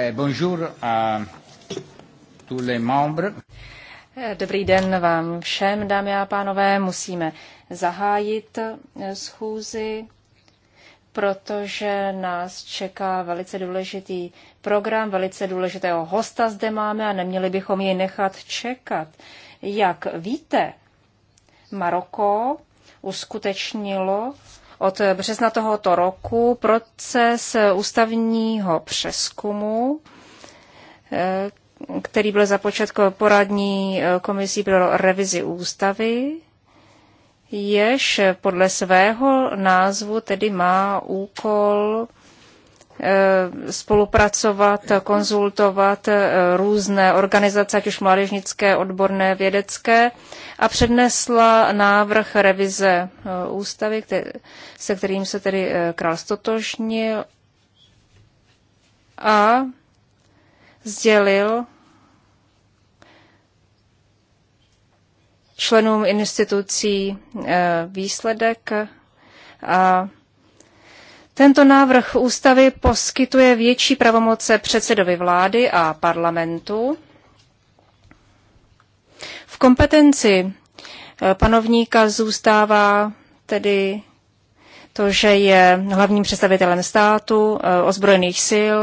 Eh, bonjour à tous les membres. Eh, dobrý den vám všem, dámy a pánové. Musíme zahájit eh, schůzi, protože nás čeká velice důležitý program, velice důležitého hosta zde máme a neměli bychom jej nechat čekat. Jak víte, Maroko uskutečnilo od března tohoto roku proces ústavního přeskumu, eh, který byl započet poradní eh, komisí pro revizi ústavy, jež podle svého názvu tedy má úkol Eh, spolupracovat, konzultovat eh, různé organizace, ať už mládežnické, odborné, vědecké, a přednesla návrh revize eh, ústavy, se kterým se tedy král stotožnil a sdělil členům institucí výsledek a tento návrh ústavy poskytuje větší pravomoce předsedovi vlády a parlamentu. V kompetenci eh, panovníka zůstává tedy to, že je hlavním představitelem státu, eh, ozbrojených sil,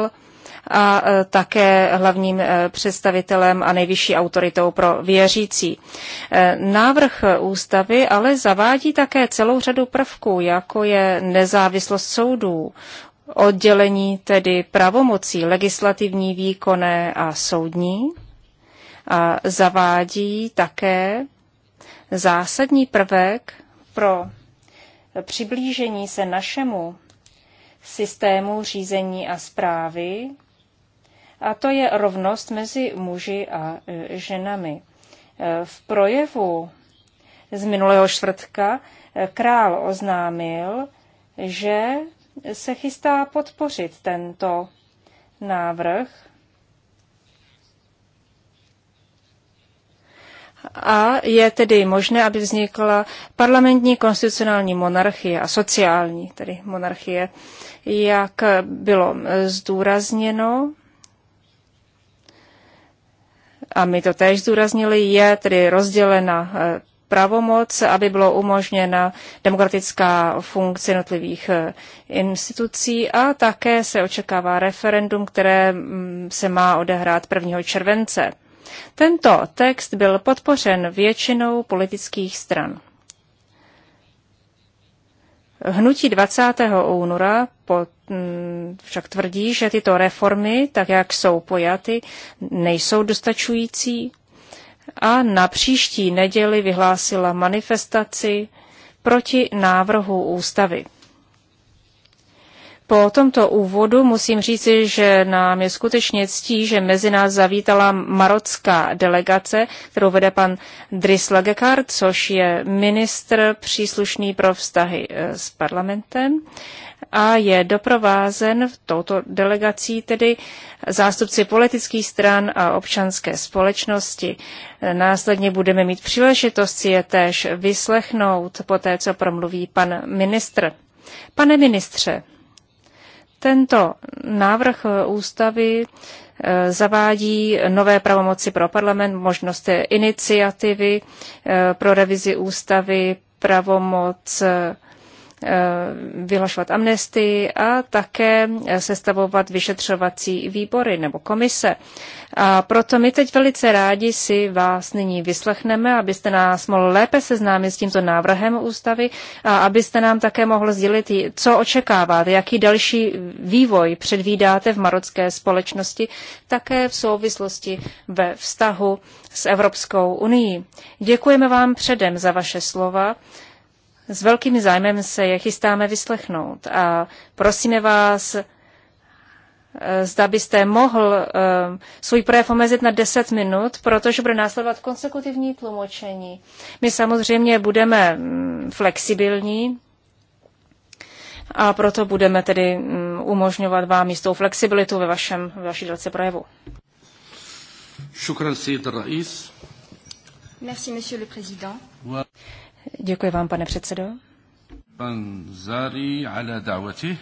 a e, také hlavním e, představitelem a nejvyšší autoritou pro věřící. E, návrh ústavy ale zavádí také celou řadu prvků, jako je nezávislost soudů, oddělení tedy pravomocí legislativní, výkonné a soudní a zavádí také zásadní prvek pro přiblížení se našemu systému řízení a zprávy, a to je rovnost mezi muži a e, ženami. E, v projevu z minulého čtvrtka e, král oznámil, že se chystá podpořit tento návrh a je tedy možné, aby vznikla parlamentní konstitucionální monarchie a sociální tedy monarchie, jak bylo zdůrazněno a my to též zdůraznili, je tedy rozdělena eh, pravomoc, aby bylo umožněna demokratická funkce jednotlivých eh, institucí a také se očekává referendum, které mm, se má odehrát 1. července. Tento text byl podpořen většinou politických stran. Hnutí 20. února pod, mm, však tvrdí, že tyto reformy, tak jak jsou pojaty, nejsou dostačující a na příští neděli vyhlásila manifestaci proti návrhu ústavy. Po tomto úvodu musím říci, že nám je skutečně ctí, že mezi nás zavítala marocká delegace, kterou vede pan Dris Lagekar, což je ministr příslušný pro vztahy eh, s parlamentem a je doprovázen v touto delegací tedy zástupci politických stran a občanské společnosti. Eh, následně budeme mít příležitost si je též vyslechnout té, co promluví pan ministr. Pane ministře, tento návrh eh, ústavy eh, zavádí nové pravomoci pro parlament, možnost iniciativy eh, pro revizi ústavy, pravomoc Eh, vyhlašovat amnestii a také eh, sestavovat vyšetřovací výbory nebo komise. A proto my teď velice rádi si vás nyní vyslechneme, abyste nás mohl lépe seznámit s tímto návrhem ústavy a abyste nám také mohl sdělit, co očekáváte, jaký další vývoj předvídáte v marocké společnosti, také v souvislosti ve vztahu s Evropskou unii. Děkujeme vám předem za vaše slova s velkým zájmem se je chystáme vyslechnout a prosíme vás, eh, zda byste mohl eh, svůj projev omezit na 10 minut, protože bude následovat konsekutivní tlumočení. My samozřejmě budeme mm, flexibilní a proto budeme tedy mm, umožňovat vám jistou flexibilitu ve, vašem, ve vaší délce projevu. Merci, monsieur le président. Děkuji vám, pane předsedo. Pan Zari ala dawati.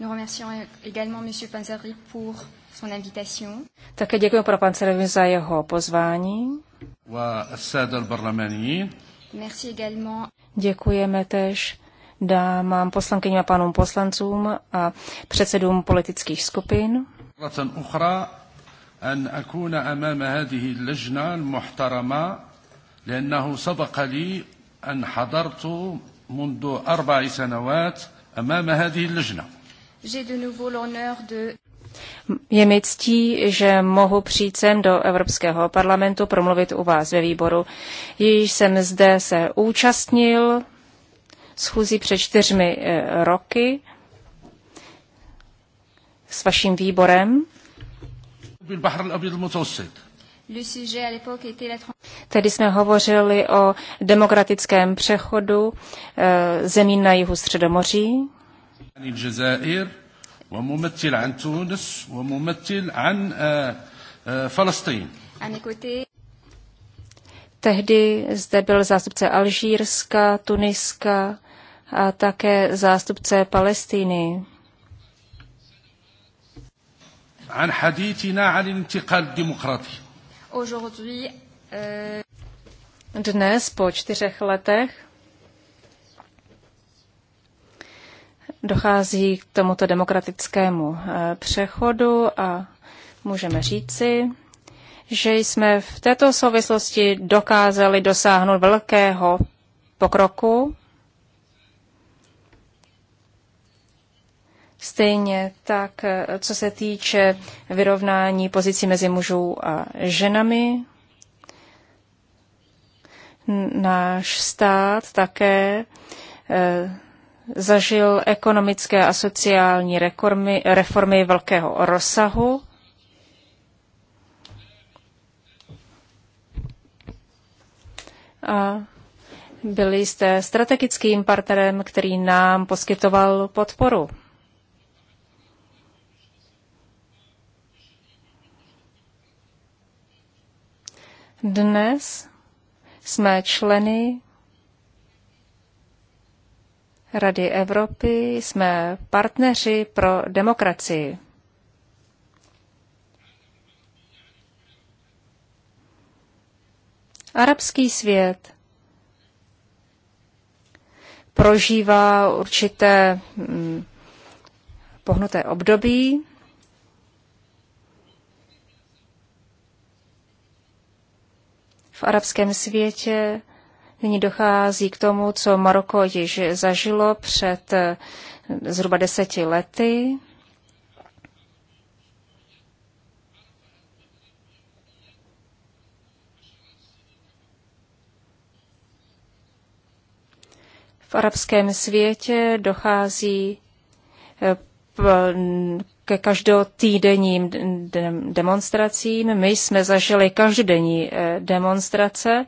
Nous remercions également monsieur Panzari pour son invitation. Také děkuji pro Panzerovi za jeho pozvání. Wa al-parlamaniyin. Merci également. Děkujeme tež dámám poslankyním a pánům poslancům a předsedům politických skupin. أن an أمام هذه اللجنة المحترمة لأنه سبق لي أن حضرت منذ أربع سنوات أمام هذه اللجنة. Je mi ctí, že mohu přijít sem do Evropského parlamentu promluvit u vás ve výboru. Již jsem zde se účastnil schůzí před čtyřmi eh, roky s vaším výborem. بالبحر الأبيض المتوسط Tedy jsme hovořili o demokratickém přechodu eh, zemí na jihu Středomoří. Tehdy zde byl zástupce Alžírska, Tuniska a také zástupce Palestiny. عن حديثنا عن الانتقال الديمقراطي Euh, dnes po čtyřech letech dochází k tomuto demokratickému eh, přechodu a můžeme říci, že jsme v této souvislosti dokázali dosáhnout velkého pokroku Stejně tak, co se týče vyrovnání pozicí mezi mužů a ženami, náš stát také eh, zažil ekonomické a sociální reformy, reformy velkého rozsahu. A byli jste strategickým partnerem, který nám poskytoval podporu. Dnes jsme členy Rady Evropy, jsme partneři pro demokracii. Arabský svět prožívá určité hm, pohnuté období, v arabském světě. Nyní dochází k tomu, co Maroko již zažilo před eh, zhruba deseti lety. V arabském světě dochází eh, ke každotýdenním demonstracím. My jsme zažili každodenní eh, demonstrace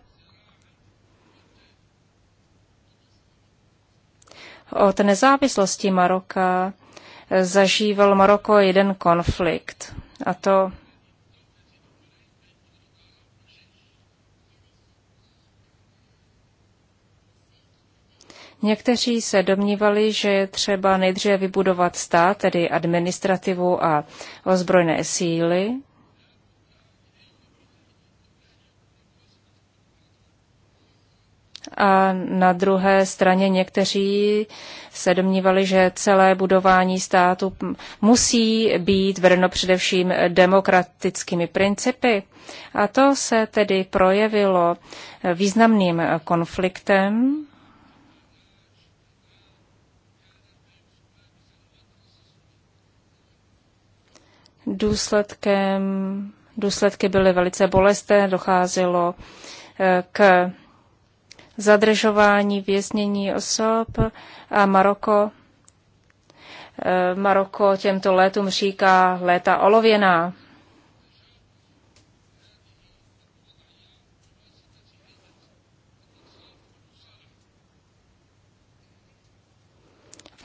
od nezávislosti Maroka eh, zažíval Maroko jeden konflikt, a to Někteří se domnívali, že je třeba nejdříve vybudovat stát, tedy administrativu a ozbrojené síly. A na druhé straně někteří se domnívali, že celé budování státu musí být vedeno především demokratickými principy. A to se tedy projevilo významným konfliktem důsledkem, důsledky byly velice bolestné, docházelo eh, k zadržování, věznění osob a Maroko eh, Maroko těmto letům říká léta olověná.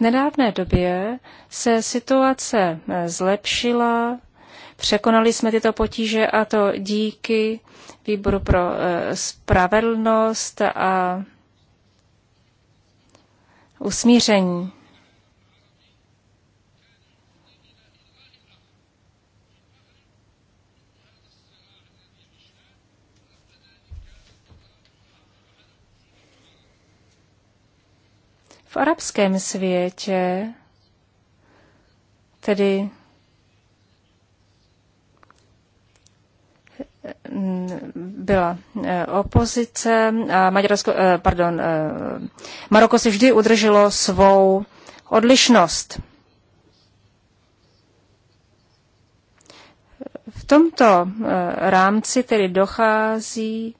nedávné době se situace eh, zlepšila, překonali jsme tyto potíže a to díky Výboru pro eh, spravedlnost a usmíření. V arabském světě tedy mm, byla eh, opozice a Maďarsko, eh, pardon, eh, Maroko si vždy udrželo svou odlišnost. V tomto rámci tedy dochází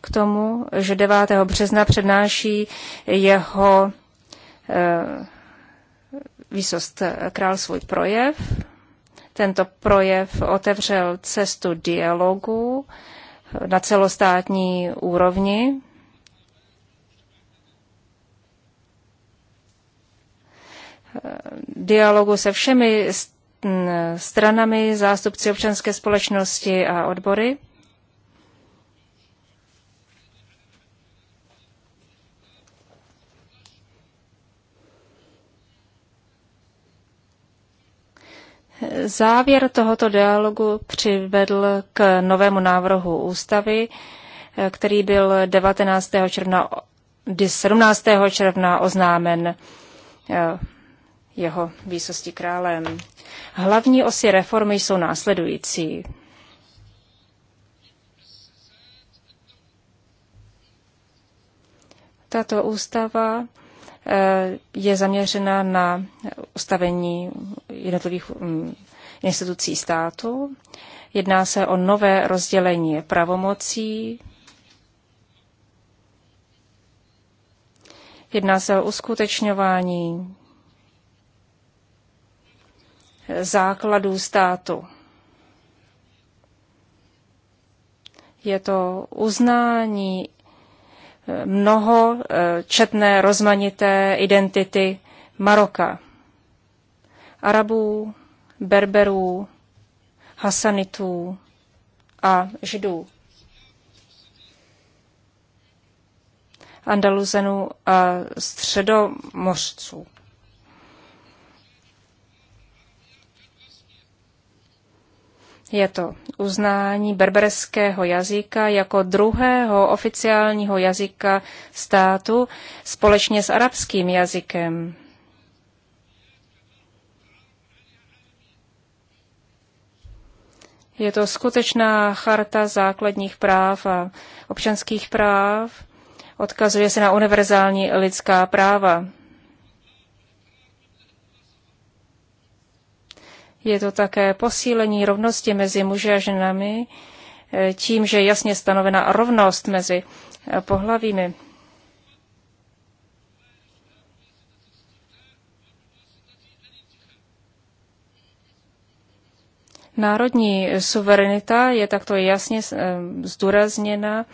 k tomu, že 9. března přednáší jeho Eh, výsost eh, král svůj projev. Tento projev otevřel cestu dialogu eh, na celostátní úrovni. Dialogu se všemi mm, stranami, zástupci občanské společnosti a odbory. Závěr tohoto dialogu přivedl k novému návrhu ústavy, který byl 19. června, 17. června oznámen eh, jeho výsosti králem. Hlavní osy reformy jsou následující. Tato ústava Eh, je zaměřena na ustavení jednotlivých mm, institucí státu. Jedná se o nové rozdělení pravomocí. Jedná se o uskutečňování základů státu. Je to uznání mnoho eh, četné rozmanité identity Maroka. Arabů, Berberů, Hasanitů a Židů. Andaluzenů a středomořců. Je to uznání berberského jazyka jako druhého oficiálního jazyka státu společně s arabským jazykem. Je to skutečná charta základních práv a občanských práv. Odkazuje se na univerzální lidská práva. Je to také posílení rovnosti mezi muži a ženami eh, tím, že je jasně stanovena rovnost mezi eh, pohlavími. Národní suverenita je takto jasně eh, zdůrazněna,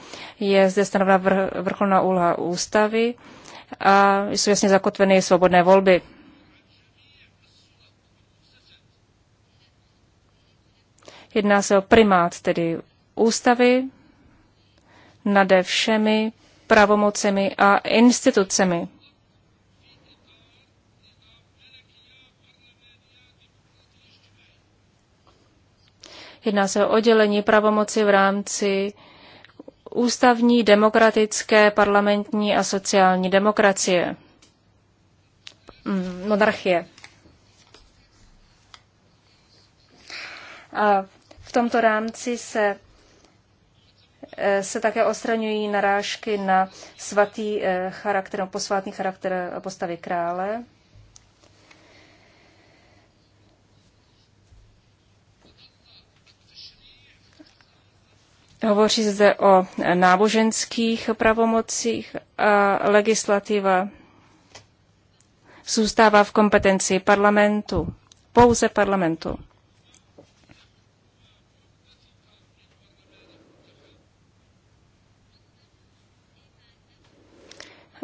je zde stanovena vrcholná úloha ústavy a jsou jasně zakotveny svobodné volby. Jedná se o primát, tedy ústavy, nade všemi pravomocemi a institucemi. Jedná se o oddělení pravomoci v rámci ústavní, demokratické, parlamentní a sociální demokracie. Mm, monarchie. A v tomto rámci se eh, se také odstraňují narážky na svatý eh, charakter, no posvátný charakter postavy krále. Hovoří zde o náboženských pravomocích a legislativa zůstává v kompetenci parlamentu, pouze parlamentu.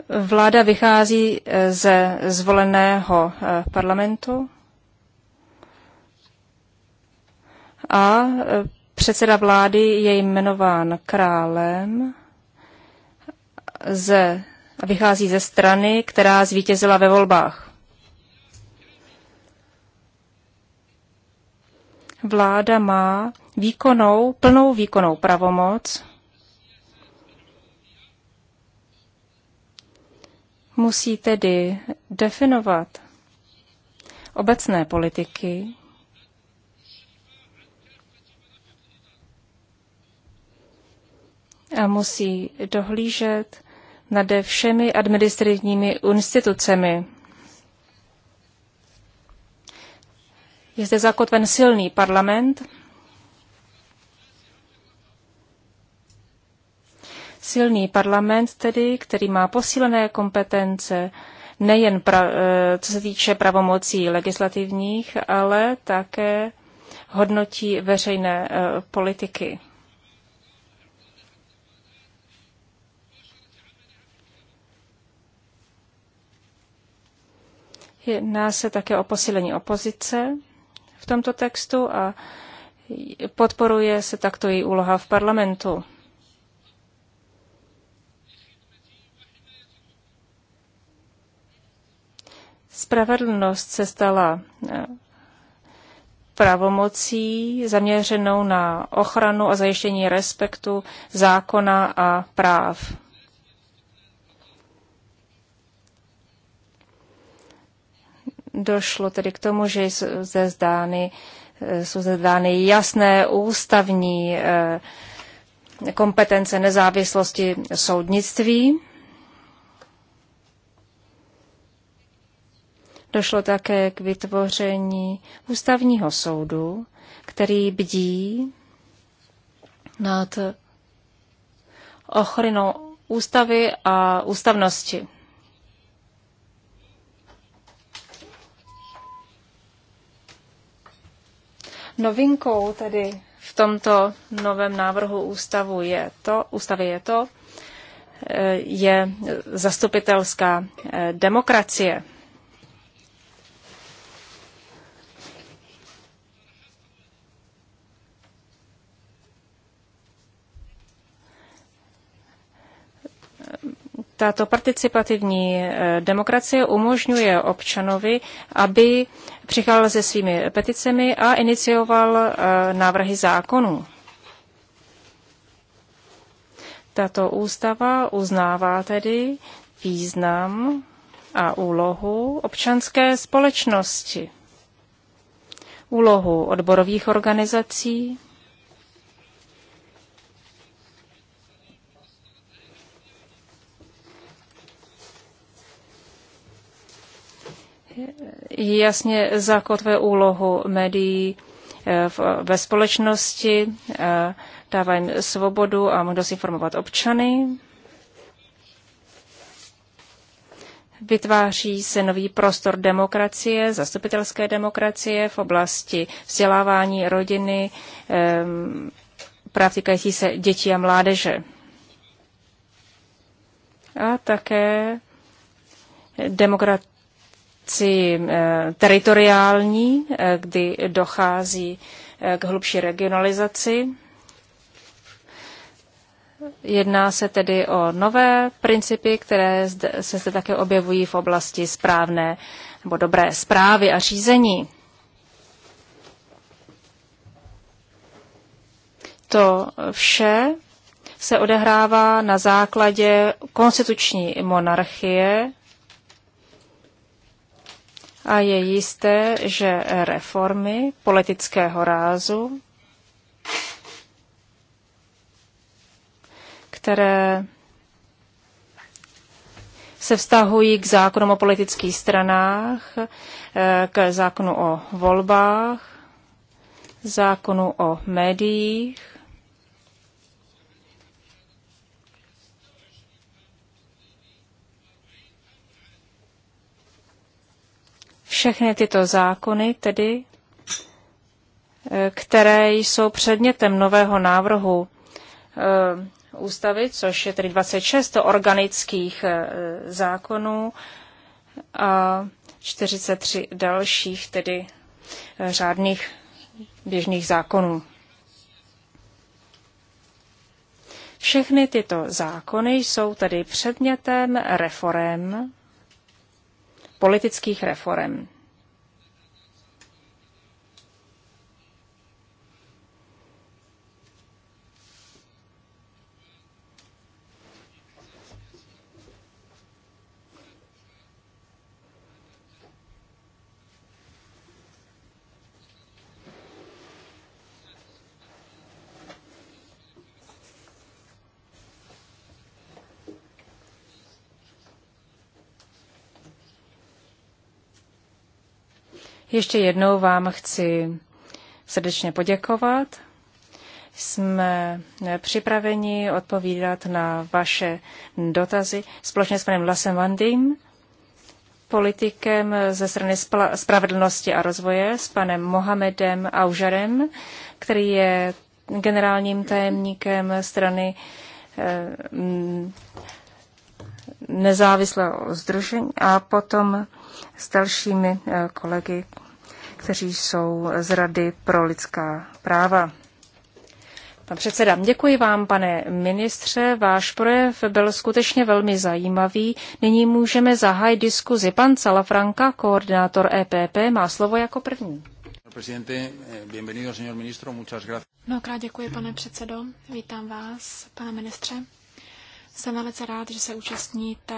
Vláda vychází eh, ze zvoleného eh, parlamentu a eh, předseda vlády je jmenován králem ze, vychází ze strany, která zvítězila ve volbách. Vláda má výkonou, plnou výkonou pravomoc musí tedy definovat obecné politiky, a musí dohlížet nad všemi administrativními institucemi. Je zde zakotven silný parlament, silný parlament, tedy, který má posílené kompetence, nejen pra, eh, co se týče pravomocí legislativních, ale také hodnotí veřejné eh, politiky. Jedná se také o posílení opozice v tomto textu a podporuje se takto její úloha v parlamentu. Spravedlnost se stala eh, pravomocí zaměřenou na ochranu a zajištění respektu zákona a práv. Došlo tedy k tomu, že jsou zde zdány, eh, jsou zde dány jasné ústavní eh, kompetence nezávislosti soudnictví. Došlo také k vytvoření ústavního soudu, který bdí nad ochranou ústavy a ústavnosti. Novinkou tedy v tomto novém návrhu ústavu je to, ústavy je to, eh, je zastupitelská eh, demokracie. Tato participativní eh, demokracie umožňuje občanovi, aby přicházel se svými peticemi a inicioval eh, návrhy zákonů. Tato ústava uznává tedy význam a úlohu občanské společnosti, úlohu odborových organizací, jasně zakotvuje úlohu médií eh, ve společnosti, eh, dává jim svobodu a možnost informovat občany. Vytváří se nový prostor demokracie, zastupitelské demokracie v oblasti vzdělávání rodiny, eh, práv týkající se dětí a mládeže. A také demokrat, rámci eh, teritoriální, eh, kdy dochází eh, k hlubší regionalizaci. Jedná se tedy o nové principy, které se zde také objevují v oblasti správné nebo dobré zprávy a řízení. To vše se odehrává na základě konstituční monarchie a je jisté, že reformy politického rázu, které se vztahují k zákonům o politických stranách, k zákonu o volbách, zákonu o médiích, Všechny tyto zákony tedy, eh, které jsou předmětem nového návrhu eh, ústavy, což je tedy 26 organických eh, zákonů a 43 dalších tedy řádných běžných zákonů. Všechny tyto zákony jsou tedy předmětem reform politických reform. Ještě jednou vám chci srdečně poděkovat. Jsme připraveni odpovídat na vaše dotazy společně s panem Lasem Vandým, politikem ze strany Spravedlnosti a rozvoje, s panem Mohamedem Aužarem, který je generálním tajemníkem strany eh, nezávislého združení a potom s dalšími eh, kolegy kteří jsou z Rady pro lidská práva. Pan předseda, děkuji vám, pane ministře. Váš projev byl skutečně velmi zajímavý. Nyní můžeme zahájit diskuzi. Pan Salafranka, koordinátor EPP, má slovo jako první. Eh, no, krát děkuji, pane předsedo. Vítám vás, pane ministře. Jsem velice rád, že se účastníte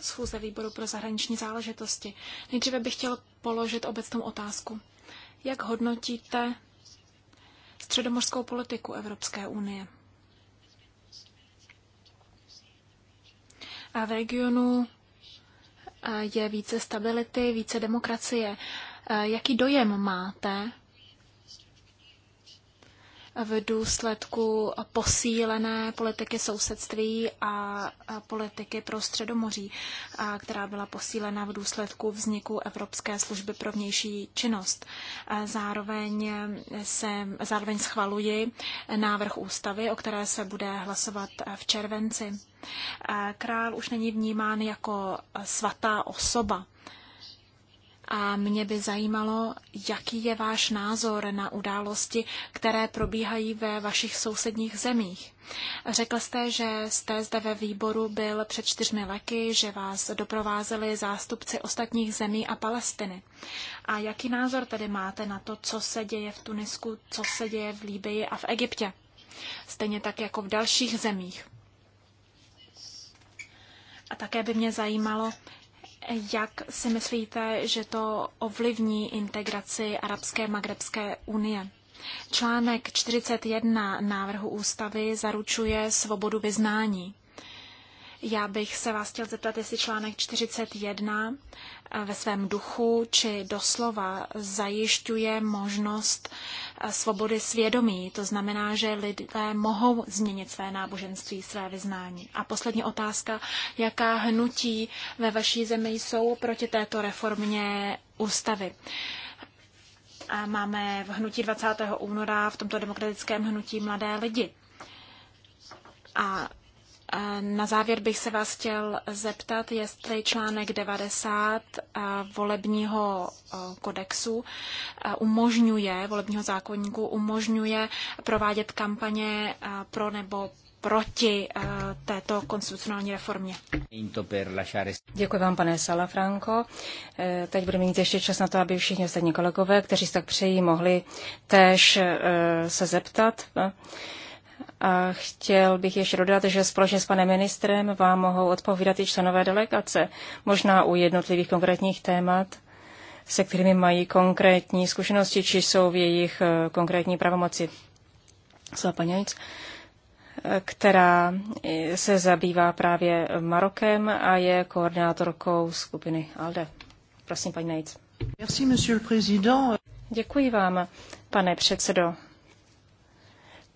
schůze výboru pro zahraniční záležitosti. Nejdříve bych chtěl položit obecnou otázku. Jak hodnotíte středomorskou politiku Evropské unie? A v regionu eh, je více stability, více demokracie. Eh, jaký dojem máte v důsledku posílené politiky sousedství a politiky pro středomoří, která byla posílena v důsledku vzniku Evropské služby pro vnější činnost. Zároveň, se, zároveň schvaluji návrh ústavy, o které se bude hlasovat v červenci. Král už není vnímán jako svatá osoba. A mě by zajímalo, jaký je váš názor na události, které probíhají ve vašich sousedních zemích. Řekl jste, že jste zde ve výboru byl před čtyřmi leky, že vás doprovázeli zástupci ostatních zemí a Palestiny. A jaký názor tedy máte na to, co se děje v Tunisku, co se děje v Líbii a v Egyptě? Stejně tak jako v dalších zemích. A také by mě zajímalo, jak si myslíte, že to ovlivní integraci Arabské Magrebské unie? Článek 41 návrhu ústavy zaručuje svobodu vyznání. Já bych se vás chtěl zeptat, jestli článek 41 eh, ve svém duchu či doslova zajišťuje možnost eh, svobody svědomí. To znamená, že lidé mohou změnit své náboženství, své vyznání. A poslední otázka, jaká hnutí ve vaší zemi jsou proti této reformě ústavy? A máme v hnutí 20. února v tomto demokratickém hnutí mladé lidi. A na závěr bych se vás chtěl zeptat, jestli článek 90 eh, volebního eh, kodexu eh, umožňuje, volebního zákonníku umožňuje provádět kampaně pro nebo proti této konstitucionální reformě. Děkuji vám, pane Salafranco. Teď budeme mít ještě čas na to, aby všichni ostatní kolegové, kteří se tak přejí, mohli též se zeptat. A chtěl bych ještě dodat, že společně s panem ministrem vám mohou odpovídat i členové delegace, možná u jednotlivých konkrétních témat, se kterými mají konkrétní zkušenosti, či jsou v jejich eh, konkrétní pravomoci. Slapaněc, eh, která eh, se zabývá právě Marokem a je koordinátorkou skupiny ALDE. Prosím, paní Nejc. Děkuji vám, pane předsedo.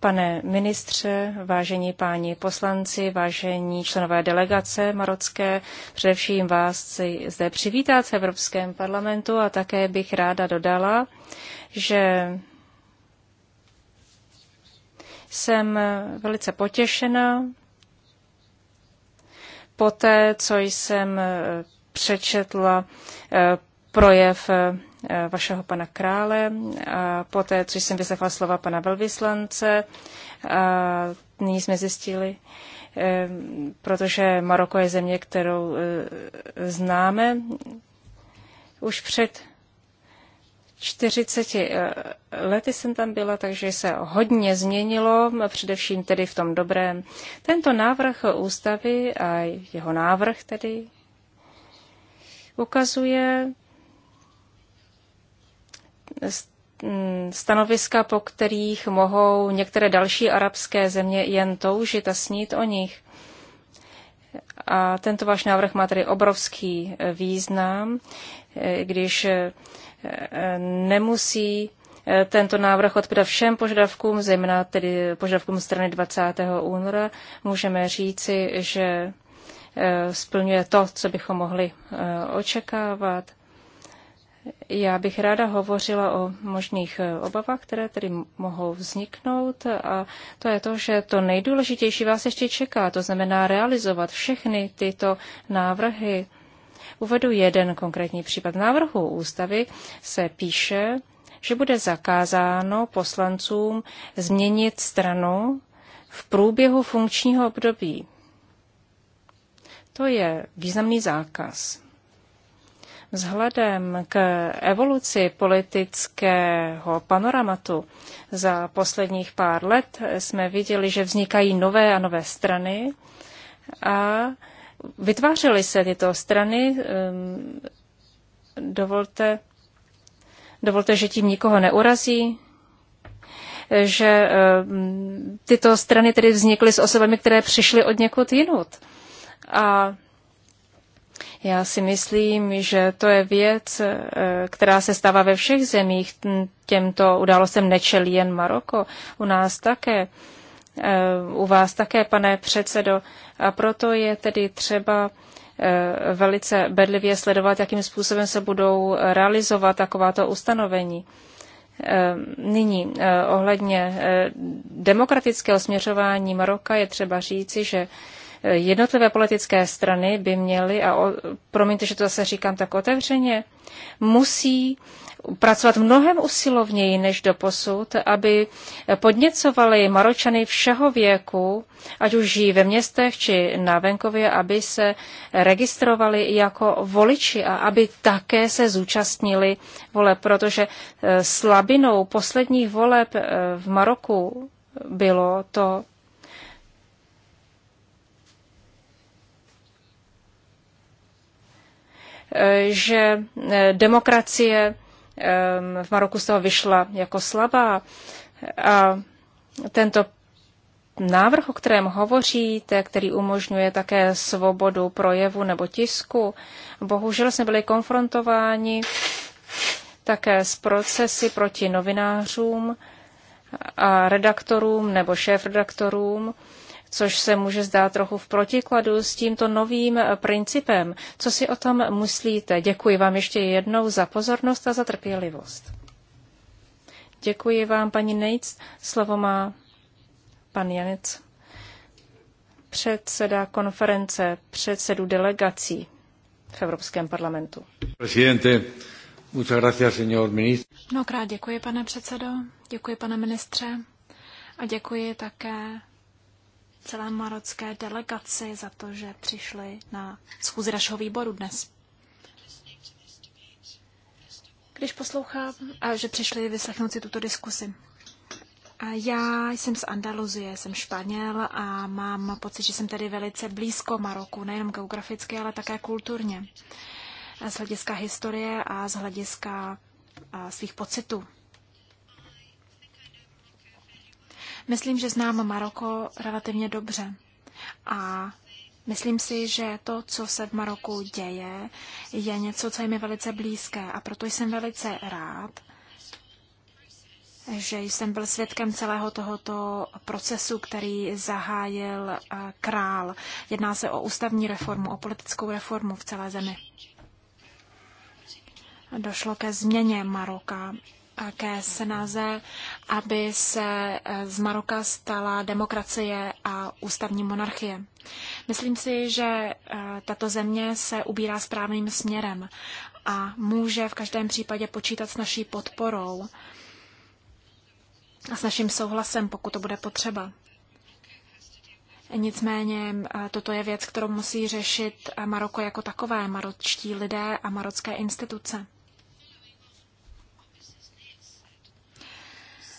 Pane ministře, vážení páni poslanci, vážení členové delegace marocké, především vás chci zde přivítat v Evropském parlamentu a také bych ráda dodala, že jsem velice potěšena po té, co jsem přečetla eh, projev Eh, vašeho pana krále, a poté, co jsem vyslechla slova pana velvyslance, a nyní jsme zjistili, eh, protože Maroko je země, kterou eh, známe už před 40 lety jsem tam byla, takže se hodně změnilo, především tedy v tom dobrém. Tento návrh ústavy a jeho návrh tedy ukazuje stanoviska, po kterých mohou některé další arabské země jen toužit a snít o nich. A tento váš návrh má tedy obrovský eh, význam, eh, když eh, nemusí tento návrh odpovídat všem požadavkům, zejména tedy požadavkům strany 20. února. Můžeme říci, že splňuje to, co bychom mohli očekávat. Já bych ráda hovořila o možných eh, obavách, které tedy mohou vzniknout a to je to, že to nejdůležitější vás ještě čeká, to znamená realizovat všechny tyto návrhy. Uvedu jeden konkrétní případ. V návrhu ústavy se píše, že bude zakázáno poslancům změnit stranu v průběhu funkčního období. To je významný zákaz. Vzhledem k evoluci politického panoramatu za posledních pár let jsme viděli, že vznikají nové a nové strany a vytvářely se tyto strany. Ehm, dovolte, dovolte, že tím nikoho neurazí, že ehm, tyto strany tedy vznikly s osobami, které přišly od někud jinut. A já si myslím, že to je věc, eh, která se stává ve všech zemích. Těmto událostem nečelí jen Maroko, u nás také. Eh, u vás také, pane předsedo. A proto je tedy třeba eh, velice bedlivě sledovat, jakým způsobem se budou realizovat takováto ustanovení. Nyní ohledně demokratického směřování Maroka je třeba říci, že jednotlivé politické strany by měly, a o, promiňte, že to zase říkám tak otevřeně, musí pracovat mnohem usilovněji než do posud, aby podněcovali Maročany všeho věku, ať už žijí ve městech či na venkově, aby se registrovali jako voliči a aby také se zúčastnili voleb, protože eh, slabinou posledních voleb eh, v Maroku bylo to, že eh, demokracie v Maroku z toho vyšla jako slabá. A tento návrh, o kterém hovoříte, který umožňuje také svobodu projevu nebo tisku, bohužel jsme byli konfrontováni také s procesy proti novinářům a redaktorům nebo šéfredaktorům, což se může zdát trochu v protikladu s tímto novým eh, principem. Co si o tom myslíte? Děkuji vám ještě jednou za pozornost a za trpělivost. Děkuji vám, paní Nejc. Slovo má pan Janec, předseda konference předsedu delegací v Evropském parlamentu. Presidente. Mnohokrát děkuji, pane předsedo, děkuji, pane ministře, a děkuji také celé marocké delegaci za to, že přišli na schůzi našeho výboru dnes. Když poslouchám, a že přišli vyslechnout si tuto diskusi. A já jsem z Andaluzie, jsem Španěl a mám pocit, že jsem tady velice blízko Maroku, nejenom geograficky, ale také kulturně. Z hlediska historie a z hlediska svých pocitů. Myslím, že znám Maroko relativně dobře. A myslím si, že to, co se v Maroku děje, je něco, co je mi velice blízké. A proto jsem velice rád, že jsem byl svědkem celého tohoto procesu, který zahájil eh, král. Jedná se o ústavní reformu, o politickou reformu v celé zemi. Došlo ke změně Maroka ke snaze, aby se eh, z Maroka stala demokracie a ústavní monarchie. Myslím si, že eh, tato země se ubírá správným směrem a může v každém případě počítat s naší podporou a s naším souhlasem, pokud to bude potřeba. Nicméně eh, toto je věc, kterou musí řešit Maroko jako takové, maročtí lidé a marocké instituce.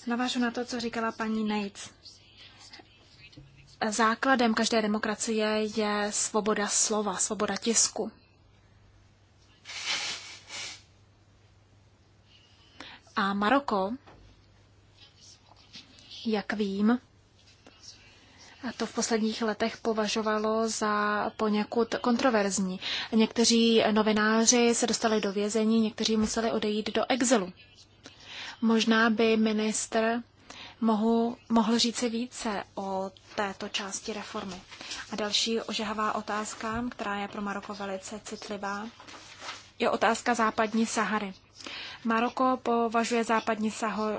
Navážu na to, co říkala paní Nates. Základem každé demokracie je svoboda slova, svoboda tisku. A Maroko, jak vím, a to v posledních letech považovalo za poněkud kontroverzní. Někteří novináři se dostali do vězení, někteří museli odejít do exilu. Možná by ministr mohu, mohl říci více o této části reformy. A další ožehavá otázka, která je pro Maroko velice citlivá, je otázka západní Sahary. Maroko považuje západní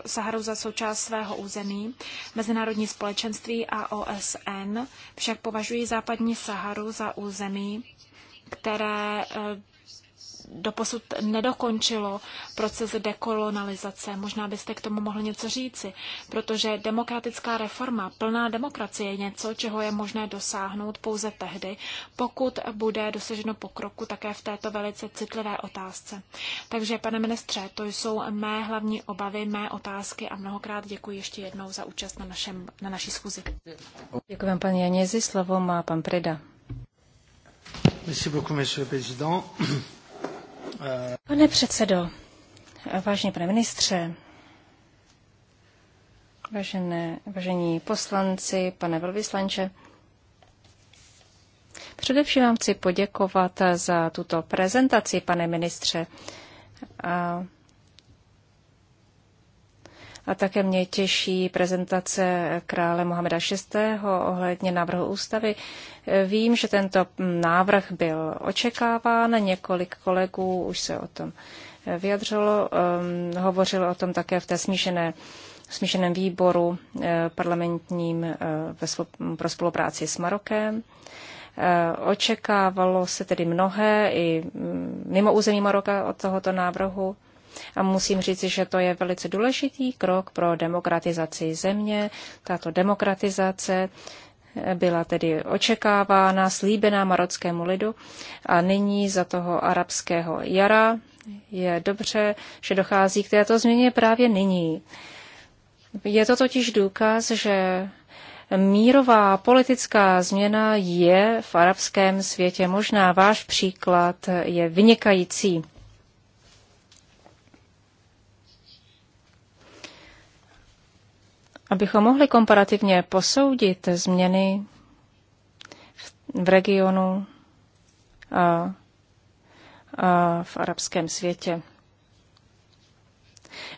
Saharu za součást svého území. Mezinárodní společenství a OSN však považují západní Saharu za území, které eh, doposud nedokončilo proces dekolonalizace. Možná byste k tomu mohli něco říci, protože demokratická reforma, plná demokracie je něco, čeho je možné dosáhnout pouze tehdy, pokud bude dosaženo pokroku také v této velice citlivé otázce. Takže, pane ministře, to jsou mé hlavní obavy, mé otázky a mnohokrát děkuji ještě jednou za účast na, našem, na naší schůzi. Děkuji vám, paní Janězi. Slovo má pan Preda. Merci beaucoup, monsieur le président. Pane předsedo, vážně pane ministře, vážené, vážení poslanci, pane velvyslanče, především vám chci poděkovat za tuto prezentaci, pane ministře. A a také mě těší prezentace krále Mohameda VI. ohledně návrhu ústavy. Vím, že tento návrh byl očekáván, několik kolegů už se o tom eh, vyjadřilo, um, ehm, hovořil o tom také v té smíšené smíšeném výboru eh, parlamentním eh, pro spolupráci s Marokem. Očekávalo se tedy mnohé i mm, mimo území Maroka od tohoto návrhu. A musím říct, že to je velice důležitý krok pro demokratizaci země. Tato demokratizace byla tedy očekávána, slíbená marockému lidu a nyní za toho arabského jara je dobře, že dochází k této změně právě nyní. Je to totiž důkaz, že mírová politická změna je v arabském světě možná. Váš příklad je vynikající. Abychom mohli komparativně posoudit změny v regionu a, a v arabském světě.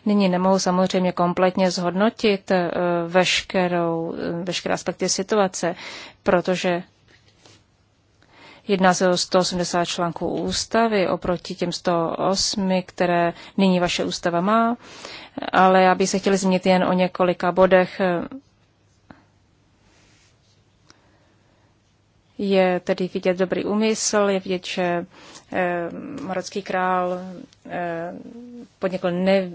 Nyní nemohu samozřejmě kompletně zhodnotit e, veškerou, e, veškeré aspekty situace, protože Jedná se o 180 článků ústavy oproti těm 108, které nyní vaše ústava má, ale já bych se chtěl zmínit jen o několika bodech. Je tedy vidět dobrý úmysl, je vidět, že eh, marocký král eh, podnikl ne,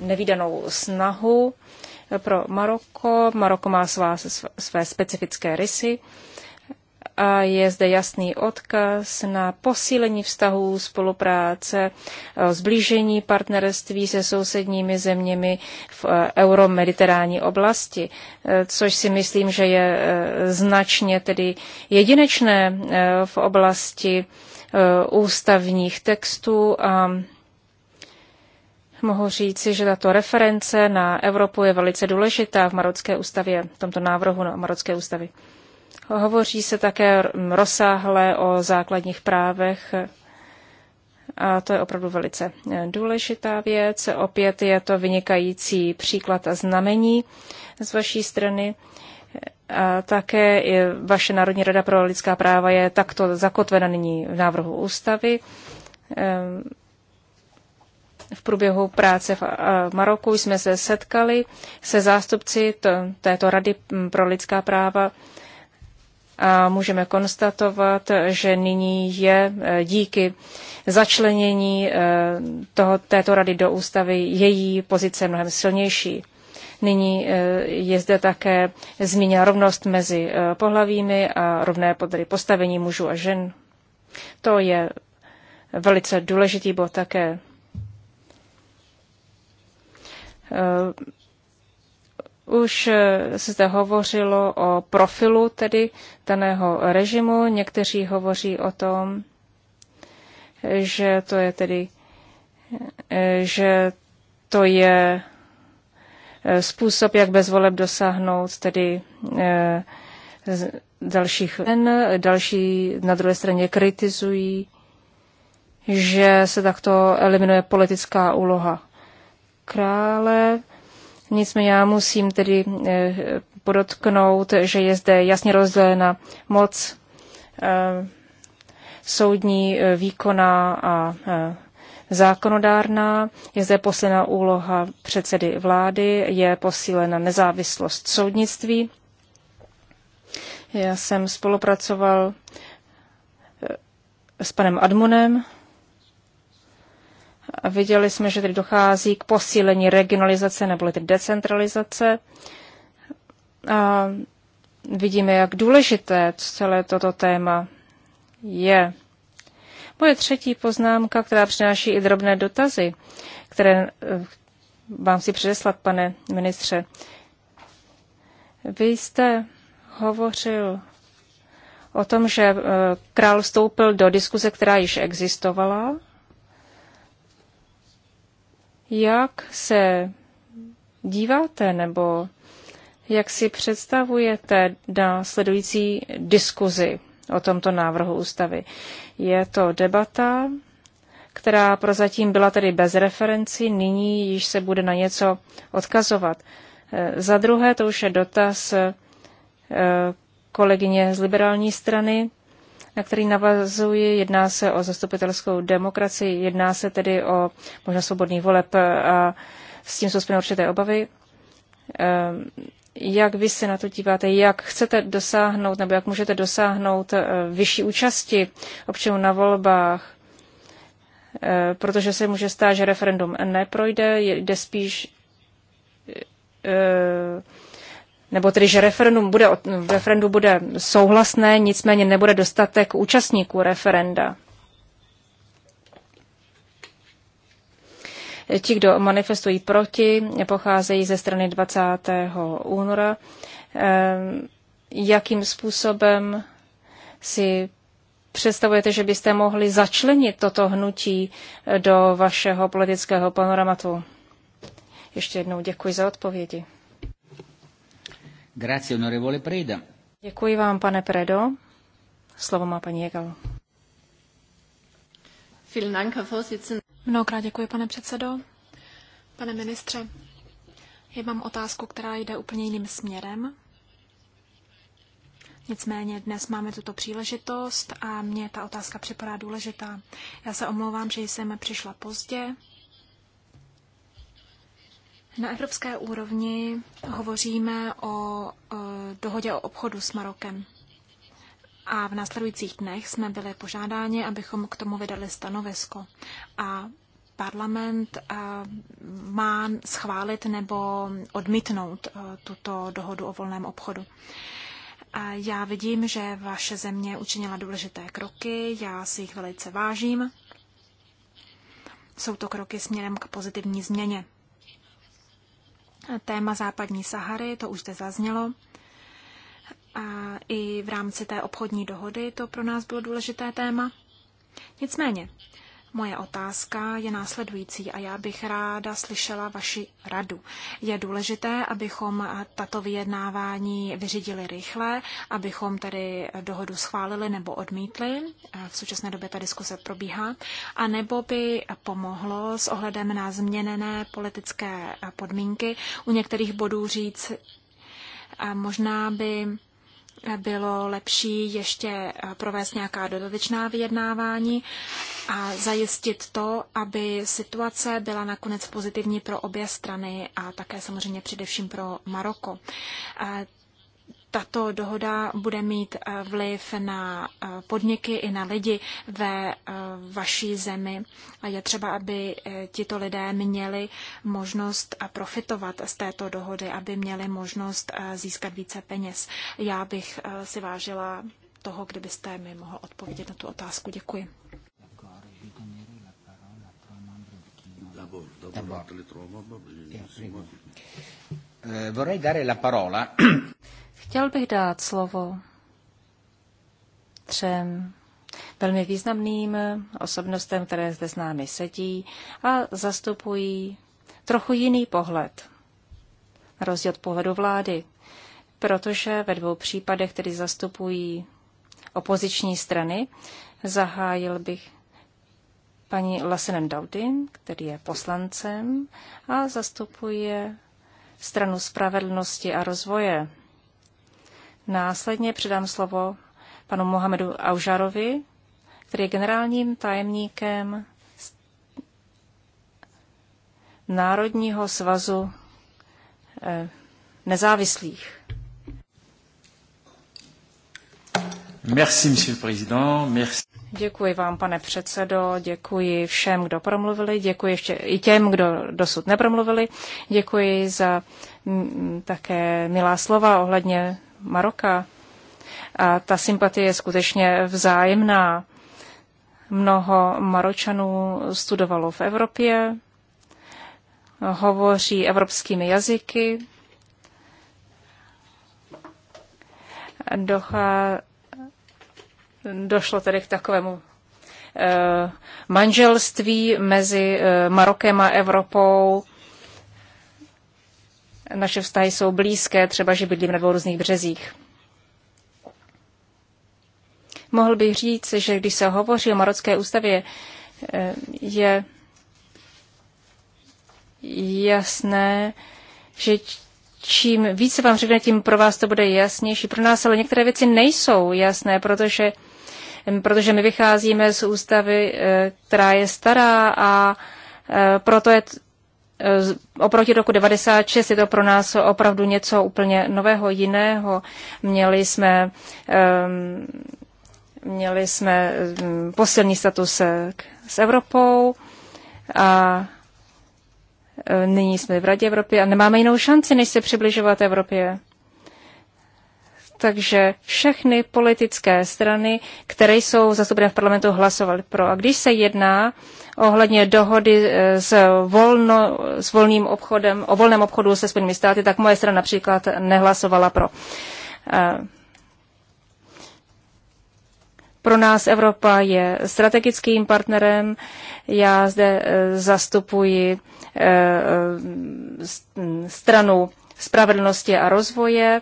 nevýdanou snahu pro Maroko. Maroko má svá, své specifické rysy. Eh, a je zde jasný odkaz na posílení vztahů spolupráce, eh, zblížení partnerství se sousedními zeměmi v eh, euromediterální oblasti, eh, což si myslím, že je značně tedy jedinečné v oblasti ústavních textů a mohu říci, že tato reference na Evropu je velice důležitá v Marocké ústavě, v tomto návrhu na Marocké ústavy. Hovoří se také rozsáhle o základních právech a to je opravdu velice eh, důležitá věc. Opět je to vynikající příklad a znamení z vaší strany. A také vaše Národní rada pro lidská práva je takto zakotvena nyní v návrhu ústavy. Ehm, v průběhu práce v eh, Maroku jsme se setkali se zástupci této rady mm, pro lidská práva a můžeme konstatovat, že nyní je e, díky začlenění e, toho, této rady do ústavy její pozice mnohem silnější. Nyní e, je zde také zmíněna rovnost mezi pohlavími a rovné podry postavení mužů a žen. To je velice důležitý bod také už eh, se zde hovořilo o profilu tedy daného režimu, někteří hovoří o tom, že to je tedy, eh, že to je eh, způsob, jak bez voleb dosáhnout tedy dalších další na druhé straně kritizují, že se takto eliminuje politická úloha krále. Nicméně já musím tedy eh, podotknout, že je zde jasně rozdělena moc eh, soudní, eh, výkona a zákonodárná, je zde posílena úloha předsedy vlády, je posílena nezávislost soudnictví. Já jsem spolupracoval s panem Admonem, Viděli jsme, že tedy dochází k posílení regionalizace nebo tedy decentralizace. A vidíme, jak důležité celé toto téma je. Moje třetí poznámka, která přináší i drobné dotazy, které eh, vám si předeslat, pane ministře. Vy jste hovořil o tom, že eh, král vstoupil do diskuze, která již existovala jak se díváte nebo jak si představujete následující diskuzi o tomto návrhu ústavy? Je to debata, která prozatím byla tedy bez referenci, nyní již se bude na něco odkazovat. Eh, za druhé, to už je dotaz eh, kolegyně z liberální strany, na který navazuji. Jedná se o zastupitelskou demokracii, jedná se tedy o možná svobodný voleb a s tím jsou spojeny určité obavy. Ehm, jak vy se na to díváte, jak chcete dosáhnout nebo jak můžete dosáhnout e, vyšší účasti občanů na volbách? E, protože se může stát, že referendum neprojde, jde spíš e, nebo tedy, že referendum bude, referendum bude souhlasné, nicméně nebude dostatek účastníků referenda. Ti, kdo manifestují proti, pocházejí ze strany 20. února. Ehm, jakým způsobem si představujete, že byste mohli začlenit toto hnutí do vašeho politického panoramatu? Ještě jednou děkuji za odpovědi. Grazie, onorevole Preda. Děkuji vám, pane Predo. Slovo má paní Jekal. Mnohokrát děkuji, pane předsedo. Pane ministře, já mám otázku, která jde úplně jiným směrem. Nicméně dnes máme tuto příležitost a mně ta otázka připadá důležitá. Já se omlouvám, že jsem přišla pozdě. Na evropské úrovni hovoříme o e, dohodě o obchodu s Marokem. A v následujících dnech jsme byli požádáni, abychom k tomu vydali stanovisko. A parlament e, má schválit nebo odmítnout e, tuto dohodu o volném obchodu. A já vidím, že vaše země učinila důležité kroky, já si jich velice vážím. Jsou to kroky směrem k pozitivní změně téma západní Sahary, to už zde zaznělo. A i v rámci té obchodní dohody to pro nás bylo důležité téma. Nicméně, Moje otázka je následující a já bych ráda slyšela vaši radu. Je důležité, abychom tato vyjednávání vyřídili rychle, abychom tedy dohodu schválili nebo odmítli. V současné době ta diskuse probíhá. A nebo by pomohlo s ohledem na změněné politické podmínky u některých bodů říct, možná by bylo lepší ještě eh, provést nějaká dodatečná vyjednávání a zajistit to, aby situace byla nakonec pozitivní pro obě strany a také samozřejmě především pro Maroko. Eh, tato dohoda bude mít eh, vliv na eh, podniky i na lidi ve eh, vaší zemi. A je třeba, aby tito lidé měli možnost profitovat z této dohody, aby měli možnost získat více peněz. Já bych si vážila toho, kdybyste mi mohl odpovědět na tu otázku. Děkuji. Vorrei dare la parola Chtěl bych dát slovo třem velmi významným osobnostem, které zde s námi sedí a zastupují trochu jiný pohled, na rozdíl od pohledu vlády, protože ve dvou případech, tedy zastupují opoziční strany, zahájil bych paní Lasenem Daudin, který je poslancem a zastupuje stranu spravedlnosti a rozvoje Následně předám slovo panu Mohamedu Aužarovi, který je generálním tajemníkem Národního svazu eh, nezávislých. Merci, monsieur le président. Merci. Děkuji vám, pane předsedo, děkuji všem, kdo promluvili, děkuji ještě i těm, kdo dosud nepromluvili, děkuji za mm, také milá slova ohledně Maroka. A ta sympatie je skutečně vzájemná. Mnoho Maročanů studovalo v Evropě, hovoří evropskými jazyky, docha, došlo tedy k takovému eh, manželství mezi eh, Marokem a Evropou naše vztahy jsou blízké, třeba že bydlím na dvou různých březích. Mohl bych říct, že když se hovoří o marocké ústavě, eh, je jasné, že čím více vám řekne, tím pro vás to bude jasnější. Pro nás ale některé věci nejsou jasné, protože, mm, protože my vycházíme z ústavy, eh, která je stará a eh, proto je Oproti roku 96 je to pro nás opravdu něco úplně nového, jiného. Měli jsme, měli jsme posilní status eh, s Evropou a eh, nyní jsme v Radě Evropy a nemáme jinou šanci, než se přibližovat Evropě. Takže všechny politické strany, které jsou zastoupené v parlamentu, hlasovaly pro. A když se jedná ohledně dohody eh, s, volno, s volným obchodem, o volném obchodu se Spojenými státy, tak moje strana například nehlasovala pro. Eh, pro nás Evropa je strategickým partnerem. Já zde eh, zastupuji stranu spravedlnosti a rozvoje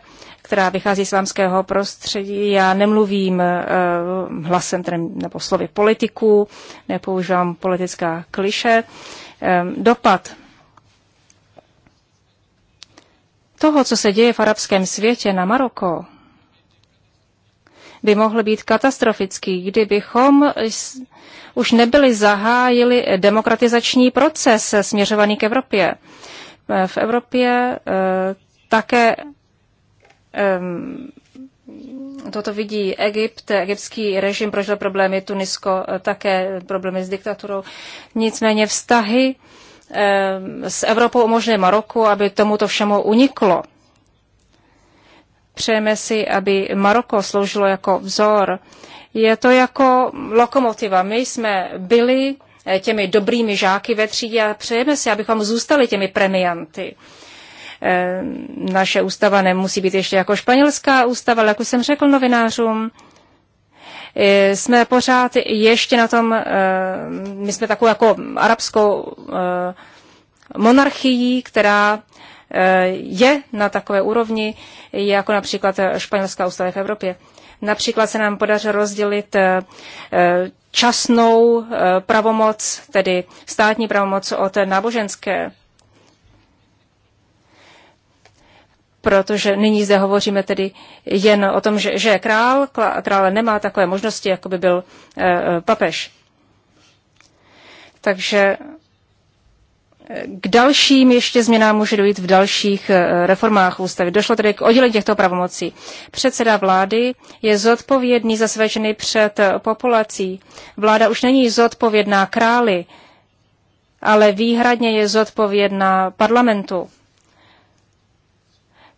která vychází z islámského prostředí. Já nemluvím eh, hlasem nebo slovy politiků, nepoužívám politická kliše. Ehm, dopad toho, co se děje v arabském světě na Maroko, by mohl být katastrofický, kdybychom už nebyli zahájili demokratizační proces směřovaný k Evropě. Eh, v Evropě eh, také Ehm, toto vidí Egypt, egyptský režim prožil problémy, Tunisko eh, také problémy s diktaturou. Nicméně vztahy ehm, s Evropou umožňuje Maroku, aby tomuto všemu uniklo. Přejeme si, aby Maroko sloužilo jako vzor. Je to jako lokomotiva. My jsme byli eh, těmi dobrými žáky ve třídě a přejeme si, abychom zůstali těmi premianty. Ehm, naše ústava nemusí být ještě jako španělská ústava, ale jak už jsem řekl novinářům, e, jsme pořád ještě na tom, ehm, my jsme takovou jako arabskou e, monarchií, která e, je na takové úrovni, jako například španělská ústava v Evropě. Například se nám podařilo rozdělit časnou pravomoc, tedy státní pravomoc od náboženské. protože nyní zde hovoříme tedy jen o tom, že, že král, krále nemá takové možnosti, jako by byl eh, eh, papež. Takže eh, k dalším ještě změnám může dojít v dalších reformách ústavy. Došlo tedy k oddělení těchto pravomocí. Předseda vlády je zodpovědný za své činy před populací. Vláda už není zodpovědná králi, ale výhradně je zodpovědná parlamentu.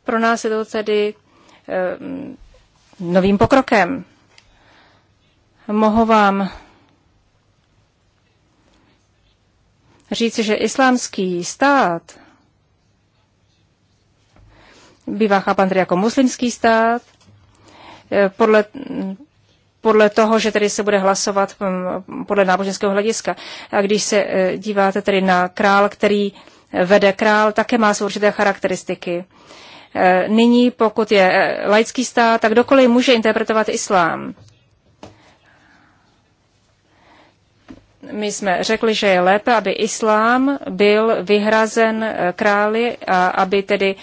Pro nás je to tedy eh, novým pokrokem. Mohu vám říci, že islámský stát bývá chápan tedy jako muslimský stát. Eh, podle, podle toho, že tedy se bude hlasovat hm, podle náboženského hlediska. A když se eh, díváte tedy na král, který vede král, také má svou určité charakteristiky. Eh, nyní, pokud je eh, laický stát, tak dokoliv může interpretovat islám. My jsme řekli, že je lépe, aby islám byl vyhrazen eh, králi a aby tedy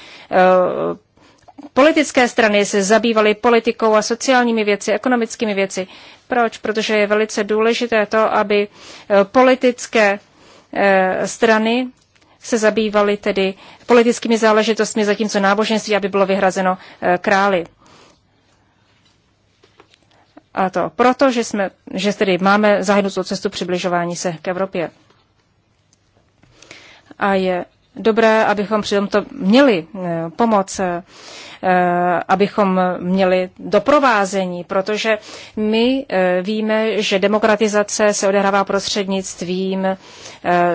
politické strany se zabývaly politikou a sociálními věci, ekonomickými věci. Proč? Protože je velice důležité to, aby politické strany se zabývali tedy politickými záležitostmi, zatímco náboženství, aby bylo vyhrazeno eh, králi. A to proto, že, jsme, že tedy máme zahrnutou cestu přibližování se k Evropě. A je dobré, abychom při tomto měli eh, pomoc eh, Eh, abychom měli doprovázení, protože my eh, víme, že demokratizace se odehrává prostřednictvím eh,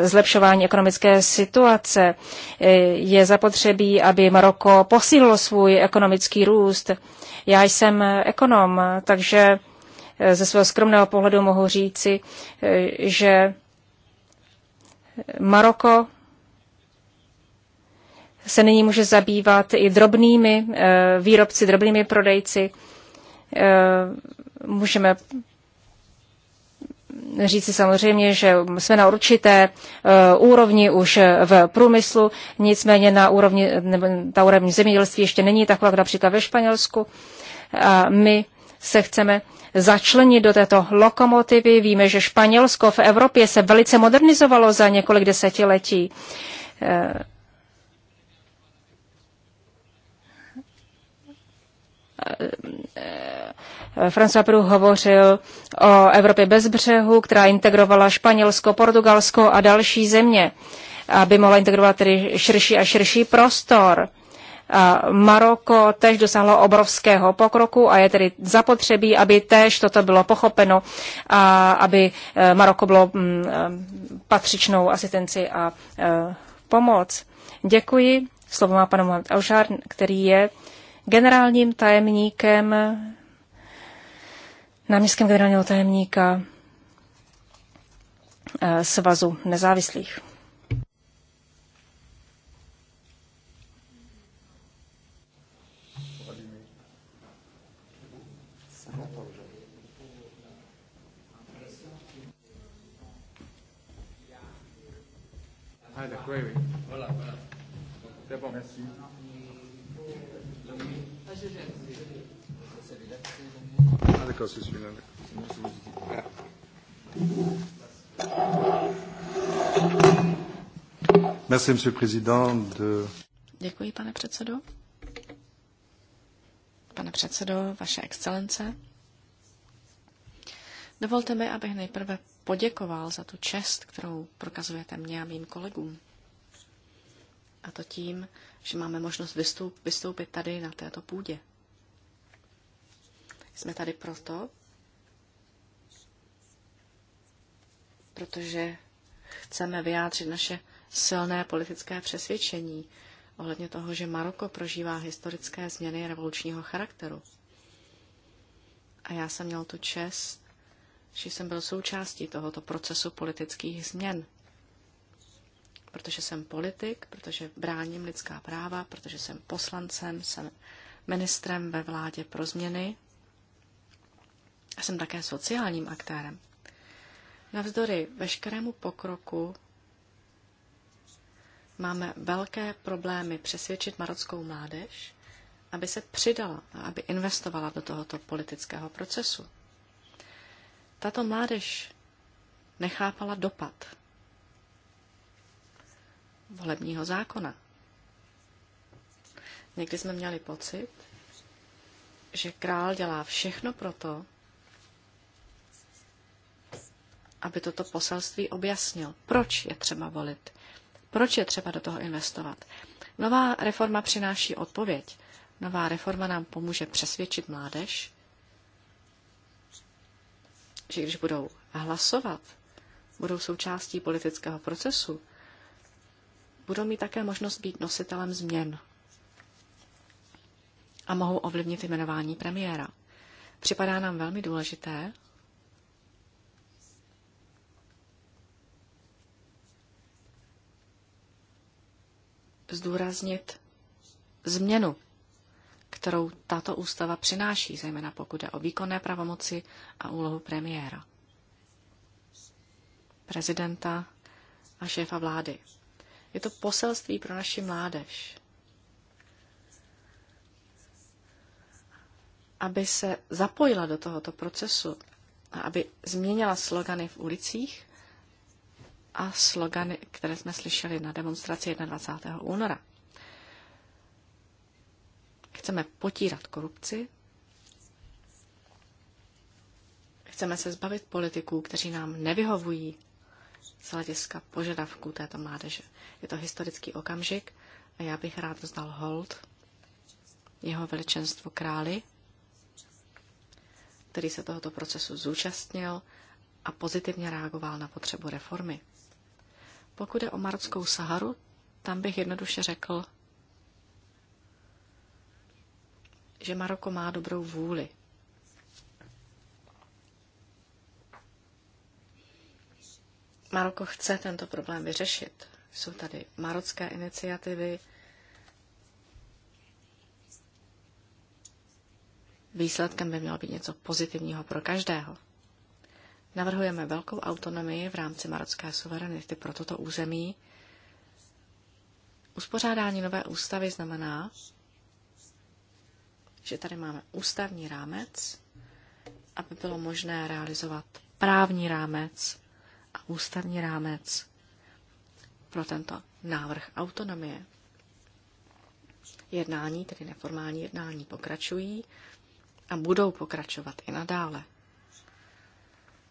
zlepšování ekonomické situace. Je zapotřebí, aby Maroko posílilo svůj ekonomický růst. Já jsem ekonom, takže ze svého skromného pohledu mohu říci, že Maroko se nyní může zabývat i drobnými eh, výrobci, drobnými prodejci. Eh, můžeme říci samozřejmě, že jsme na určité eh, úrovni už v průmyslu, nicméně na úrovni, nebo ta úroveň zemědělství ještě není taková, jak například ve Španělsku. A my se chceme začlenit do této lokomotivy. Víme, že Španělsko v Evropě se velice modernizovalo za několik desetiletí. Eh, François Prů hovořil o Evropě bez břehu, která integrovala Španělsko, Portugalsko a další země, aby mohla integrovat tedy širší a širší prostor. A Maroko tež dosáhlo obrovského pokroku a je tedy zapotřebí, aby tež toto bylo pochopeno a aby eh, Maroko bylo mm, eh, patřičnou asistenci a pomoc. Děkuji. Slovo má pan Mohamed Aušar, který je generálním tajemníkem, náměstkem generálního tajemníka eh, Svazu nezávislých. Hi there, Děkuji, pane předsedo. Pane předsedo, vaše excelence. Dovolte mi, abych nejprve poděkoval za tu čest, kterou prokazujete mě a mým kolegům. A to tím, že máme možnost vystoup, vystoupit tady na této půdě. Jsme tady proto, protože chceme vyjádřit naše silné politické přesvědčení ohledně toho, že Maroko prožívá historické změny revolučního charakteru. A já jsem měl tu čest, že jsem byl součástí tohoto procesu politických změn. Protože jsem politik, protože bráním lidská práva, protože jsem poslancem, jsem ministrem ve vládě pro změny a jsem také sociálním aktérem. Navzdory veškerému pokroku máme velké problémy přesvědčit marockou mládež, aby se přidala a aby investovala do tohoto politického procesu. Tato mládež nechápala dopad volebního zákona. Někdy jsme měli pocit, že král dělá všechno proto, aby toto poselství objasnil, proč je třeba volit, proč je třeba do toho investovat. Nová reforma přináší odpověď. Nová reforma nám pomůže přesvědčit mládež, že když budou hlasovat, budou součástí politického procesu, budou mít také možnost být nositelem změn a mohou ovlivnit jmenování premiéra. Připadá nám velmi důležité, zdůraznit změnu, kterou tato ústava přináší, zejména pokud je o výkonné pravomoci a úlohu premiéra, prezidenta a šéfa vlády. Je to poselství pro naši mládež, aby se zapojila do tohoto procesu a aby změnila slogany v ulicích a slogany, které jsme slyšeli na demonstraci 21. února. Chceme potírat korupci, chceme se zbavit politiků, kteří nám nevyhovují z hlediska požadavků této mládeže. Je to historický okamžik a já bych rád vzdal hold jeho veličenstvu králi, který se tohoto procesu zúčastnil a pozitivně reagoval na potřebu reformy. Pokud je o Marockou Saharu, tam bych jednoduše řekl, že Maroko má dobrou vůli. Maroko chce tento problém vyřešit. Jsou tady marocké iniciativy, Výsledkem by mělo být něco pozitivního pro každého. Navrhujeme velkou autonomii v rámci marocké suverenity pro toto území. Uspořádání nové ústavy znamená, že tady máme ústavní rámec, aby bylo možné realizovat právní rámec a ústavní rámec pro tento návrh autonomie. Jednání, tedy neformální jednání, pokračují a budou pokračovat i nadále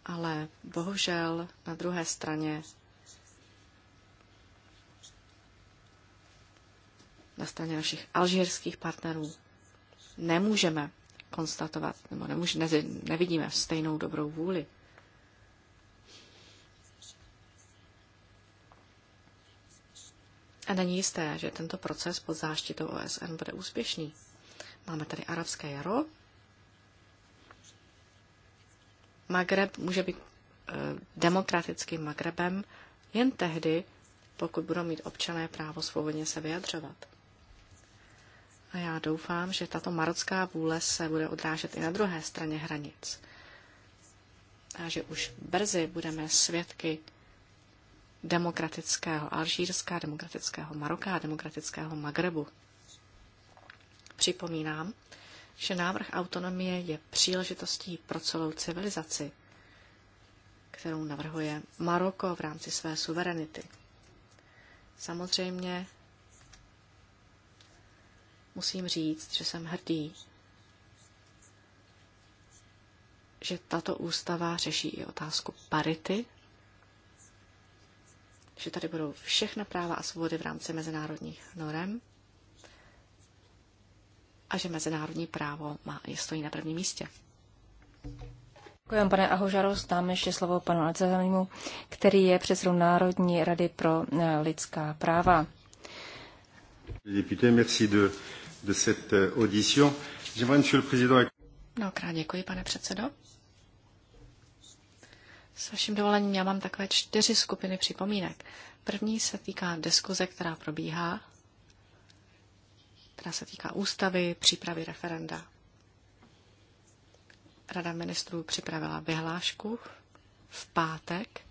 ale bohužel na druhé straně na straně našich alžírských partnerů nemůžeme konstatovat, nebo nemůže, ne, nevidíme stejnou dobrou vůli. A není jisté, že tento proces pod záštitou OSN bude úspěšný. Máme tady arabské jaro, Magreb může být eh, demokratickým Magrebem jen tehdy, pokud budou mít občané právo svobodně se vyjadřovat. A já doufám, že tato marocká vůle se bude odrážet i na druhé straně hranic. A že už brzy budeme svědky demokratického Alžírska, demokratického Maroka a demokratického Magrebu. Připomínám, že návrh autonomie je příležitostí pro celou civilizaci, kterou navrhuje Maroko v rámci své suverenity. Samozřejmě musím říct, že jsem hrdý, že tato ústava řeší i otázku parity, že tady budou všechna práva a svobody v rámci mezinárodních norem a že mezinárodní právo má, stojí na prvním místě. Děkuji, pane Ahožaros. Dáme ještě slovo panu Alcezanimu, který je předsedou Národní rady pro eh, lidská práva. Député, merci de, de cette eh, audition. J'aimerais, monsieur le président... Mnohokrát děkuji, pane předsedo. S vaším dovolením já mám takové čtyři skupiny připomínek. První se týká diskuze, která probíhá která se týká ústavy, přípravy referenda. Rada ministrů připravila vyhlášku v pátek.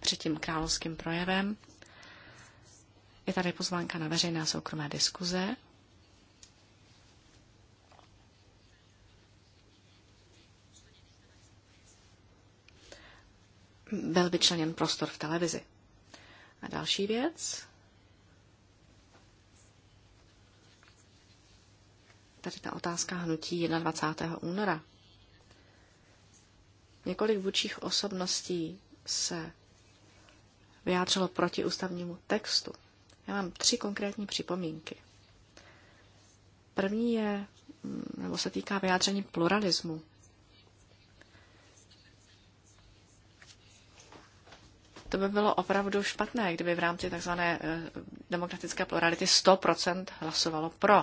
Před tím královským projevem je tady pozvánka na veřejné a soukromé diskuze byl vyčleněn prostor v televizi. A další věc. Tady ta otázka hnutí 21. února. Několik vůdčích osobností se vyjádřilo proti ústavnímu textu. Já mám tři konkrétní připomínky. První je, mm, nebo se týká vyjádření pluralismu. To by bylo opravdu špatné, kdyby v rámci tzv. Eh, demokratické plurality 100% hlasovalo pro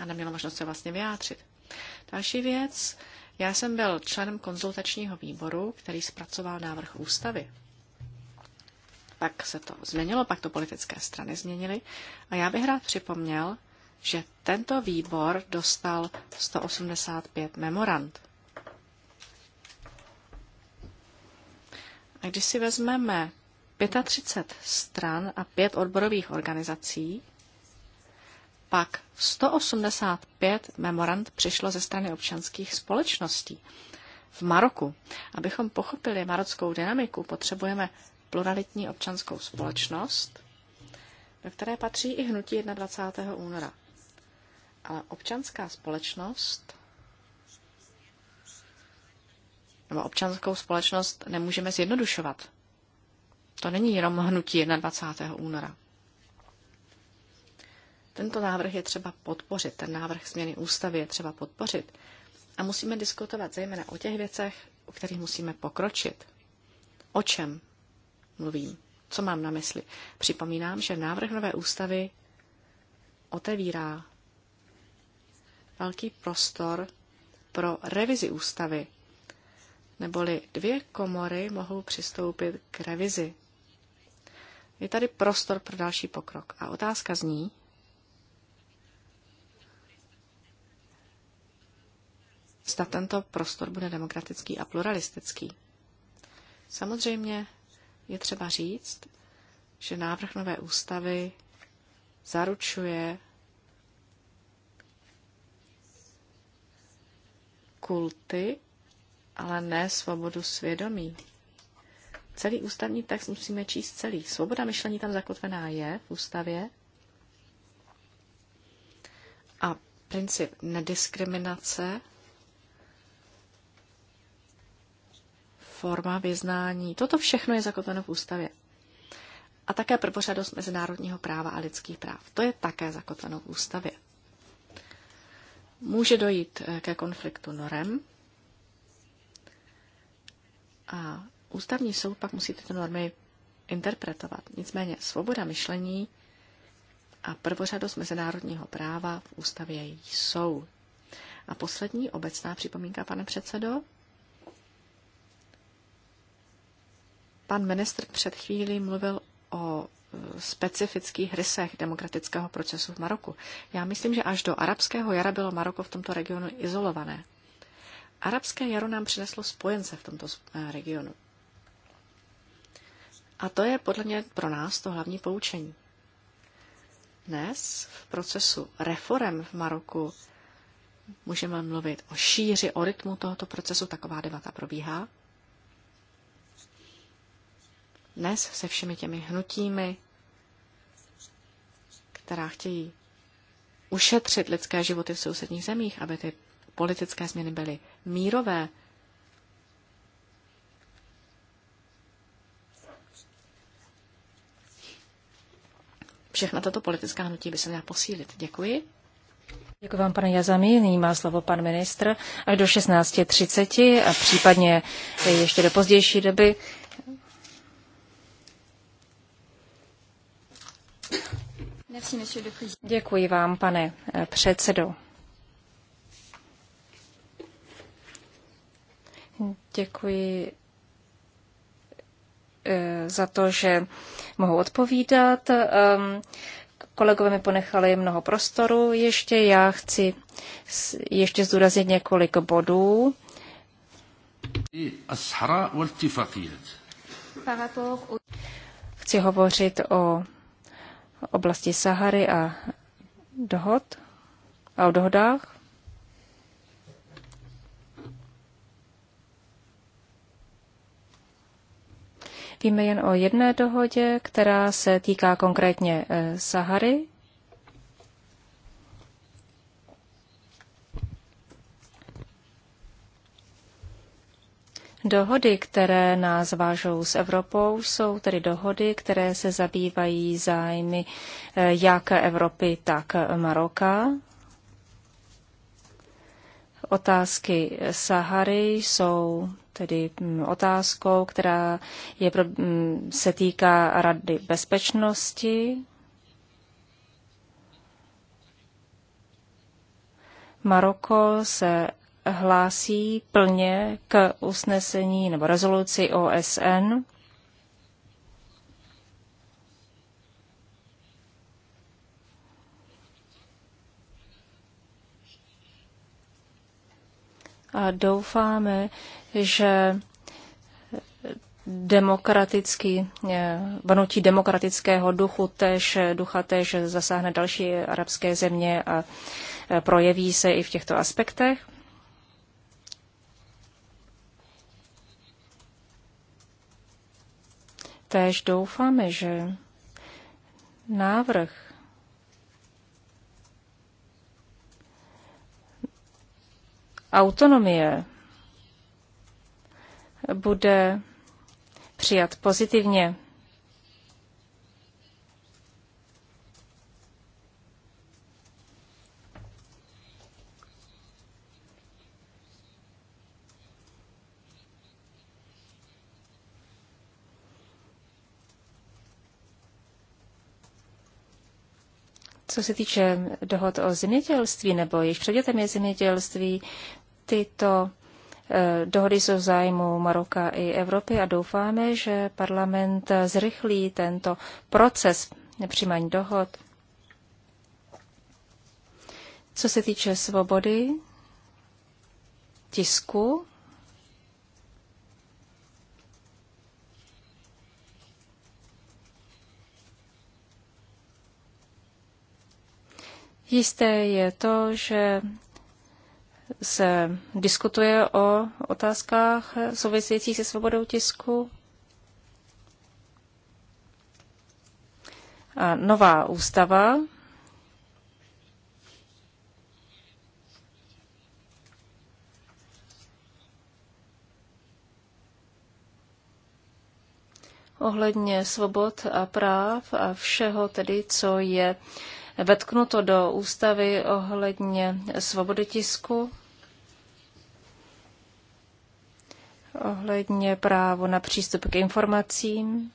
a nemělo možnost se vlastně vyjádřit. Další věc, já jsem byl členem konzultačního výboru, který zpracoval návrh ústavy. Pak se to změnilo, pak to politické strany změnily. A já bych rád připomněl, že tento výbor dostal 185 memorand. A když si vezmeme 35 stran a 5 odborových organizací, pak 185 memorand přišlo ze strany občanských společností v Maroku. Abychom pochopili marockou dynamiku, potřebujeme pluralitní občanskou společnost, do které patří i hnutí 21. února. Ale občanská společnost nebo občanskou společnost nemůžeme zjednodušovat. To není jenom hnutí 21. února. Tento návrh je třeba podpořit, ten návrh změny ústavy je třeba podpořit. A musíme diskutovat zejména o těch věcech, o kterých musíme pokročit. O čem mluvím? Co mám na mysli? Připomínám, že návrh nové ústavy otevírá velký prostor pro revizi ústavy neboli dvě komory mohou přistoupit k revizi. Je tady prostor pro další pokrok. A otázka zní, zda tento prostor bude demokratický a pluralistický. Samozřejmě je třeba říct, že návrh nové ústavy zaručuje kulty ale ne svobodu svědomí. Celý ústavní text musíme číst celý. Svoboda myšlení tam zakotvená je v ústavě. A princip nediskriminace, forma vyznání, toto všechno je zakotveno v ústavě. A také propořadost mezinárodního práva a lidských práv. To je také zakotveno v ústavě. Může dojít eh, ke konfliktu norem, a ústavní soud pak musí tyto normy interpretovat. Nicméně svoboda myšlení a prvořadost mezinárodního práva v ústavě jsou. A poslední obecná připomínka, pane předsedo. Pan ministr před chvílí mluvil o e, specifických rysech demokratického procesu v Maroku. Já myslím, že až do arabského jara bylo Maroko v tomto regionu izolované. Arabské jaro nám přineslo spojence v tomto eh, regionu. A to je podle mě pro nás to hlavní poučení. Dnes v procesu reform v Maroku můžeme mluvit o šíři, o rytmu tohoto procesu, taková debata probíhá. Dnes se všemi těmi hnutími, která chtějí ušetřit lidské životy v sousedních zemích, aby ty politické změny byly mírové, všechna tato politická hnutí by se měla posílit. Děkuji. Děkuji vám, pane Jazami. Nyní má slovo pan ministr až do 16.30 a případně ještě do pozdější doby. Děkuji vám, pane eh, předsedo. Děkuji eh, za to, že mohu odpovídat. Ehm, kolegové mi ponechali mnoho prostoru. Ještě já chci ještě zdůraznit několik bodů. Chci hovořit o oblasti Sahary a dohod a o dohodách. Víme jen o jedné dohodě, která se týká konkrétně eh, Sahary. Dohody, které nás vážou s Evropou, jsou tedy dohody, které se zabývají zájmy eh, jak Evropy, tak Maroka. Otázky Sahary jsou tedy mm, otázkou, která je, mm, se týká Rady bezpečnosti. Maroko se hlásí plně k usnesení nebo rezoluci OSN a doufáme, že demokratický, eh, vnutí demokratického duchu tež, ducha tež zasáhne další arabské země a eh, projeví se i v těchto aspektech. Tež doufáme, že návrh autonomie bude přijat pozitivně. co se týče dohod o zemědělství, nebo jejich předmětem je zemědělství, Tyto eh, dohody jsou zájmu Maroka i Evropy a doufáme, že parlament zrychlí tento proces nepřijímání dohod. Co se týče svobody tisku, Jisté je to, že se diskutuje o otázkách souvisejících se svobodou tisku. A nová ústava ohledně svobod a práv a všeho tedy, co je vetknuto do ústavy ohledně svobody tisku, ohledně právo na přístup k informacím.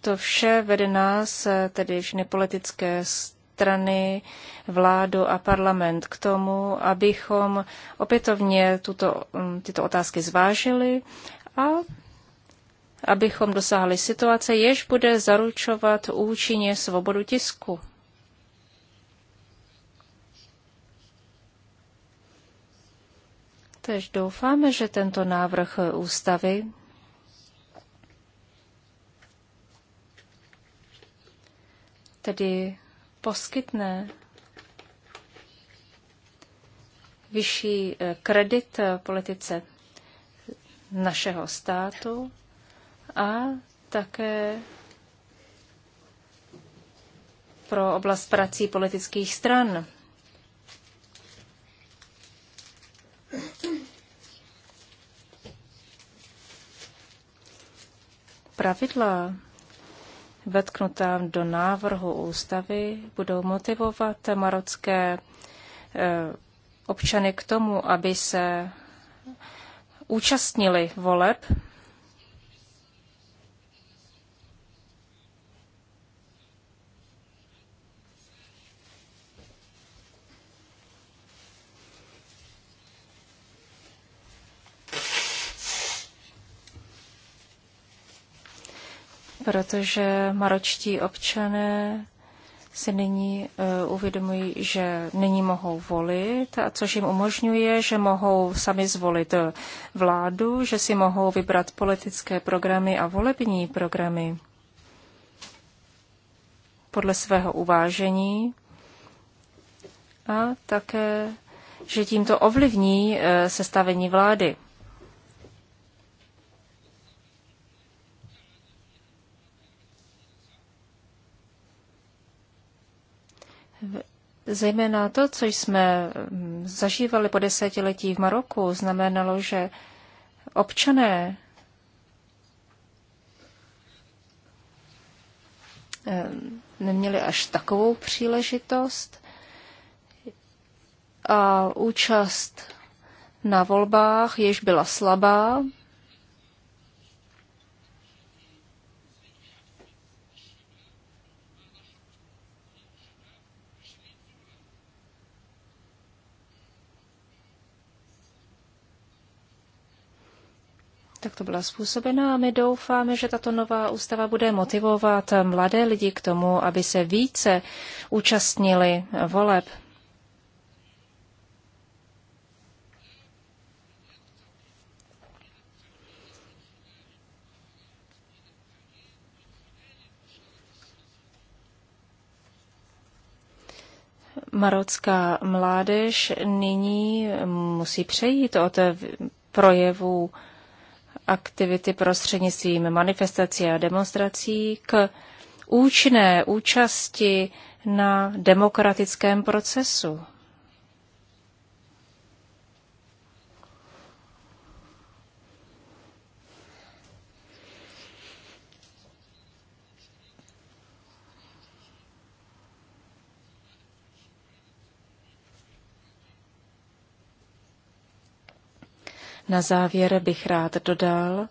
To vše vede nás, eh, tedy všechny politické strany, vládu a parlament k tomu, abychom opětovně tuto, mm, tyto otázky zvážili a abychom dosáhli situace, jež bude zaručovat účinně svobodu tisku. Tež doufáme, že tento návrh ústavy tedy poskytne vyšší eh, kredit eh, politice našeho státu a také pro oblast prací politických stran. Pravidla vetknutá do návrhu ústavy, budou motivovat marocké eh, občany k tomu, aby se účastnili voleb protože maročtí občané si nyní eh, uvědomují, že nyní mohou volit, a což jim umožňuje, že mohou sami zvolit eh, vládu, že si mohou vybrat politické programy a volební programy podle svého uvážení a také, že tímto ovlivní eh, sestavení vlády. Zejména to, co jsme mm, zažívali po desetiletí v Maroku, znamenalo, že občané eh, neměli až takovou příležitost a účast na volbách jež byla slabá, tak to byla způsobena a my doufáme, že tato nová ústava bude motivovat mladé lidi k tomu, aby se více účastnili voleb. marocká mládež nyní musí přejít od projevů aktivity prostřednictvím manifestací a demonstrací k účinné účasti na demokratickém procesu. Na závěr bych rád dodal,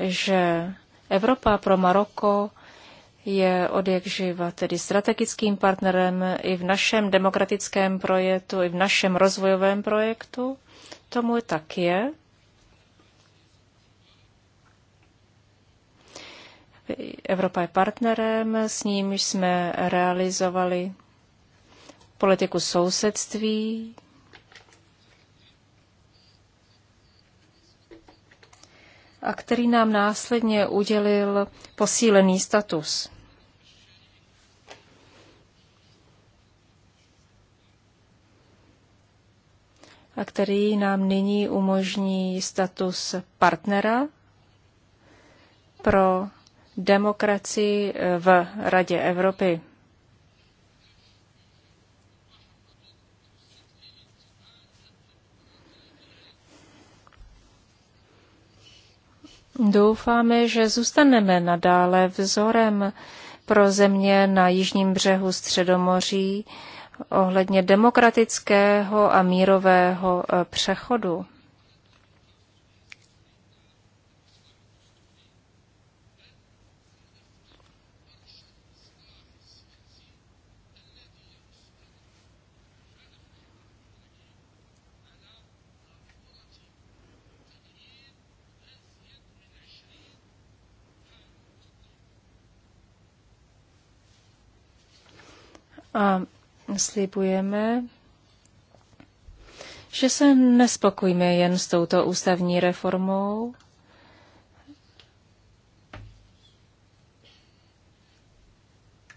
že Evropa pro Maroko je od jak živa tedy strategickým partnerem i v našem demokratickém projektu, i v našem rozvojovém projektu. Tomu tak je. Evropa je partnerem, s ním jsme realizovali politiku sousedství, a který nám následně udělil posílený status. a který nám nyní umožní status partnera pro demokracii v Radě Evropy. Doufáme, že zůstaneme nadále vzorem pro země na jižním břehu Středomoří ohledně demokratického a mírového eh, přechodu. A slibujeme, že se nespokojíme jen s touto ústavní reformou,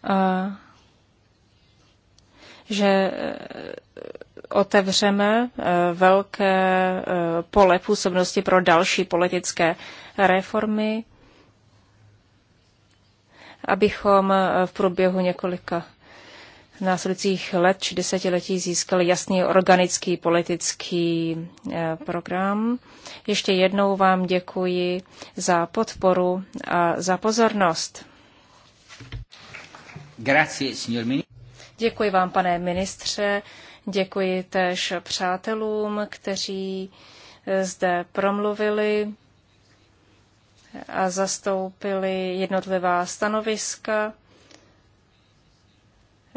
a že eh, otevřeme eh, velké eh, pole působnosti pro další politické reformy, abychom v průběhu několika následujících let či desetiletí získali jasný organický politický eh, program. Ještě jednou vám děkuji za podporu a za pozornost. Grazie, signor Děkuji vám, pane ministře. Děkuji též přátelům, kteří eh, zde promluvili a zastoupili jednotlivá stanoviska.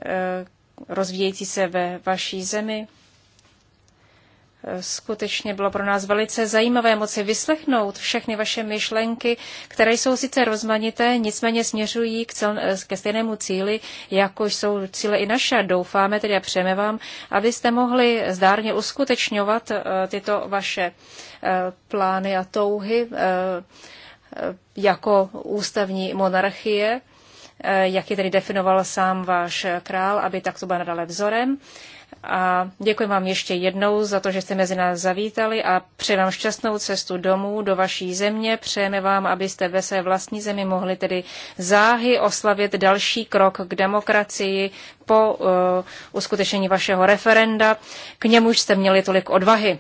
Eh, rozvíjející se ve vaší zemi. Eh, skutečně bylo pro nás velice zajímavé moci vyslechnout všechny vaše myšlenky, které jsou sice rozmanité, nicméně směřují k cel, eh, ke stejnému cíli, jako jsou cíle i naše. Doufáme tedy a přejeme vám, abyste mohli zdárně uskutečňovat tyto vaše plány a touhy jako ústavní monarchie jak je tedy definoval sám váš král, aby takto byl nadále vzorem. A děkuji vám ještě jednou za to, že jste mezi nás zavítali a přeji vám šťastnou cestu domů do vaší země. Přejeme vám, abyste ve své vlastní zemi mohli tedy záhy oslavit další krok k demokracii po uh, uskutečení vašeho referenda. K němu jste měli tolik odvahy.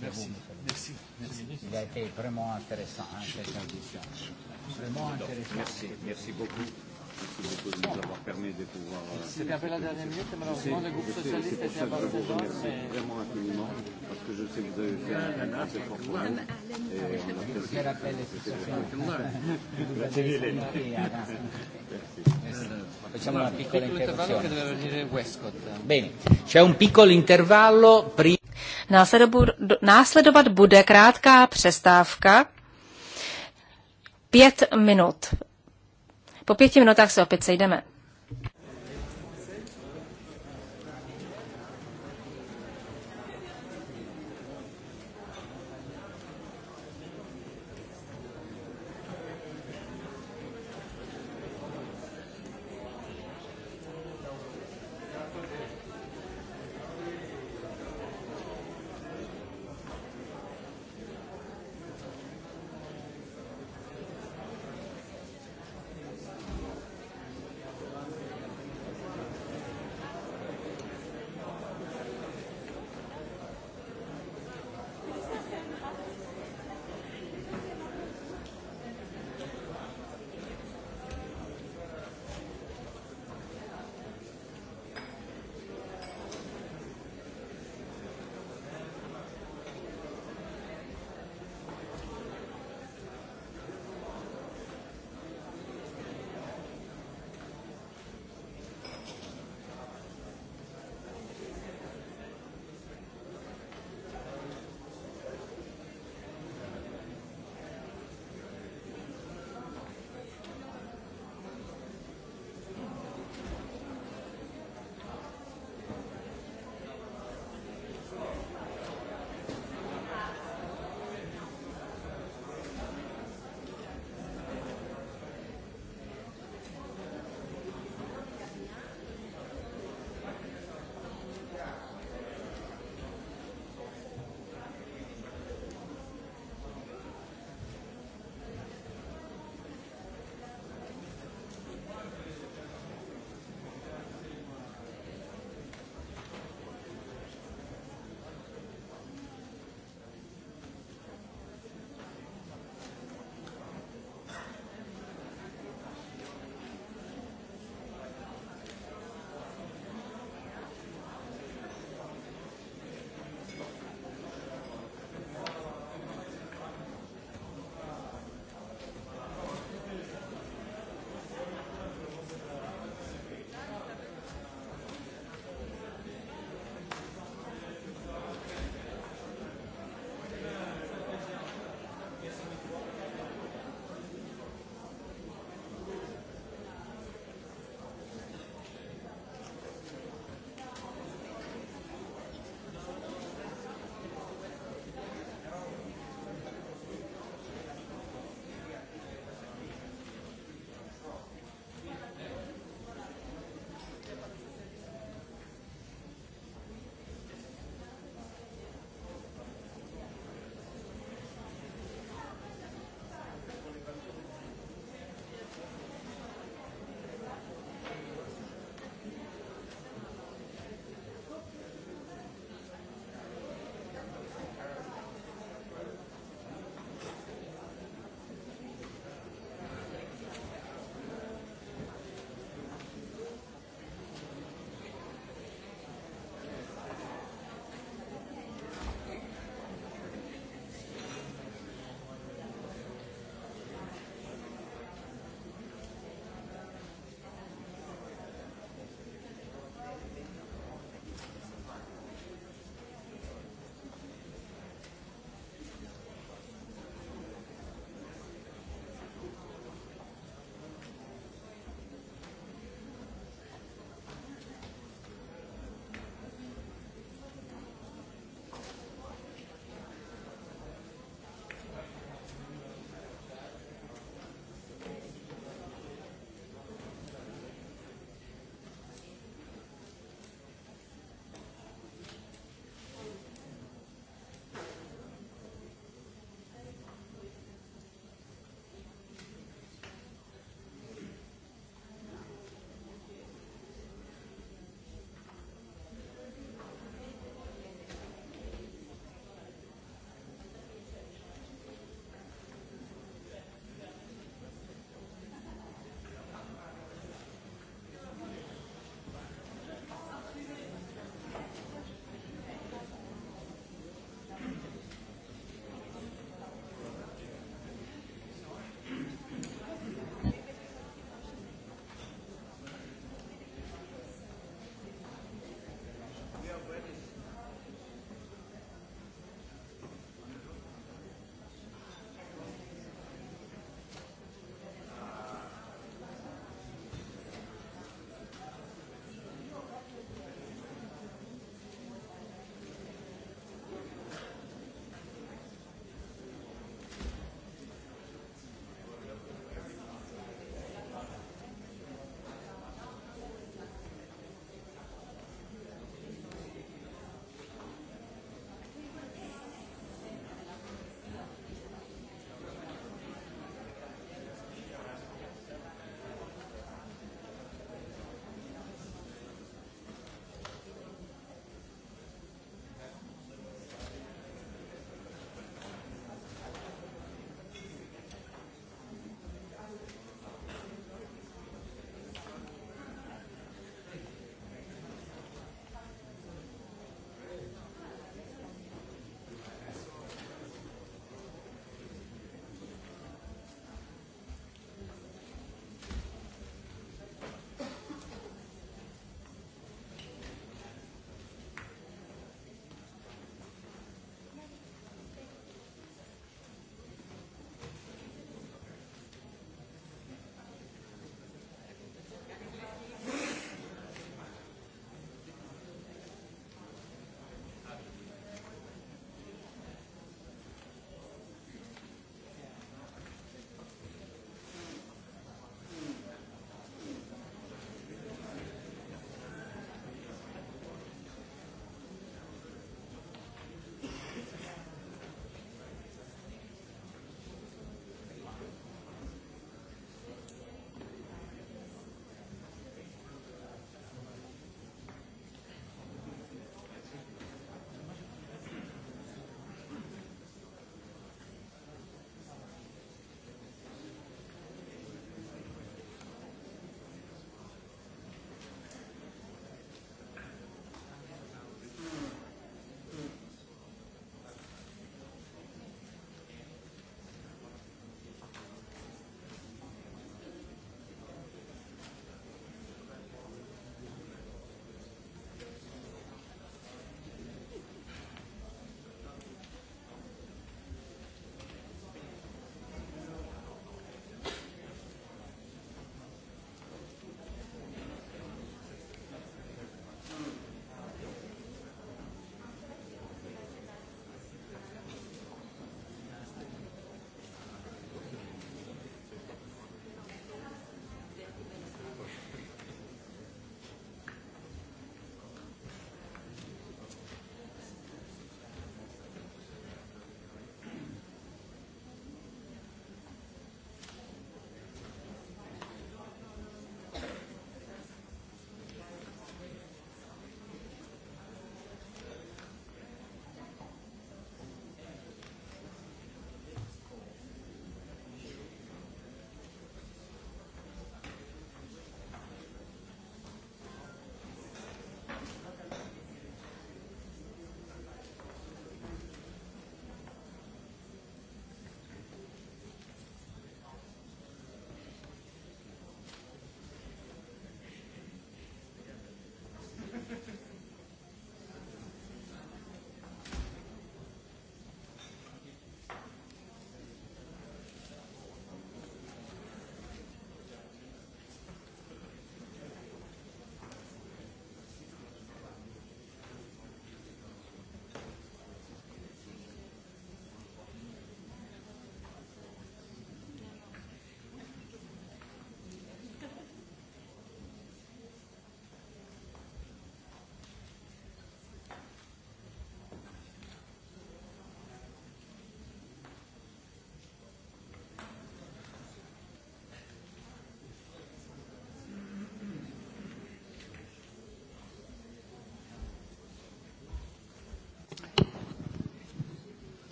Merci. Merci. Merci. Merci. Merci. Merci. Merci de nous avoir permis de pouvoir. Euh, C'était un peu la dernière minute, malheureusement, le groupe socialiste était à Mais... Vraiment infiniment, parce que je sais que vous avez fait un, assez fort pour nous. Et euh, on appel Facciamo una piccola interruzione. Bene, c'è un piccolo intervallo. Následovat bude krátká přestávka, pět minut. Po pěti minutách se opět sejdeme.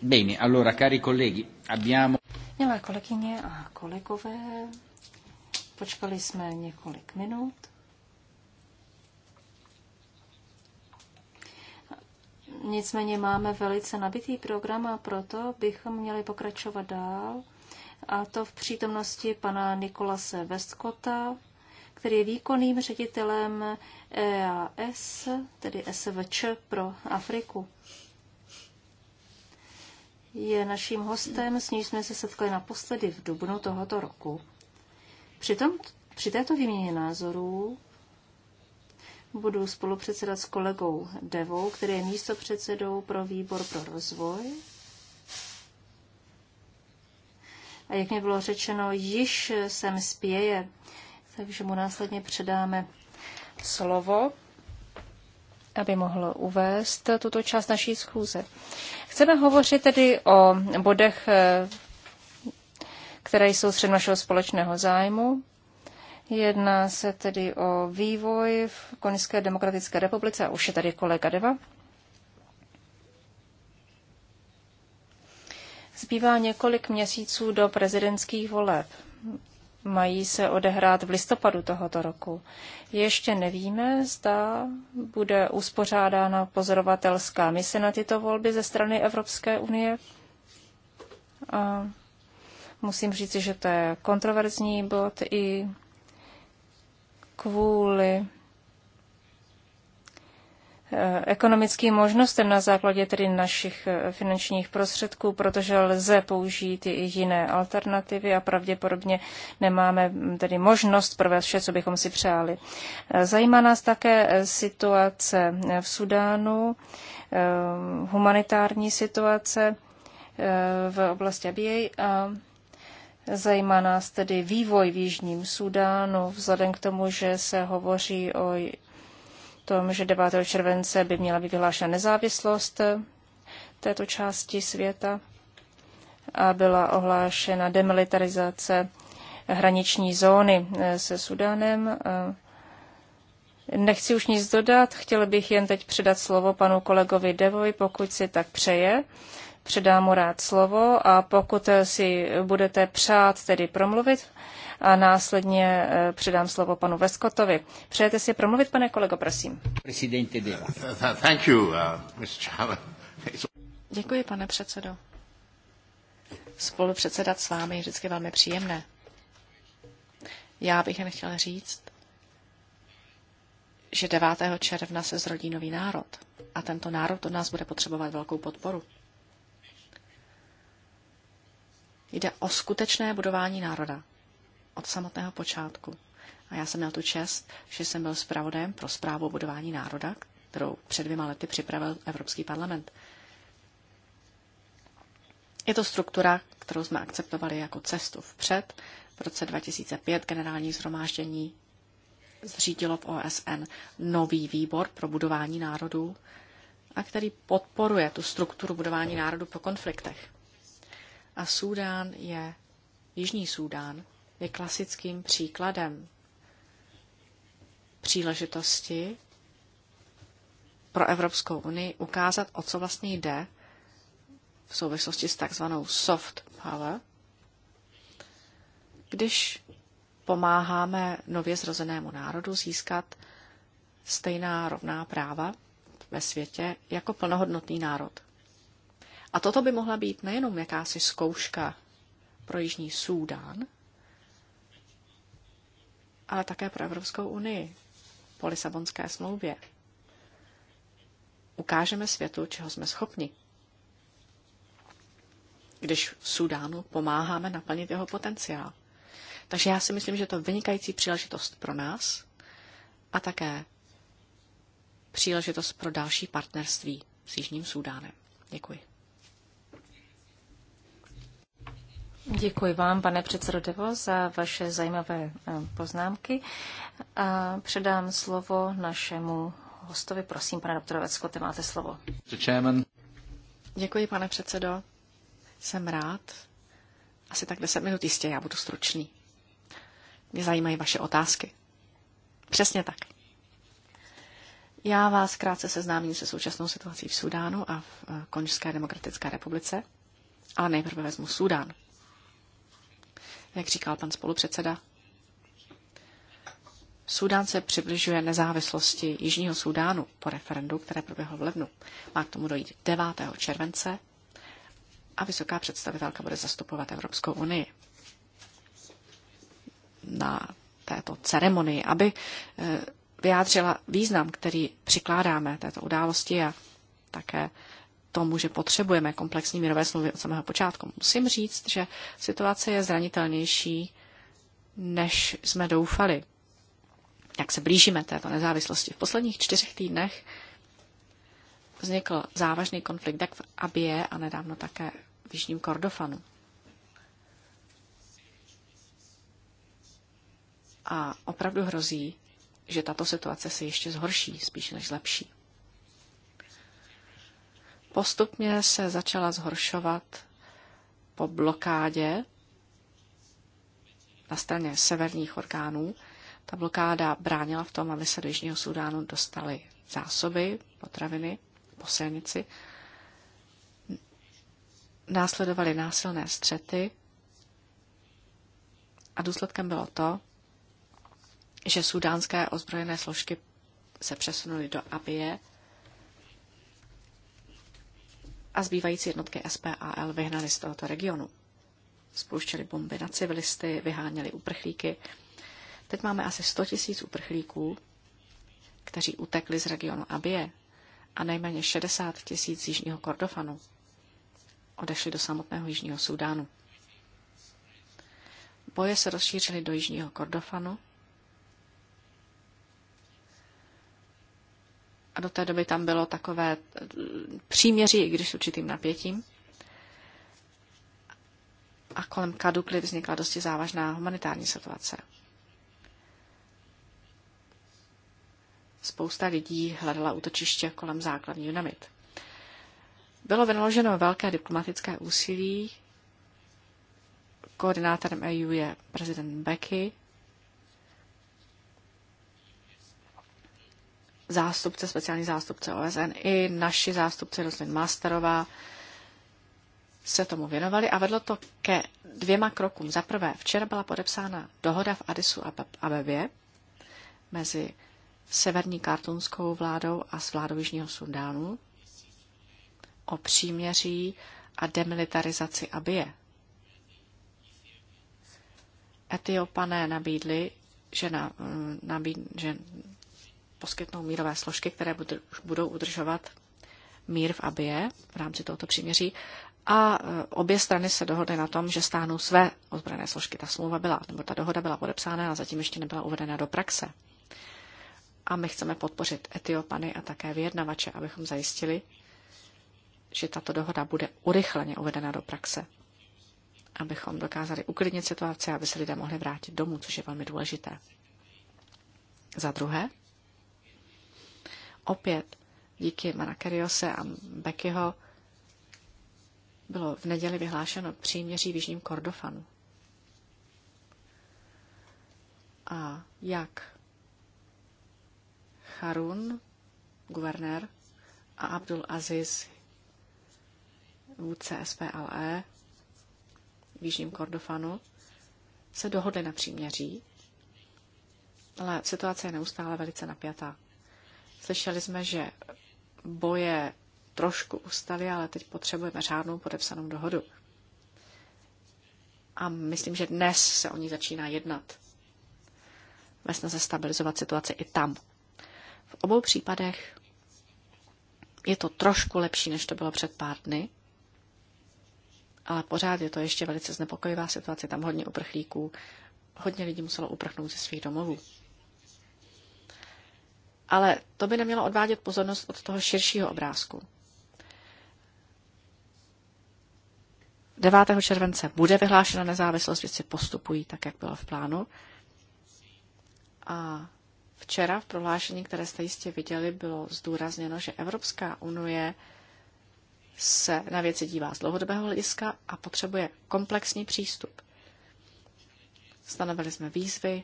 Bene, allora, cari colleghi, abbiamo... Milé kolegyně a kolegové, počkali jsme několik minut. Nicméně máme velice nabitý program a proto bychom měli pokračovat dál. A to v přítomnosti pana Nikolase Westkota, který je výkonným ředitelem EAS, tedy SVČ pro Afriku je naším hostem, s níž jsme se setkali naposledy v dubnu tohoto roku. Při tom při této výměně názorů budu spolupředsedat s kolegou Devou, který je místopředsedou pro výbor pro rozvoj. A jak mi bylo řečeno, již sem spěje, takže mu následně předáme slovo aby mohl uvést tuto část naší schůze. Chceme hovořit tedy o bodech, eh, které jsou střed našeho společného zájmu. Jedná se tedy o vývoj v Konské demokratické republice a už je tady kolega Deva. Zbývá několik měsíců do prezidentských voleb mají se odehrát v listopadu tohoto roku. Ještě nevíme, zda bude uspořádána pozorovatelská mise na tyto volby ze strany Evropské unie. A musím říci, že to je kontroverzní bod i kvůli Eh, ekonomickým možnostem na základě tedy našich eh, finančních prostředků, protože lze použít i jiné alternativy a pravděpodobně nemáme mm, tedy možnost provést vše, co bychom si přáli. Eh, zajímá nás také situace v Sudánu, humanitární situace v oblasti Abiej a Zajímá nás tedy vývoj v Jižním Sudánu, vzhledem k tomu, že se hovoří o tom, že 9. července by měla být vyhlášena nezávislost této části světa a byla ohlášena demilitarizace hraniční zóny eh, se Sudanem. Nechci už nic dodat, chtěl bych jen teď předat slovo panu kolegovi Devoj, pokud si tak přeje. Předám mu rád slovo a pokud eh, si budete přát tedy promluvit, a následně eh, předám slovo panu Veskotovi. Přejete si promluvit, pane kolego, prosím. Thank you, uh, Děkuji, pane předsedo. Spolu předsedat s vámi je vždycky velmi příjemné. Já bych jen chtěla říct, že 9. června se zrodí nový národ a tento národ od nás bude potřebovat velkou podporu. Jde o skutečné budování národa, od samotného počátku. A já jsem měl tu čest, že jsem byl zpravodajem pro zprávu o budování národa, kterou před dvěma lety připravil Evropský parlament. Je to struktura, kterou jsme akceptovali jako cestu vpřed. V roce 2005 generální zhromáždění zřídilo v OSN nový výbor pro budování národů, a který podporuje tu strukturu budování národů po konfliktech. A Súdán je, Jižní Súdán, je klasickým příkladem příležitosti pro Evropskou unii ukázat, o co vlastně jde v souvislosti s takzvanou soft power, když pomáháme nově zrozenému národu získat stejná rovná práva ve světě jako plnohodnotný národ. A toto by mohla být nejenom jakási zkouška pro Jižní Súdán, ale také pro Evropskou unii po Lisabonské smlouvě. Ukážeme světu, čeho jsme schopni, když v Sudánu pomáháme naplnit jeho potenciál. Takže já si myslím, že to je vynikající příležitost pro nás a také příležitost pro další partnerství s Jižním Súdánem. Děkuji. Děkuji vám, pane předsedo Devo, za vaše zajímavé eh, poznámky. A předám slovo našemu hostovi. Prosím, pane doktore Vecko, ty máte slovo. Děkuji, pane předsedo. Jsem rád. Asi tak 10 minut jistě, já budu stručný. Mě zajímají vaše otázky. Přesně tak. Já vás krátce seznámím se současnou situací v Sudánu a v eh, Konžské demokratické republice, ale nejprve vezmu Sudán jak říkal pan spolupředseda. Súdán se přibližuje nezávislosti Jižního Súdánu po referendu, které proběhlo v lednu. Má k tomu dojít 9. července a vysoká představitelka bude zastupovat Evropskou unii na této ceremonii, aby eh, vyjádřila význam, který přikládáme této události a také tomu, že potřebujeme komplexní mírové smlouvy od samého počátku. Musím říct, že situace je zranitelnější, než jsme doufali. Jak se blížíme této nezávislosti? V posledních čtyřech týdnech vznikl závažný konflikt jak v Abie a nedávno také v Jižním Kordofanu. A opravdu hrozí, že tato situace se ještě zhorší, spíš než zlepší postupně se začala zhoršovat po blokádě na straně severních orgánů. Ta blokáda bránila v tom, aby se do Jižního Sudánu dostaly zásoby, potraviny, posilnici. Následovaly násilné střety a důsledkem bylo to, že sudánské ozbrojené složky se přesunuly do Abie, a zbývající jednotky SPAL vyhnali z tohoto regionu. Spouštěli bomby na civilisty, vyháněli uprchlíky. Teď máme asi 100 tisíc uprchlíků, kteří utekli z regionu Abie a nejméně 60 tisíc jižního Kordofanu. Odešli do samotného jižního Sudánu. Boje se rozšířily do jižního Kordofanu a do té doby tam bylo takové eh, příměří, i když s určitým napětím. A kolem Kadukli vznikla dosti závažná humanitární situace. Spousta lidí hledala útočiště kolem základní dynamit. Bylo vynaloženo velké diplomatické úsilí. Koordinátorem EU je prezident Becky, zástupce, speciální zástupce OSN i naši zástupce Roslin Masterová se tomu věnovali a vedlo to ke dvěma krokům. Za prvé, včera byla podepsána dohoda v Adisu a Abebě mezi severní kartunskou vládou a s vládou Jižního Sundánu o příměří a demilitarizaci Abie. Etiopané nabídli, že, na, mm, nabíd, že poskytnou mírové složky, které budou udržovat mír v Abie v rámci tohoto příměří a e, obě strany se dohodly na tom, že stáhnou své ozbrojené složky. Ta smlouva byla, nebo ta dohoda byla podepsána a zatím ještě nebyla uvedena do praxe. A my chceme podpořit Etiopany a také vyjednavače, abychom zajistili, že tato dohoda bude urychleně uvedena do praxe. Abychom dokázali uklidnit situaci, aby se lidé mohli vrátit domů, což je velmi důležité. Za druhé, opět díky Manakariose a Bekyho bylo v neděli vyhlášeno příměří v Jižním Kordofanu. A jak Harun, guvernér, a Abdul Aziz, vůdce SPLE v Jižním Kordofanu, se dohodli na příměří, ale situace je neustále velice napjatá. Slyšeli jsme, že boje trošku ustaly, ale teď potřebujeme řádnou podepsanou dohodu. A myslím, že dnes se o ní začíná jednat. Ve snaze stabilizovat situaci i tam. V obou případech je to trošku lepší, než to bylo před pár dny, ale pořád je to ještě velice znepokojivá situace. Tam hodně uprchlíků, hodně lidí muselo uprchnout ze svých domovů. Ale to by nemělo odvádět pozornost od toho širšího obrázku. 9. července bude vyhlášena nezávislost, věci postupují tak, jak bylo v plánu. A včera v prohlášení, které jste jistě viděli, bylo zdůrazněno, že Evropská unie se na věci dívá z dlouhodobého hlediska a potřebuje komplexní přístup. Stanovili jsme výzvy,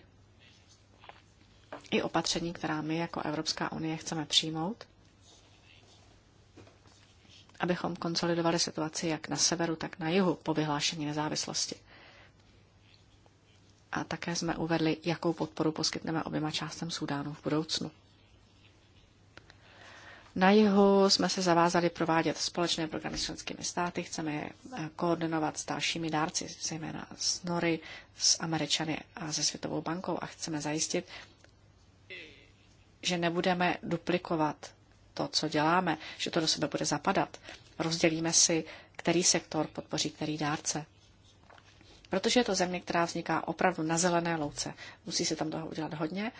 i opatření, která my jako Evropská unie chceme přijmout, abychom konsolidovali situaci jak na severu, tak na jihu po vyhlášení nezávislosti. A také jsme uvedli, jakou podporu poskytneme oběma částem Súdánu v budoucnu. Na jihu jsme se zavázali provádět společné programy s členskými státy, chceme je eh, koordinovat s dalšími dárci, zejména s Nory, s Američany a se Světovou bankou a chceme zajistit, že nebudeme duplikovat to, co děláme, že to do sebe bude zapadat. Rozdělíme si, který sektor podpoří který dárce. Protože je to země, která vzniká opravdu na zelené louce. Musí se tam toho udělat hodně.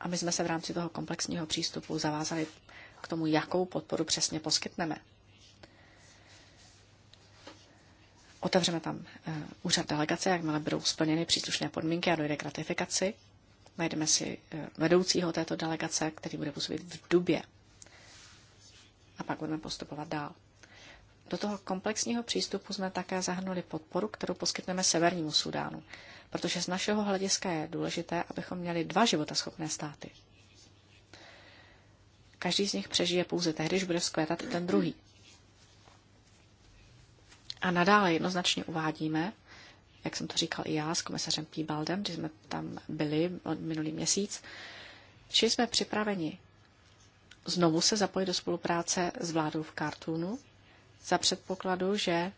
A my jsme se v rámci toho komplexního přístupu zavázali k tomu, jakou podporu přesně poskytneme. Otevřeme tam eh, úřad delegace, jakmile budou splněny příslušné podmínky a dojde k ratifikaci. Najdeme si eh, vedoucího této delegace, který bude působit v Dubě. A pak budeme postupovat dál. Do toho komplexního přístupu jsme také zahrnuli podporu, kterou poskytneme Severnímu Sudánu, protože z našeho hlediska je důležité, abychom měli dva životaschopné státy. Každý z nich přežije pouze tehdy, když bude vzkvétat i ten druhý. A nadále jednoznačně uvádíme, jak jsem to říkal i já s komisařem Píbaldem, když jsme tam byli minulý měsíc, že jsme připraveni znovu se zapojit do spolupráce s vládou v Kartunu za předpokladu, že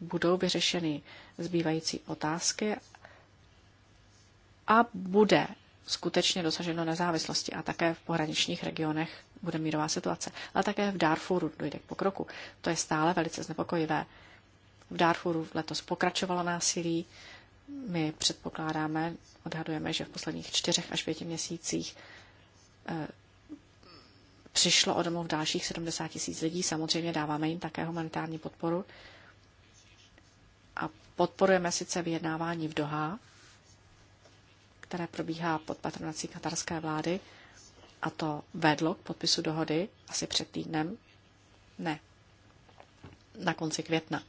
budou vyřešeny zbývající otázky a bude skutečně dosaženo nezávislosti a také v pohraničních regionech bude mírová situace, ale také v Darfuru dojde k pokroku. To je stále velice znepokojivé. V Darfuru letos pokračovalo násilí. My předpokládáme, odhadujeme, že v posledních čtyřech až pěti měsících eh, přišlo o domov dalších 70 tisíc lidí. Samozřejmě dáváme jim také humanitární podporu. A podporujeme sice vyjednávání v Doha, které probíhá pod patronací katarské vlády, a to vedlo k podpisu dohody asi před týdnem, ne, na konci května.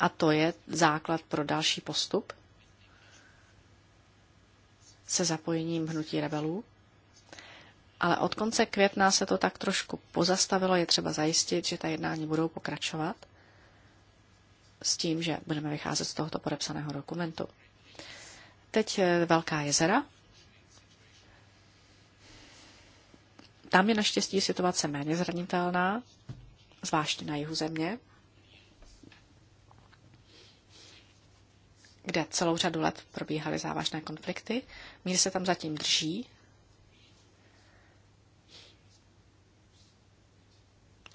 A to je základ pro další postup se zapojením hnutí rebelů. Ale od konce května se to tak trošku pozastavilo. Je třeba zajistit, že ta jednání budou pokračovat s tím, že budeme vycházet z tohoto podepsaného dokumentu. Teď eh, Velká jezera. Tam je naštěstí situace méně zranitelná, zvláště na jihu země. kde celou řadu let probíhaly závažné konflikty. Mír se tam zatím drží.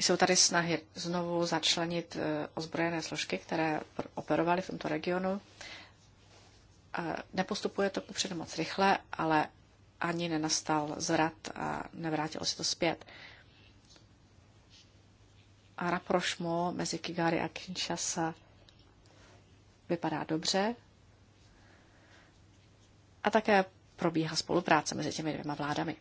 Jsou tady snahy znovu začlenit eh, ozbrojené složky, které operovaly v tomto regionu. Nepostupuje to kupředu moc rychle, ale ani nenastal zrad a nevrátilo se to zpět. A rapprochement mezi Kigari a Kinshasa vypadá dobře a také probíhá spolupráce mezi těmi dvěma vládami.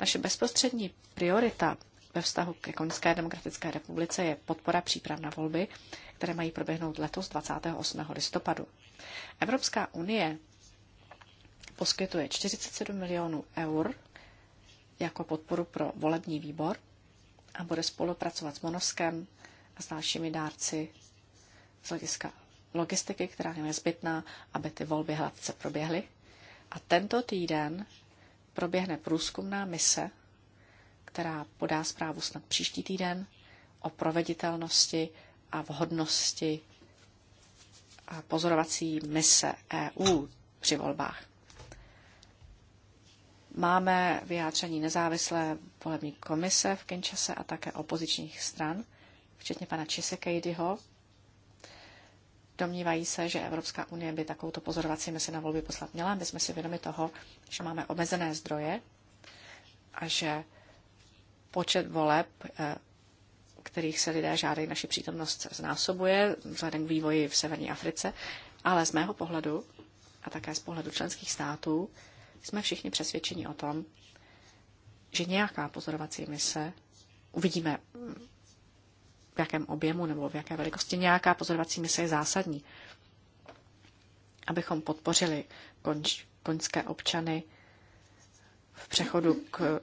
Naše bezprostřední priorita ve vztahu ke Konské demokratické republice je podpora příprav na volby, které mají proběhnout letos 28. listopadu. Evropská unie poskytuje 47 milionů eur jako podporu pro volební výbor a bude spolupracovat s Monoskem a s dalšími dárci z hlediska logistiky, která je nezbytná, aby ty volby hladce proběhly. A tento týden proběhne průzkumná mise, která podá zprávu snad příští týden o proveditelnosti a vhodnosti a pozorovací mise EU při volbách. Máme vyjádření nezávislé volební komise v Kinčase a také opozičních stran, včetně pana Čisekejdyho, Domnívají se, že Evropská unie by takovouto pozorovací misi na volby poslat měla. My jsme si vědomi toho, že máme omezené zdroje a že počet voleb, eh, kterých se lidé žádají naši přítomnost, znásobuje vzhledem k vývoji v severní Africe. Ale z mého pohledu a také z pohledu členských států jsme všichni přesvědčeni o tom, že nějaká pozorovací mise, uvidíme, v jakém objemu nebo v jaké velikosti nějaká pozorovací mise je zásadní, abychom podpořili konč, koňské občany v přechodu k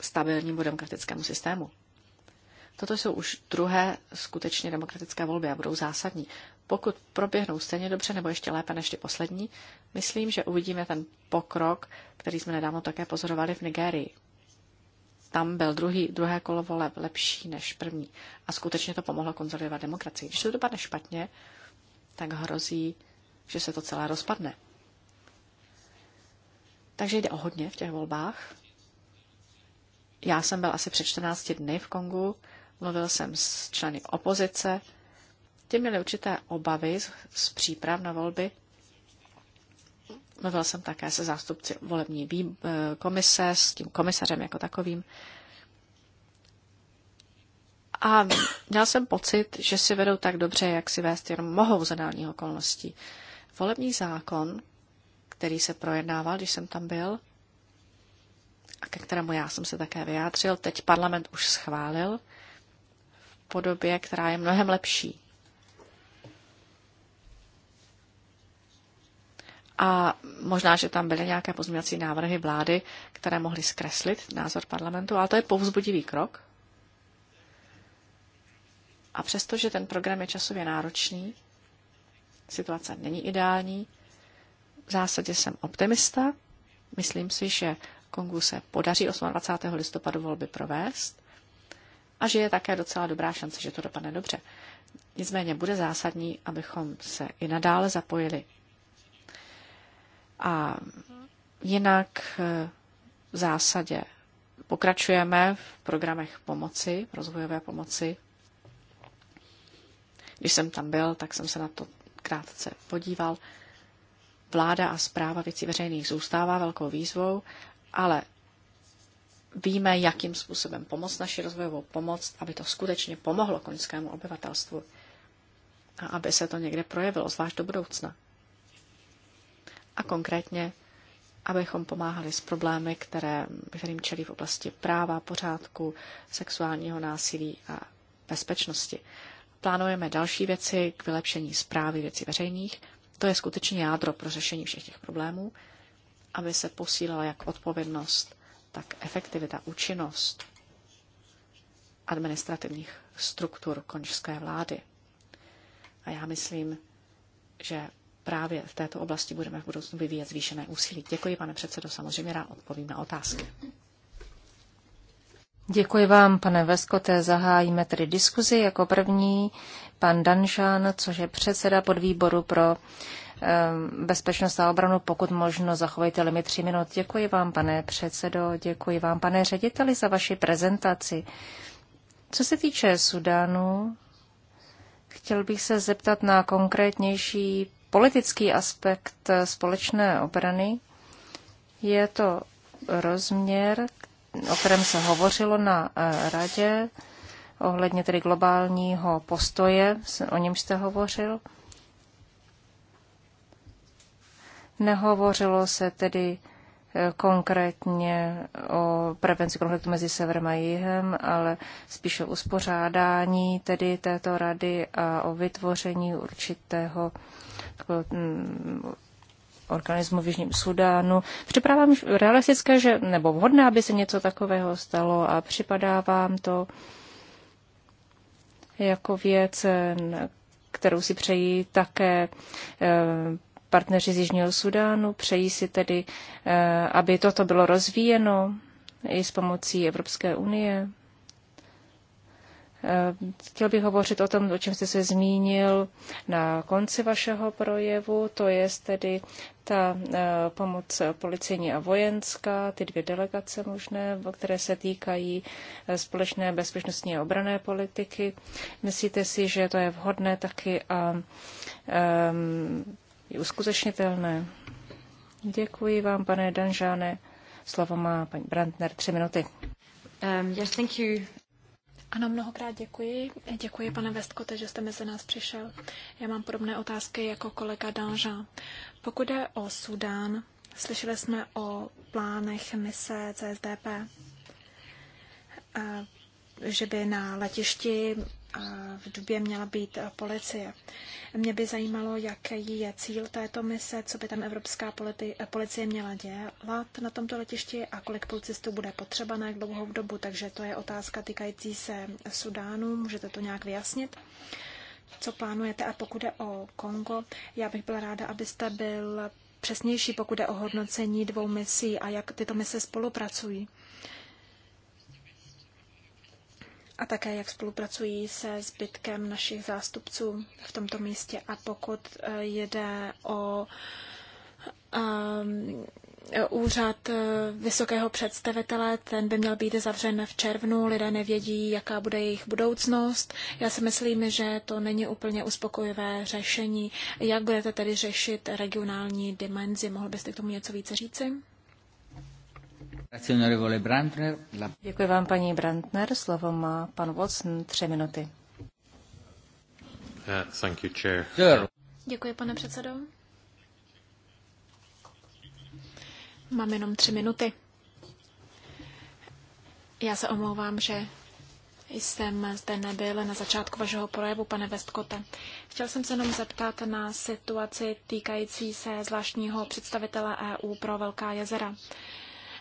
stabilnímu demokratickému systému. Toto jsou už druhé skutečně demokratické volby a budou zásadní. Pokud proběhnou stejně dobře nebo ještě lépe než ty poslední, myslím, že uvidíme ten pokrok, který jsme nedávno také pozorovali v Nigérii tam byl druhý, druhé kolo voleb lepší než první. A skutečně to pomohlo konzolidovat demokracii. Když to dopadne špatně, tak hrozí, že se to celé rozpadne. Takže jde o hodně v těch volbách. Já jsem byl asi před 14 dny v Kongu, mluvil jsem s členy opozice, ti měli určité obavy z, z příprav na volby, Mluvil jsem také se zástupci volební eh, komise, s tím komisařem jako takovým. A měl jsem pocit, že si vedou tak dobře, jak si vést jenom mohou za dálních okolností. Volební zákon, který se projednával, když jsem tam byl, a ke kterému já jsem se také vyjádřil, teď parlament už schválil v podobě, která je mnohem lepší A možná, že tam byly nějaké pozměňovací návrhy vlády, které mohly zkreslit názor parlamentu, ale to je povzbudivý krok. A přesto, že ten program je časově náročný, situace není ideální, v zásadě jsem optimista. Myslím si, že Kongu se podaří 28. listopadu volby provést a že je také docela dobrá šance, že to dopadne dobře. Nicméně bude zásadní, abychom se i nadále zapojili a jinak e, v zásadě pokračujeme v programech pomoci, rozvojové pomoci. Když jsem tam byl, tak jsem se na to krátce podíval. Vláda a zpráva věcí veřejných zůstává velkou výzvou, ale víme, jakým způsobem pomoct naši rozvojovou pomoc, aby to skutečně pomohlo koňskému obyvatelstvu a aby se to někde projevilo, zvlášť do budoucna a konkrétně, abychom pomáhali s problémy, které, kterým čelí v oblasti práva, pořádku, sexuálního násilí a bezpečnosti. Plánujeme další věci k vylepšení zprávy věcí veřejných. To je skutečně jádro pro řešení všech těch problémů, aby se posílala jak odpovědnost, tak efektivita, účinnost administrativních struktur konžské vlády. A já myslím, že právě v této oblasti budeme v budoucnu vyvíjet zvýšené úsilí. Děkuji, pane předsedo, samozřejmě rád odpovím na otázky. Děkuji vám, pane Veskote. Zahájíme tedy diskuzi. Jako první pan Danžán, což je předseda podvýboru pro eh, bezpečnost a obranu, pokud možno zachovejte limit tři minut. Děkuji vám, pane předsedo, děkuji vám, pane řediteli, za vaši prezentaci. Co se týče Sudánu, chtěl bych se zeptat na konkrétnější politický aspekt eh, společné obrany. Je to rozměr, o kterém se hovořilo na eh, radě, ohledně tedy globálního postoje, o něm jste hovořil. Nehovořilo se tedy konkrétně o prevenci konfliktu mezi severem a jihem, ale spíše o uspořádání tedy této rady a o vytvoření určitého mm, organismu v Jižním Sudánu. Připravám realistické, že, nebo vhodné, aby se něco takového stalo a připadá vám to jako věc, kterou si přejí také eh, partneři z Jižního Sudánu. Přejí si tedy, eh, aby toto bylo rozvíjeno i s pomocí Evropské unie. Eh, chtěl bych hovořit o tom, o čem jste se zmínil na konci vašeho projevu, to je tedy ta eh, pomoc policejní a vojenská, ty dvě delegace možné, které se týkají společné bezpečnostní a obrané politiky. Myslíte si, že to je vhodné taky a ehm, je uskutečnitelné. Děkuji vám, pane Danžáne. Slovo má paní Brandner, tři minuty. Um, yes, thank you. Ano, mnohokrát děkuji. Děkuji, pane Vestkote, že jste mezi nás přišel. Já mám podobné otázky jako kolega Danža. Pokud je o Sudán, slyšeli jsme o plánech mise CSDP, eh, že by na letišti v Dubě měla být policie. Mě by zajímalo, jaký je cíl této mise, co by tam evropská policie měla dělat na tomto letišti a kolik policistů bude potřeba na jak dlouhou dobu. Takže to je otázka týkající se Sudánu. Můžete to nějak vyjasnit? Co plánujete? A pokud je o Kongo, já bych byla ráda, abyste byl přesnější, pokud je o hodnocení dvou misí a jak tyto mise spolupracují. a také jak spolupracují se zbytkem našich zástupců v tomto místě. A pokud eh, jde o um, úřad eh, vysokého představitele, ten by měl být zavřen v červnu, lidé nevědí, jaká bude jejich budoucnost. Já si myslím, že to není úplně uspokojivé řešení. Jak budete tedy řešit regionální dimenzi? Mohl byste k tomu něco více říci? Děkuji vám, paní Brandner. Slovo má pan Watson, tři minuty. Uh, thank you, chair. Děkuji, pane předsedo. Mám jenom tři minuty. Já se omlouvám, že jsem zde nebyl na začátku vašeho projevu, pane Vestkota. Chtěl jsem se jenom zeptat na situaci týkající se zvláštního představitele EU pro Velká jezera.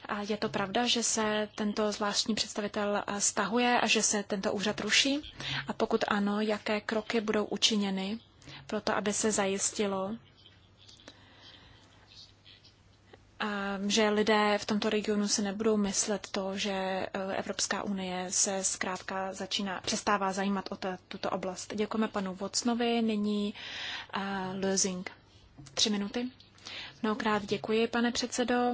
A je to pravda, že se tento zvláštní představitel eh, stahuje a že se tento úřad ruší? A pokud ano, jaké kroky budou učiněny pro to, aby se zajistilo, ehm, že lidé v tomto regionu se nebudou myslet to, že eh, Evropská unie se zkrátka začíná, přestává zajímat o tuto oblast. Děkujeme panu Vocnovi, nyní uh, eh, Lösing. Tři minuty. Mnohokrát děkuji, pane předsedo.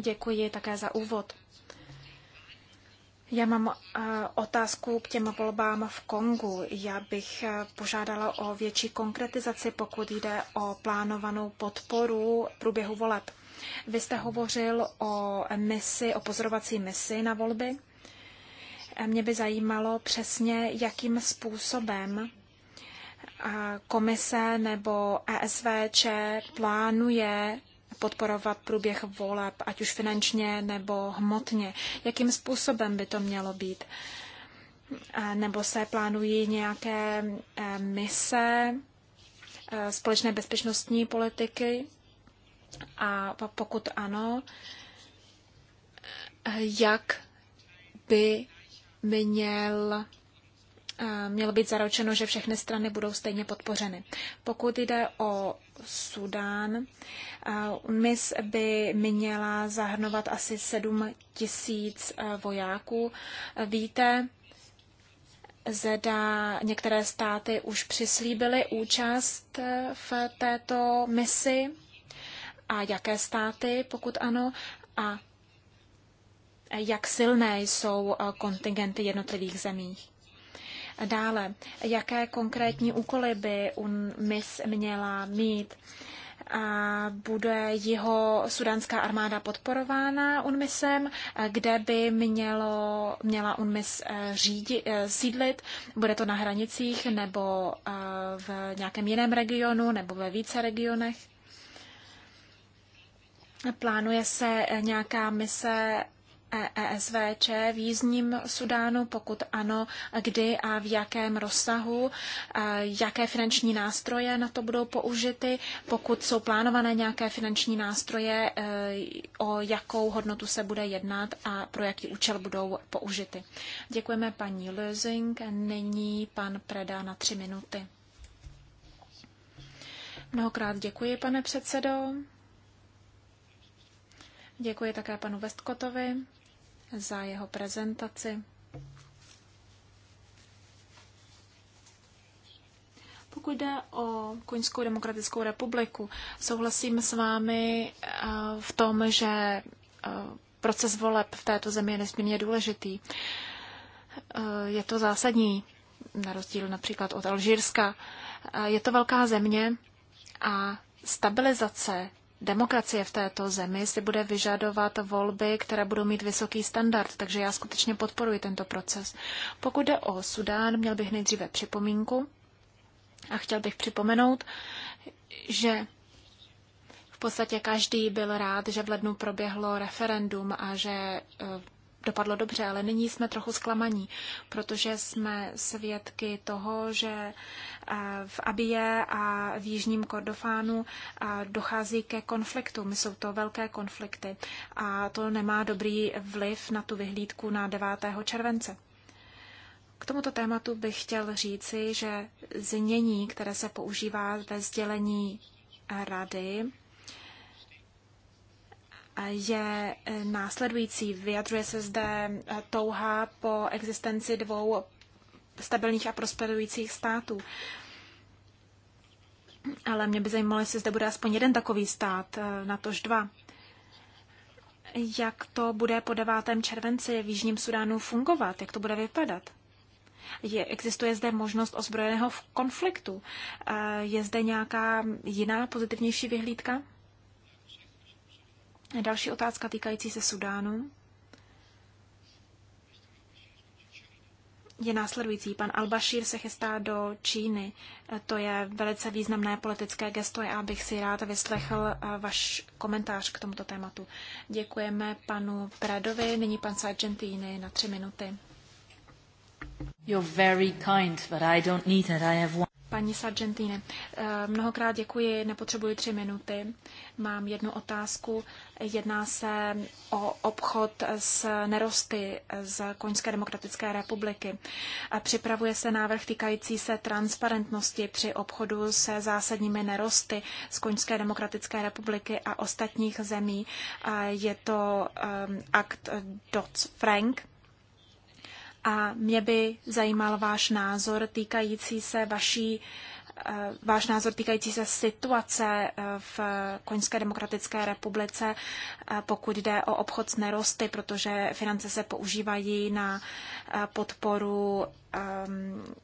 Děkuji také za úvod. Já mám eh, otázku k těm volbám v Kongu. Já bych eh, požádala o větší konkretizaci, pokud jde o plánovanou podporu průběhu voleb. Vy jste hovořil o misi, o pozorovací misi na volby. Eh, mě by zajímalo přesně, jakým způsobem komise nebo ESVČ plánuje podporovat průběh voleb, ať už finančně nebo hmotně? Jakým způsobem by to mělo být? Nebo se plánují nějaké eh, mise eh, společné bezpečnostní politiky? A pokud ano, eh, jak by měl mělo být zaručeno, že všechny strany budou stejně podpořeny. Pokud jde o Sudán, MIS by měla zahrnovat asi 7 tisíc e, vojáků. Víte, Zda některé státy už přislíbily účast e, v této misi a jaké státy, pokud ano, a jak silné jsou e, kontingenty jednotlivých zemí. Dále, jaké konkrétní úkoly by MIS měla mít? A bude jeho sudánská armáda podporována UNMISem, kde by mělo, měla UNMIS eh, řídi, eh, sídlit, bude to na hranicích nebo eh, v nějakém jiném regionu nebo ve více regionech. Plánuje se nějaká mise ESVČ e v jízdním Sudánu? Pokud ano, kdy a v jakém rozsahu? E, jaké finanční nástroje na to budou použity? Pokud jsou plánované nějaké finanční nástroje, e, o jakou hodnotu se bude jednat a pro jaký účel budou použity? Děkujeme paní Lösing. Nyní pan Preda na tři minuty. Mnohokrát děkuji, pane předsedo. Děkuji také panu Vestkotovi za jeho prezentaci. Pokud jde o Koňskou demokratickou republiku, souhlasím s vámi eh, v tom, že eh, proces voleb v této zemi je nesmírně důležitý. Eh, je to zásadní, na rozdíl například od Alžírska. Je to velká země a stabilizace Demokracie v této zemi si bude vyžadovat volby, které budou mít vysoký standard, takže já skutečně podporuji tento proces. Pokud jde o Sudán, měl bych nejdříve připomínku a chtěl bych připomenout, že v podstatě každý byl rád, že v lednu proběhlo referendum a že eh, dopadlo dobře, ale nyní jsme trochu zklamaní, protože jsme svědky toho, že eh, v Abije a v Jižním Kordofánu eh, dochází ke konfliktům. Jsou to velké konflikty a to nemá dobrý vliv na tu vyhlídku na 9. července. K tomuto tématu bych chtěl říci, že znění, které se používá ve sdělení rady, je eh, následující. Vyjadřuje se zde eh, touha po existenci dvou stabilních a prosperujících států. Ale mě by zajímalo, jestli zde bude aspoň jeden takový stát, eh, tož dva. Jak to bude po 9. červenci v Jižním Sudánu fungovat? Jak to bude vypadat? Je, existuje zde možnost ozbrojeného konfliktu? Je zde nějaká jiná pozitivnější vyhlídka? Další otázka týkající se Sudánu je následující. Pan Al-Bashir se chystá do Číny. To je velice významné politické gesto a bych si rád vyslechl eh, váš komentář k tomuto tématu. Děkujeme panu Pradovi, nyní pan Sargentini na tři minuty. You're very kind, but I don't need it. I have one... Paní Sargentine, eh, mnohokrát děkuji, nepotřebuji tři minuty. Mám jednu otázku. Jedná se o obchod s nerosty z Koňské demokratické republiky. Připravuje se návrh týkající se transparentnosti při obchodu se zásadními nerosty z Koňské demokratické republiky a ostatních zemí. Je to ehm, akt Dodd-Frank a mě by zajímal váš názor týkající se vaší eh, váš názor týkající se situace eh, v Koňské demokratické republice, eh, pokud jde o obchod s nerosty, protože finance se používají na podporu ehm,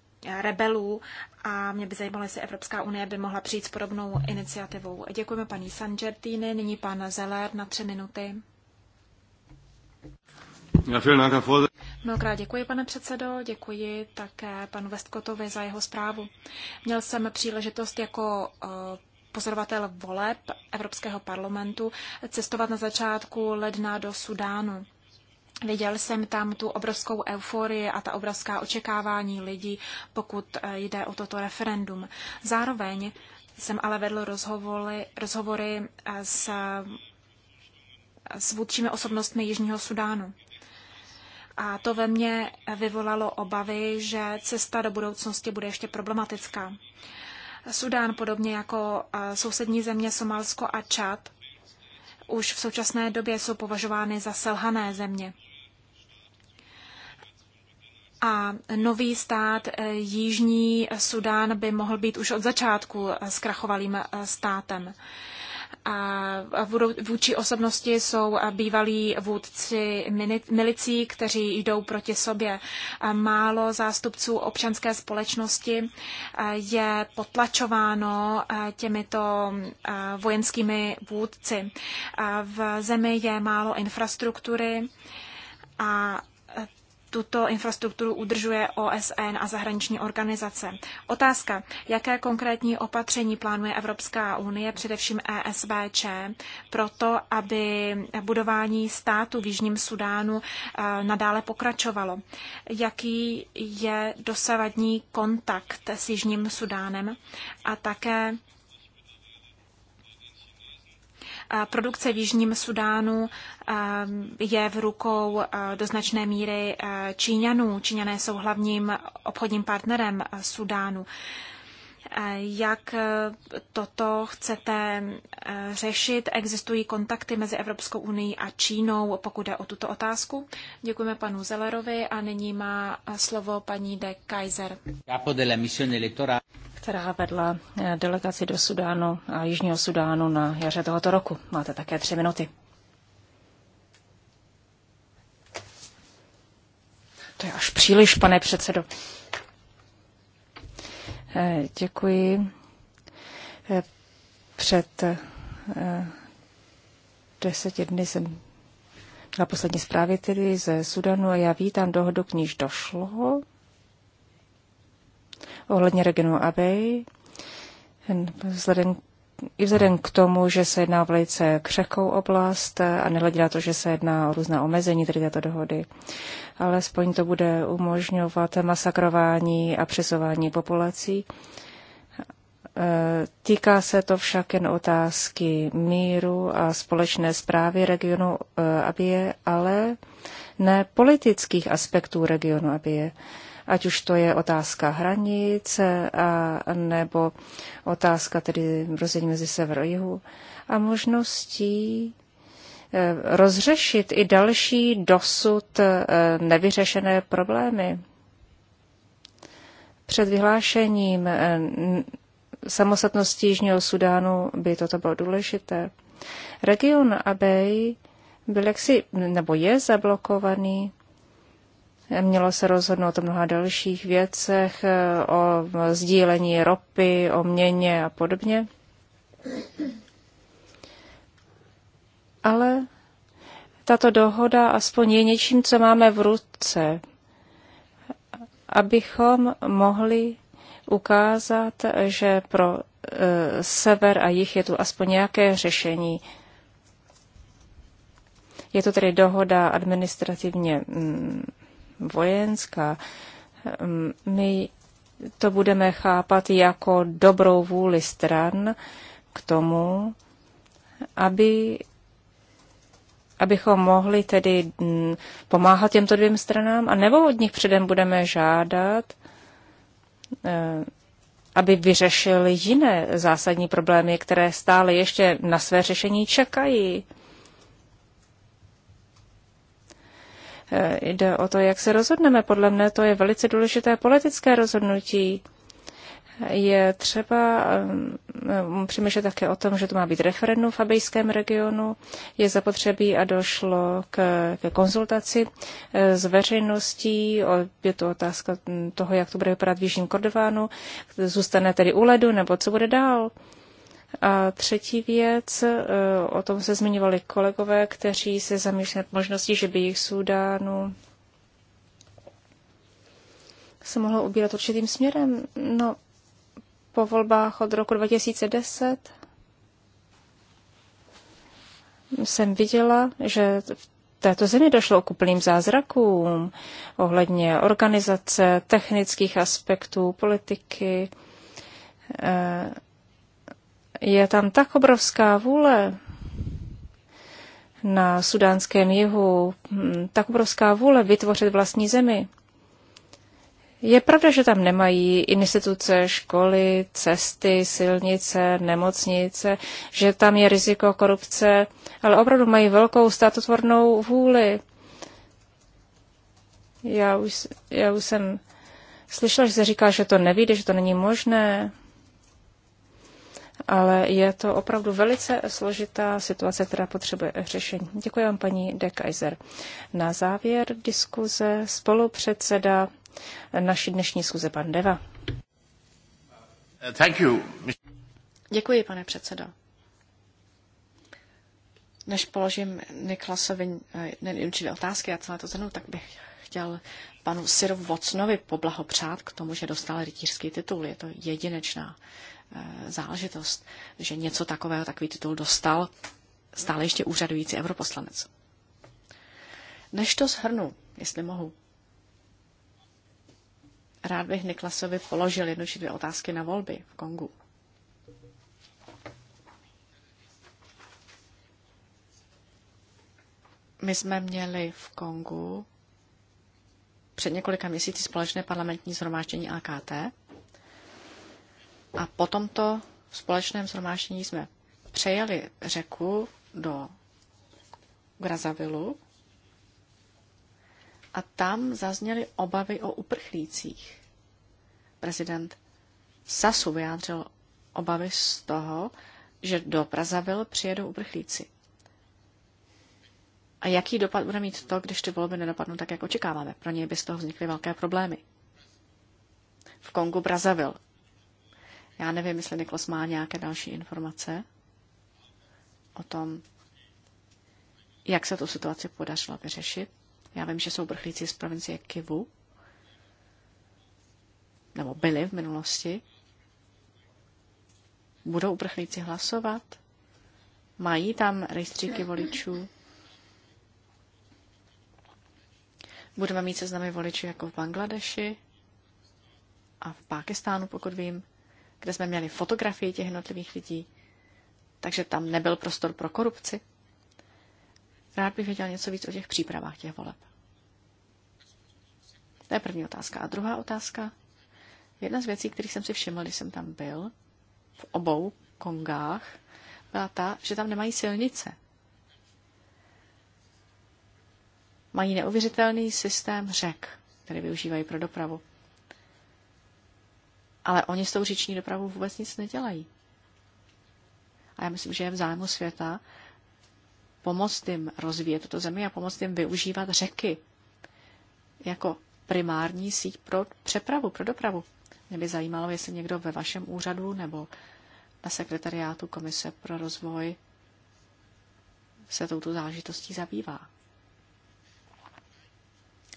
rebelů a mě by zajímalo, jestli Evropská unie by mohla přijít s podobnou iniciativou. Děkujeme paní Sanžertýny, nyní pan Zeller na tři minuty. Mnohokrát děkuji, pane předsedo, děkuji také panu Vestkotovi za jeho zprávu. Měl jsem příležitost jako eh, pozorovatel voleb Evropského parlamentu cestovat na začátku ledna do Sudánu. Viděl jsem tam tu obrovskou euforii a ta obrovská očekávání lidí, pokud eh, jde o toto referendum. Zároveň jsem ale vedl rozhovory, rozhovory eh, s, s vůdčími osobnostmi Jižního Sudánu. A to ve mně vyvolalo obavy, že cesta do budoucnosti bude ještě problematická. Sudán, podobně jako eh, sousední země Somálsko a Čad, už v současné době jsou považovány za selhané země. A nový stát eh, Jižní Sudán by mohl být už od začátku eh, zkrachovalým státem a vůči osobnosti jsou bývalí vůdci milicí, kteří jdou proti sobě. Málo zástupců občanské společnosti je potlačováno těmito vojenskými vůdci. V zemi je málo infrastruktury a tuto infrastrukturu udržuje OSN a zahraniční organizace. Otázka, jaké konkrétní opatření plánuje Evropská unie, především ESBČ, proto, aby budování státu v Jižním Sudánu eh, nadále pokračovalo. Jaký je dosavadní kontakt s Jižním Sudánem a také Produkce v Jižním Sudánu je v rukou do značné míry Číňanů. Číňané jsou hlavním obchodním partnerem Sudánu. Eh, jak eh, toto chcete eh, řešit? Existují kontakty mezi Evropskou unii a Čínou, pokud jde o tuto otázku? Děkujeme panu Zellerovi a nyní má slovo paní de Kaiser. Která vedla delegaci do Sudánu a Jižního Sudánu na jaře tohoto roku. Máte také tři minuty. To je až příliš, pane předsedo. Eh, děkuji. Eh, před eh, deseti dny jsem na poslední zprávě tedy ze Sudanu a já vítám dohodu, k níž došlo ohledně regionu Abej. Vzhledem i vzhledem k tomu, že se jedná o velice křehkou oblast a nehledě na to, že se jedná o různá omezení tedy této dohody, ale alespoň to bude umožňovat masakrování a přesování populací. E, týká se to však jen otázky míru a společné zprávy regionu e, Abie, ale ne politických aspektů regionu Abie ať už to je otázka hranic a, nebo otázka tedy rození mezi sever a jihu a možností e, rozřešit i další dosud e, nevyřešené problémy. Před vyhlášením e, samostatnosti Jižního Sudánu by toto bylo důležité. Region Abej byl jaksi, nebo je zablokovaný Mělo se rozhodnout o mnoha dalších věcech, e, o sdílení ropy, o měně a podobně. Ale tato dohoda aspoň je něčím, co máme v ruce, abychom mohli ukázat, že pro e, sever a jich je tu aspoň nějaké řešení. Je to tedy dohoda administrativně mm, vojenská. Ehm, my to budeme chápat jako dobrou vůli stran k tomu, aby, abychom mohli tedy mm, pomáhat těmto dvěm stranám, a nebo od nich předem budeme žádat, ehm, aby vyřešili jiné zásadní problémy, které stále ještě na své řešení čekají. Eh, jde o to, jak se rozhodneme. Podle mne to je velice důležité politické rozhodnutí. Je třeba eh, přemýšlet také o tom, že to má být referendum v abejském regionu. Je zapotřebí a došlo k, k konzultaci eh, s veřejností. Je to otázka toho, jak to bude vypadat v Jižním Kordovánu. Zůstane tedy u ledu, nebo co bude dál. A třetí věc, e, o tom se zmiňovali kolegové, kteří se zamýšlí nad možností, že by jich Súdánu se mohlo ubírat určitým směrem. No, po volbách od roku 2010 jsem viděla, že v této zemi došlo k úplným zázrakům ohledně organizace, technických aspektů, politiky, e, je tam tak obrovská vůle na sudánském jihu, hm, tak obrovská vůle vytvořit vlastní zemi. Je pravda, že tam nemají instituce, školy, cesty, silnice, nemocnice, že tam je riziko korupce, ale opravdu mají velkou statutvornou vůli. Já už, já už jsem slyšela, že se říká, že to nevíde, že to není možné ale je to opravdu velice složitá situace, která potřebuje řešení. Děkuji vám, paní De Kaiser. Na závěr diskuze spolupředseda naší dnešní schůze, pan Deva. Thank you. Děkuji, pane předsedo. Než položím Niklasovi neurčité otázky a celé to zhrnu, tak bych chtěl panu Sirovocnovi poblahopřát k tomu, že dostal rytířský titul. Je to jedinečná Eh, záležitost, že něco takového, takový titul dostal stále ještě úřadující europoslanec. Než to shrnu, jestli mohu, rád bych Niklasovi položil jednu či dvě otázky na volby v Kongu. My jsme měli v Kongu před několika měsíci společné parlamentní zhromáždění AKT a po tomto společném zhromáždění jsme přejeli řeku do Grazavilu a tam zazněly obavy o uprchlících. Prezident Sasu vyjádřil obavy z toho, že do Brazavil přijedou uprchlíci. A jaký dopad bude mít to, když ty volby nedopadnou tak, jak očekáváme? Pro něj by z toho vznikly velké problémy. V Kongu Brazavil já nevím, jestli Niklas má nějaké další informace o tom, jak se tu situaci podařilo vyřešit. Já vím, že jsou brchlíci z provincie Kivu, nebo byli v minulosti. Budou uprchlíci hlasovat? Mají tam rejstříky voličů? Budeme mít seznamy voličů jako v Bangladeši a v Pákistánu, pokud vím kde jsme měli fotografii těch jednotlivých lidí, takže tam nebyl prostor pro korupci. Rád bych věděl něco víc o těch přípravách těch voleb. To je první otázka. A druhá otázka. Jedna z věcí, kterých jsem si všiml, když jsem tam byl, v obou kongách, byla ta, že tam nemají silnice. Mají neuvěřitelný systém řek, který využívají pro dopravu. Ale oni s tou říční dopravou vůbec nic nedělají. A já myslím, že je v zájmu světa pomoct jim rozvíjet tuto zemi a pomoct jim využívat řeky jako primární síť pro přepravu, pro dopravu. Mě by zajímalo, jestli někdo ve vašem úřadu nebo na sekretariátu Komise pro rozvoj se touto záležitostí zabývá.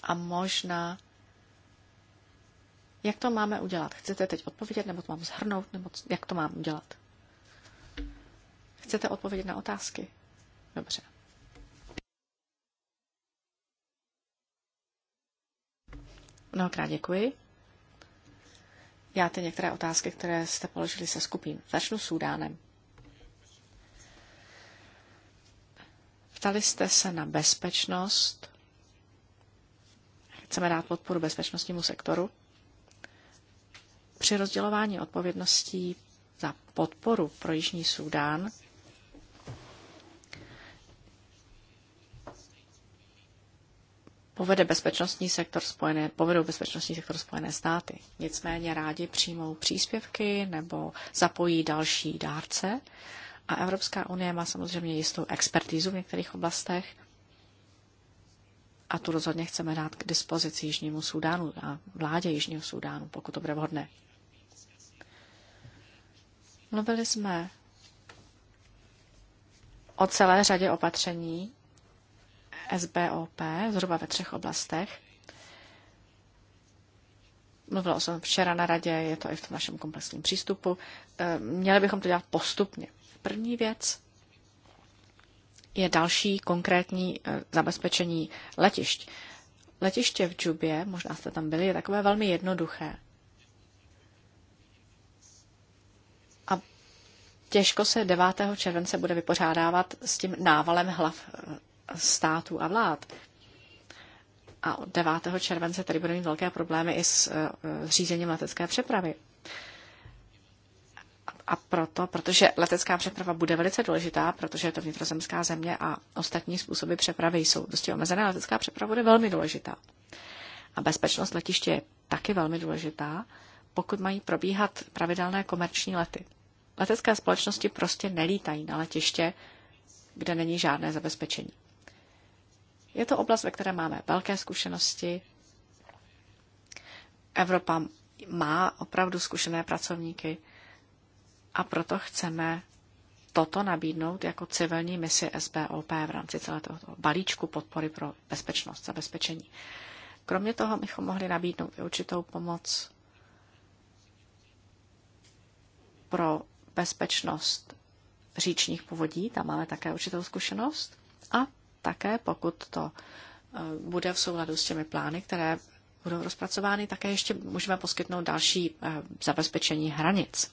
A možná jak to máme udělat? Chcete teď odpovědět, nebo to mám zhrnout, nebo jak to mám udělat? Chcete odpovědět na otázky? Dobře. Mnohokrát děkuji. Já ty některé otázky, které jste položili, se skupím. Začnu Súdánem. Ptali jste se na bezpečnost. Chceme dát podporu bezpečnostnímu sektoru. Při rozdělování odpovědností za podporu pro Jižní Súdán povede bezpečnostní sektor spojené, povedou bezpečnostní sektor Spojené státy. Nicméně rádi přijmou příspěvky nebo zapojí další dárce. A Evropská unie má samozřejmě jistou expertízu v některých oblastech a tu rozhodně chceme dát k dispozici Jižnímu Súdánu a vládě Jižního Súdánu, pokud to bude vhodné. Mluvili jsme o celé řadě opatření SBOP, zhruba ve třech oblastech. Mluvila jsem včera na radě, je to i v tom našem komplexním přístupu. Eh, měli bychom to dělat postupně. První věc je další konkrétní eh, zabezpečení letišť. Letiště v Džubě, možná jste tam byli, je takové velmi jednoduché. těžko se 9. července bude vypořádávat s tím návalem hlav eh, států a vlád. A od 9. července tady bude mít velké problémy i s eh, eh, řízením letecké přepravy. A proto, protože letecká přeprava bude velice důležitá, protože je to vnitrozemská země a ostatní způsoby přepravy jsou dosti omezené, letecká přeprava bude velmi důležitá. A bezpečnost letiště je taky velmi důležitá, pokud mají probíhat pravidelné komerční lety. Letecké společnosti prostě nelítají na letiště, kde není žádné zabezpečení. Je to oblast, ve které máme velké zkušenosti. Evropa má opravdu zkušené pracovníky a proto chceme toto nabídnout jako civilní misi SBOP v rámci celého toho balíčku podpory pro bezpečnost, zabezpečení. Kromě toho bychom mohli nabídnout i určitou pomoc pro bezpečnost říčních povodí, tam máme také určitou zkušenost. A také, pokud to e, bude v souladu s těmi plány, které budou rozpracovány, také ještě můžeme poskytnout další e, zabezpečení hranic.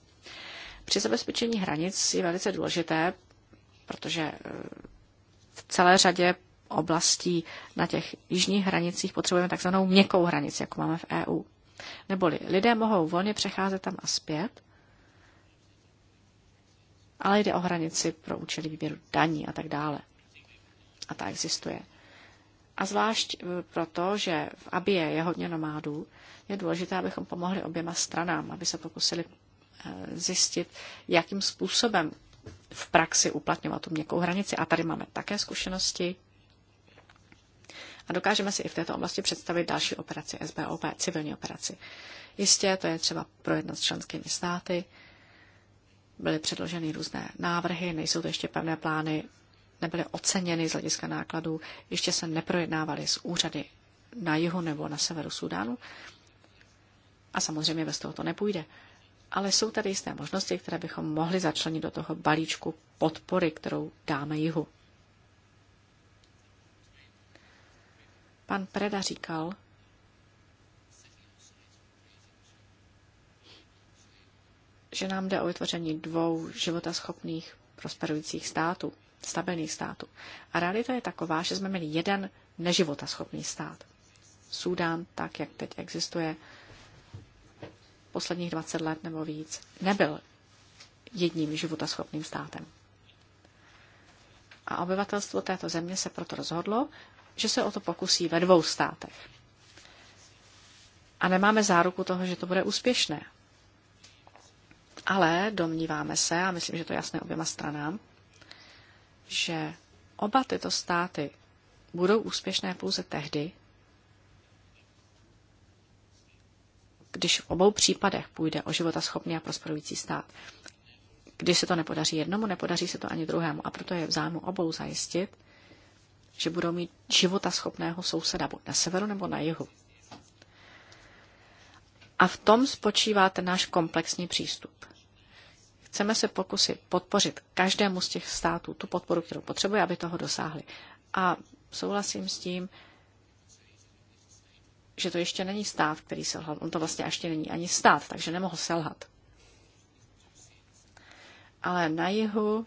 Při zabezpečení hranic je velice důležité, protože e, v celé řadě oblastí na těch jižních hranicích potřebujeme takzvanou měkkou hranici, jako máme v EU. Neboli lidé mohou volně přecházet tam a zpět, ale jde o hranici pro účely výběru daní a tak dále. A ta existuje. A zvlášť eh, proto, že v Abie je hodně nomádů, je důležité, abychom pomohli oběma stranám, aby se pokusili eh, zjistit, jakým způsobem v praxi uplatňovat tu měkkou hranici. A tady máme také zkušenosti. A dokážeme si i v této oblasti představit další operaci SBOP, civilní operaci. Jistě to je třeba projednat s členskými státy, byly předloženy různé návrhy, nejsou to ještě pevné plány, nebyly oceněny z hlediska nákladů, ještě se neprojednávaly s úřady na jihu nebo na severu Sudánu. A samozřejmě bez toho to nepůjde. Ale jsou tady jisté možnosti, které bychom mohli začlenit do toho balíčku podpory, kterou dáme jihu. Pan Preda říkal, že nám jde o vytvoření dvou životaschopných, prosperujících států, stabilních států. A realita je taková, že jsme měli jeden neživotaschopný stát. Súdán, tak jak teď existuje posledních 20 let nebo víc, nebyl jedním životaschopným státem. A obyvatelstvo této země se proto rozhodlo, že se o to pokusí ve dvou státech. A nemáme záruku toho, že to bude úspěšné. Ale domníváme se, a myslím, že to je jasné oběma stranám, že oba tyto státy budou úspěšné pouze tehdy, když v obou případech půjde o životaschopný a prosperující stát. Když se to nepodaří jednomu, nepodaří se to ani druhému. A proto je v zájmu obou zajistit, že budou mít schopného souseda buď na severu nebo na jihu. A v tom spočívá ten náš komplexní přístup. Chceme se pokusit podpořit každému z těch států tu podporu, kterou potřebuje, aby toho dosáhli. A souhlasím s tím, že to ještě není stát, který selhal. On to vlastně ještě není ani stát, takže nemohl selhat. Ale na jihu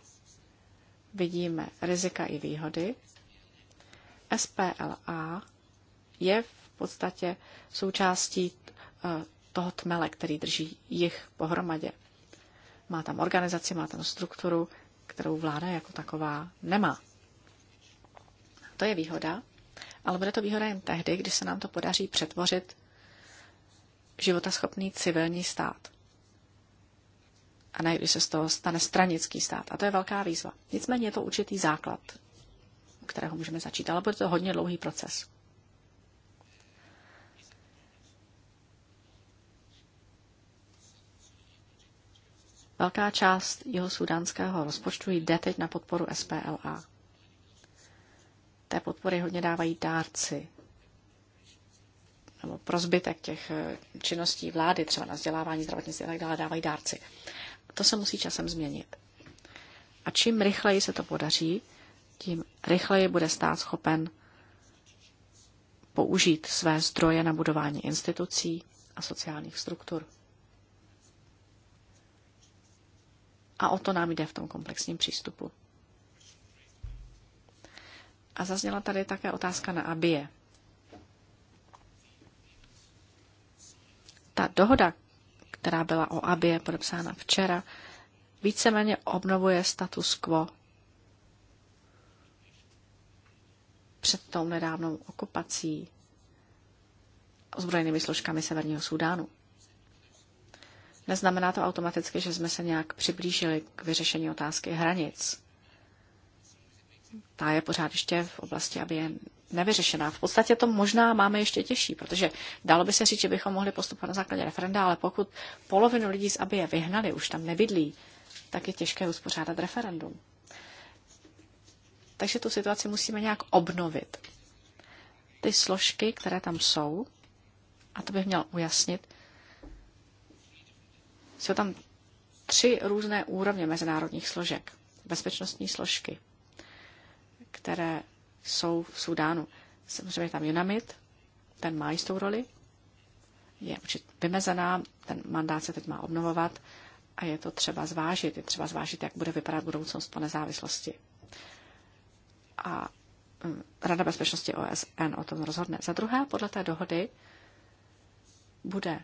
vidíme rizika i výhody. SPLA je v podstatě součástí eh, toho tmele, který drží jich pohromadě. Má tam organizaci, má tam strukturu, kterou vláda jako taková nemá. To je výhoda, ale bude to výhoda jen tehdy, když se nám to podaří přetvořit životaschopný civilní stát. A ne, když se z toho stane stranický stát. A to je velká výzva. Nicméně je to určitý základ, u kterého můžeme začít, ale bude to hodně dlouhý proces. Velká část jeho sudánského rozpočtu jde teď na podporu SPLA. Té podpory hodně dávají dárci, nebo pro zbytek těch eh, činností vlády, třeba na vzdělávání, zdravotnictví a tak dále, dávají dárci. To se musí časem změnit. A čím rychleji se to podaří, tím rychleji bude stát schopen použít své zdroje na budování institucí a sociálních struktur. A o to nám jde v tom komplexním přístupu. A zazněla tady také otázka na ABIE. Ta dohoda, která byla o ABIE podepsána včera, víceméně obnovuje status quo před tou nedávnou okupací ozbrojenými složkami Severního Súdánu. Neznamená to automaticky, že jsme se nějak přiblížili k vyřešení otázky hranic. Ta je pořád ještě v oblasti, aby je nevyřešená. V podstatě to možná máme ještě těžší, protože dalo by se říct, že bychom mohli postupovat na základě referenda, ale pokud polovinu lidí z aby je vyhnali, už tam nebydlí, tak je těžké uspořádat referendum. Takže tu situaci musíme nějak obnovit. Ty složky, které tam jsou, a to bych měl ujasnit, jsou tam tři různé úrovně mezinárodních složek, bezpečnostní složky, které jsou v Sudánu. Samozřejmě tam Junamit, ten má jistou roli, je určitě vymezená, ten mandát se teď má obnovovat a je to třeba zvážit. Je třeba zvážit, jak bude vypadat budoucnost po nezávislosti. A hm, Rada bezpečnosti OSN o tom rozhodne. Za druhé, podle té dohody bude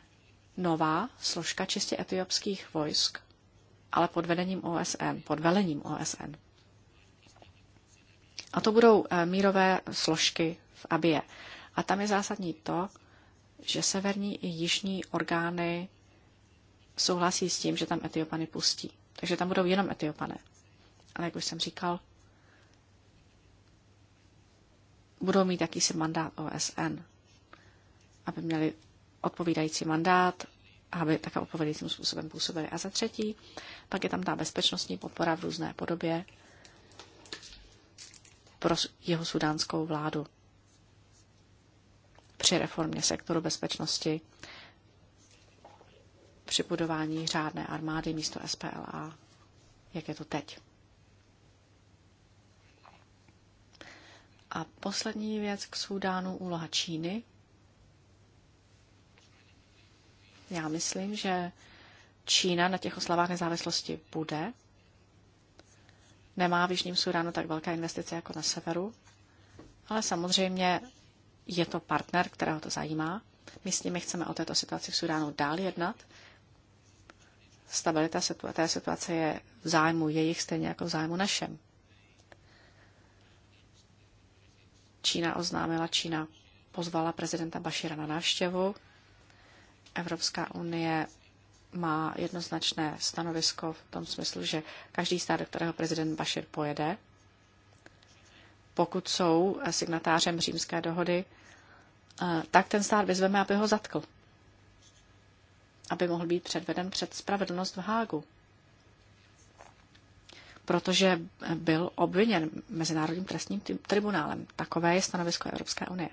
nová složka čistě etiopských vojsk, ale pod vedením OSN, pod velením OSN. A to budou eh, mírové složky v Abie. A tam je zásadní to, že severní i jižní orgány souhlasí s tím, že tam Etiopany pustí. Takže tam budou jenom Etiopané. Ale jak už jsem říkal, budou mít jakýsi mandát OSN, aby měli odpovídající mandát, aby také odpovědným způsobem působili. A za třetí, pak je tam ta bezpečnostní podpora v různé podobě pro jeho sudánskou vládu při reformě sektoru bezpečnosti, při budování řádné armády místo SPLA, jak je to teď. A poslední věc k Súdánu úloha Číny Já myslím, že Čína na těch oslavách nezávislosti bude. Nemá v Jižním Sudánu tak velké investice jako na severu, ale samozřejmě je to partner, kterého to zajímá. My s nimi chceme o této situaci v Sudánu dál jednat. Stabilita té situace je v zájmu jejich stejně jako v zájmu našem. Čína oznámila, Čína pozvala prezidenta Bašira na návštěvu. Evropská unie má jednoznačné stanovisko v tom smyslu, že každý stát, do kterého prezident Bashir pojede, pokud jsou signatářem římské dohody, eh, tak ten stát vyzveme, aby ho zatkl. Aby mohl být předveden před spravedlnost v Hágu. Protože byl obviněn Mezinárodním trestním tribunálem. Takové je stanovisko Evropské unie.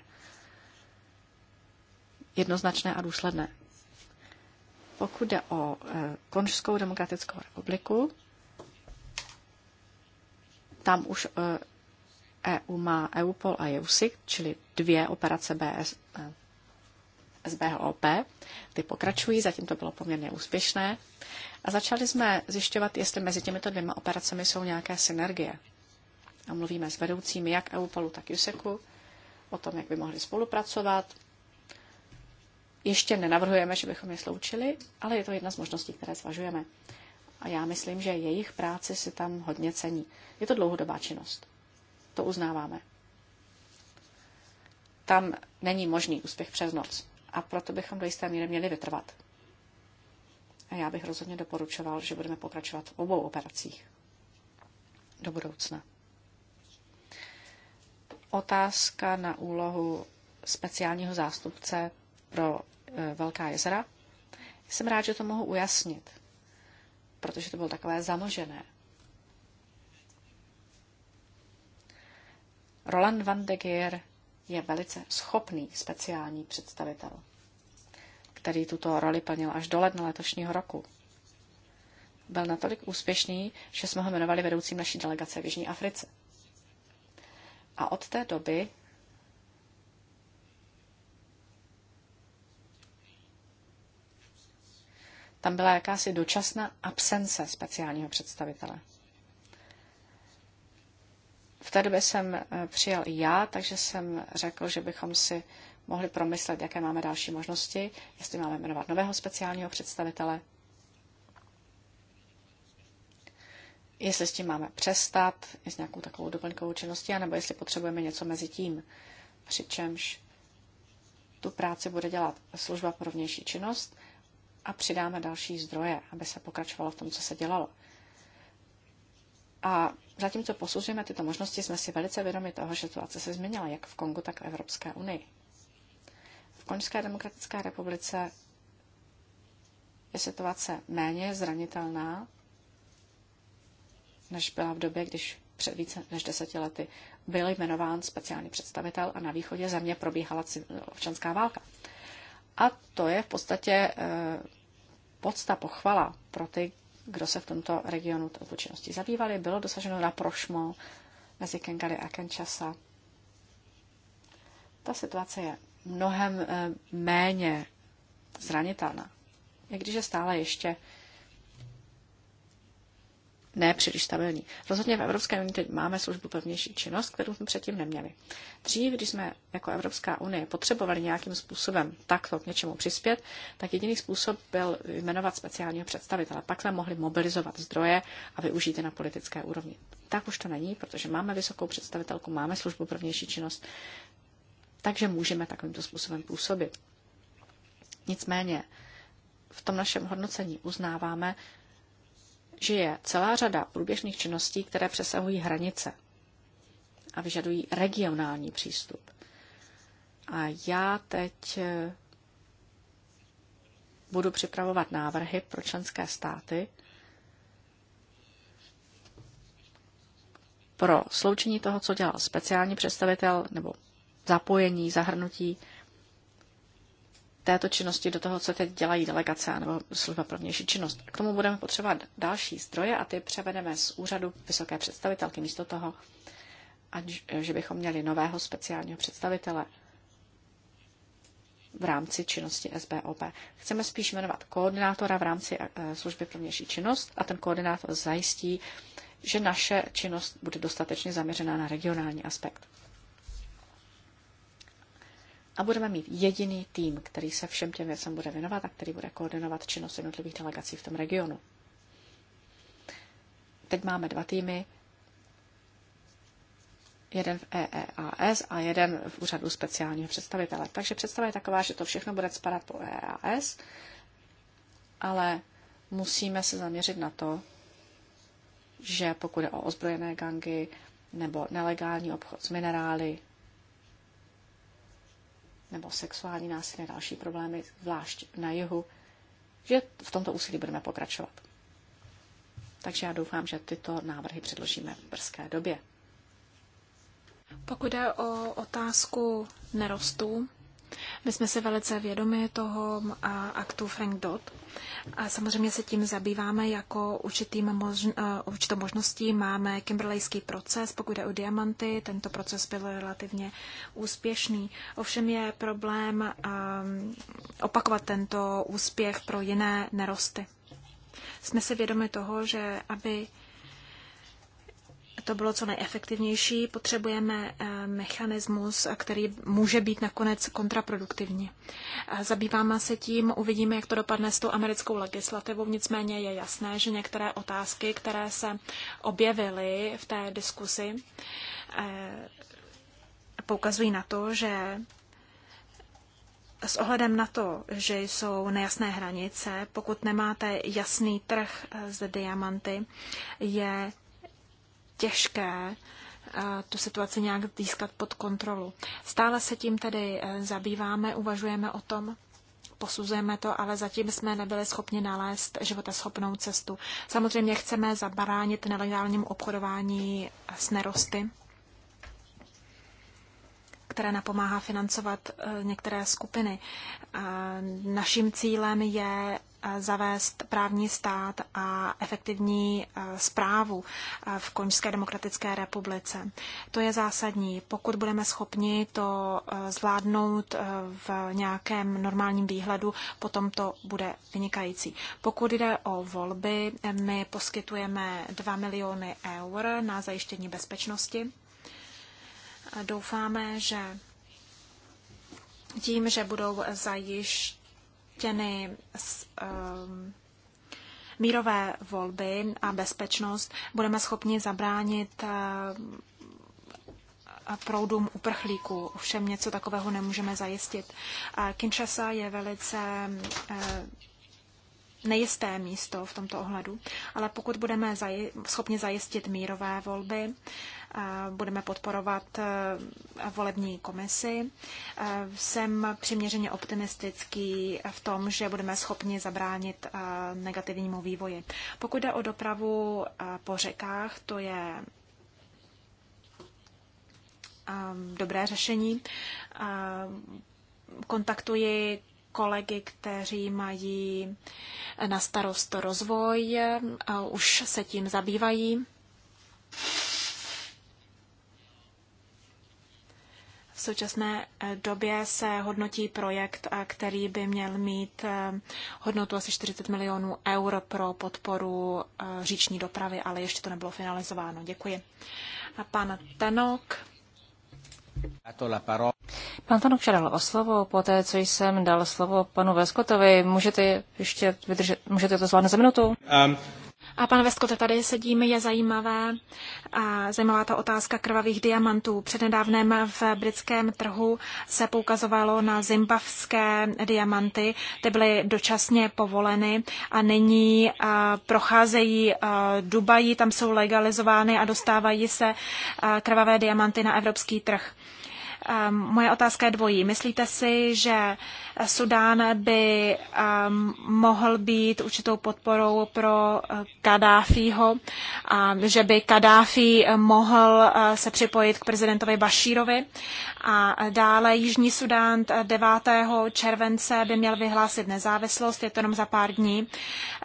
Jednoznačné a důsledné. Pokud jde o e, Konžskou demokratickou republiku, tam už EU e má EUPOL a EUSIC, čili dvě operace BS, e, SBHOP. Ty pokračují, zatím to bylo poměrně úspěšné. A začali jsme zjišťovat, jestli mezi těmito dvěma operacemi jsou nějaké synergie. A mluvíme s vedoucími jak EUPOLu, tak USECu o tom, jak by mohli spolupracovat, ještě nenavrhujeme, že bychom je sloučili, ale je to jedna z možností, které zvažujeme. A já myslím, že jejich práci si tam hodně cení. Je to dlouhodobá činnost. To uznáváme. Tam není možný úspěch přes noc. A proto bychom do jisté míry měli vytrvat. A já bych rozhodně doporučoval, že budeme pokračovat v obou operacích do budoucna. Otázka na úlohu speciálního zástupce pro eh, velká jezera. Jsem rád, že to mohu ujasnit, protože to bylo takové zamlžené. Roland van de Geer je velice schopný speciální představitel, který tuto roli plnil až do ledna letošního roku. Byl natolik úspěšný, že jsme ho jmenovali vedoucím naší delegace v Jižní Africe. A od té doby tam byla jakási dočasná absence speciálního představitele. V té době jsem eh, přijel i já, takže jsem řekl, že bychom si mohli promyslet, jaké máme další možnosti, jestli máme jmenovat nového speciálního představitele, jestli s tím máme přestat, s nějakou takovou doplňkovou činností, anebo jestli potřebujeme něco mezi tím. Přičemž tu práci bude dělat služba pro vnější činnost a přidáme další zdroje, aby se pokračovalo v tom, co se dělalo. A zatímco posuzujeme tyto možnosti, jsme si velice vědomi toho, že situace se změnila jak v Kongu, tak v Evropské unii. V Konžské demokratické republice je situace méně zranitelná, než byla v době, když před více než deseti lety byl jmenován speciální představitel a na východě země probíhala občanská válka. A to je v podstatě eh, podsta, pochvala pro ty, kdo se v tomto regionu touto činnosti zabývali, bylo dosaženo na prošmo mezi Kengali a Kenčasa. Ta situace je mnohem eh, méně zranitelná, i když je stále ještě ne příliš stabilní. Rozhodně v Evropské unii teď máme službu pevnější činnost, kterou jsme předtím neměli. Dřív, když jsme jako Evropská unie potřebovali nějakým způsobem takto k něčemu přispět, tak jediný způsob byl jmenovat speciálního představitele. Pak jsme mohli mobilizovat zdroje a využít je na politické úrovni. Tak už to není, protože máme vysokou představitelku, máme službu pevnější činnost, takže můžeme takovýmto způsobem působit. Nicméně v tom našem hodnocení uznáváme, že je celá řada průběžných činností, které přesahují hranice a vyžadují regionální přístup. A já teď eh, budu připravovat návrhy pro členské státy pro sloučení toho, co dělal speciální představitel nebo zapojení, zahrnutí této činnosti do toho, co teď dělají delegace nebo služba pro vnější činnost. K tomu budeme potřebovat další zdroje a ty převedeme z úřadu vysoké představitelky místo toho, ať, že bychom měli nového speciálního představitele v rámci činnosti SBOP. Chceme spíš jmenovat koordinátora v rámci eh, služby pro vnější činnost a ten koordinátor zajistí, že naše činnost bude dostatečně zaměřená na regionální aspekt a budeme mít jediný tým, který se všem těm věcem bude věnovat a který bude koordinovat činnost jednotlivých delegací v tom regionu. Teď máme dva týmy, jeden v EEAS a jeden v úřadu speciálního představitele. Takže představa je taková, že to všechno bude spadat po EEAS, ale musíme se zaměřit na to, že pokud je o ozbrojené gangy nebo nelegální obchod s minerály, nebo sexuální násilí a další problémy, zvlášť na jihu, že v tomto úsilí budeme pokračovat. Takže já doufám, že tyto návrhy předložíme v brzké době. Pokud jde o otázku nerostů, my jsme se velice vědomi toho aktu Frank Dot A samozřejmě se tím zabýváme jako určitým možn, eh, určitou možností. Máme kimberlejský proces, pokud jde o diamanty. Tento proces byl relativně úspěšný. Ovšem je problém um, opakovat tento úspěch pro jiné nerosty. Jsme si vědomi toho, že aby to bylo co nejefektivnější, potřebujeme eh, mechanismus, který může být nakonec kontraproduktivní. Zabýváme se tím, uvidíme, jak to dopadne s tou americkou legislativou, nicméně je jasné, že některé otázky, které se objevily v té diskusi, eh, poukazují na to, že s ohledem na to, že jsou nejasné hranice, pokud nemáte jasný trh eh, s diamanty, je těžké eh, tu situaci nějak získat pod kontrolu. Stále se tím tedy eh, zabýváme, uvažujeme o tom, posuzujeme to, ale zatím jsme nebyli schopni nalézt životaschopnou cestu. Samozřejmě chceme zabránit nelegálnímu obchodování s nerosty, které napomáhá financovat eh, některé skupiny. Naším cílem je Eh, zavést právní stát a efektivní zprávu eh, eh, v Konžské demokratické republice. To je zásadní. Pokud budeme schopni to zvládnout v nějakém normálním výhledu, potom to bude vynikající. Pokud jde o volby, my poskytujeme 2 miliony eur na zajištění bezpečnosti. Doufáme, že tím, že budou zajišť zajištěny s, um, ehm, mírové volby a bezpečnost, budeme schopni zabránit ehm, proudům uprchlíků. Ovšem něco takového nemůžeme zajistit. Kinshasa je velice ehm, nejisté místo v tomto ohledu, ale pokud budeme zaji- schopni zajistit mírové volby budeme podporovat e, volební komisi. E, jsem přiměřeně optimistický v tom, že budeme schopni zabránit e, negativnímu vývoji. Pokud jde o dopravu po řekách, to je dobré řešení. Kontaktuji kolegy, kteří mají na starost rozvoj, a už se tím zabývají. V současné eh, době se hodnotí projekt, eh, který by měl mít eh, hodnotu asi 40 milionů eur pro podporu říční dopravy, ale ještě to nebylo finalizováno. Děkuji. A pan Tenok. Pan Tanok žádal o slovo, poté co jsem dal slovo panu Veskotovi. Můžete ještě vydržet, můžete to zvládnout za minutu? Um, a pan Veskote, tady sedíme, je zajímavé, a zajímavá ta otázka krvavých diamantů. Přednedávném v britském trhu se poukazovalo na zimbabské diamanty, ty byly dočasně povoleny a nyní a, procházejí a, Dubají, tam jsou legalizovány a dostávají se a, krvavé diamanty na evropský trh. Ehm, moje otázka je dvojí. Myslíte si, že Sudán by ehm, mohl být určitou podporou pro eh, Kadáfího, že by Kadáfí mohl eh, se připojit k prezidentovi Bašírovi? A dále Jižní Sudán 9. Eh, července by měl vyhlásit nezávislost, je to jenom za pár dní.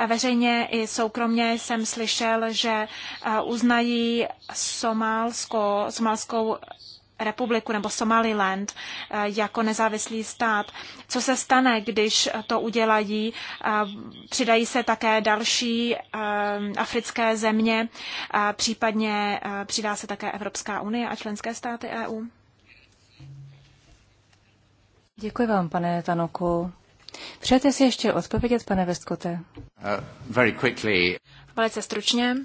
Veřejně i soukromně jsem slyšel, že uznají Somálsko, somálskou republiku nebo Somaliland eh, jako nezávislý stát. Co se stane, když to udělají? Eh, přidají se také další eh, africké země, případně přidá se také Evropská unie a členské státy EU? Děkuji vám, pane Tanoku. Přejete si ještě odpovědět, pane Vestkote? Uh, very quickly. Velice stručně.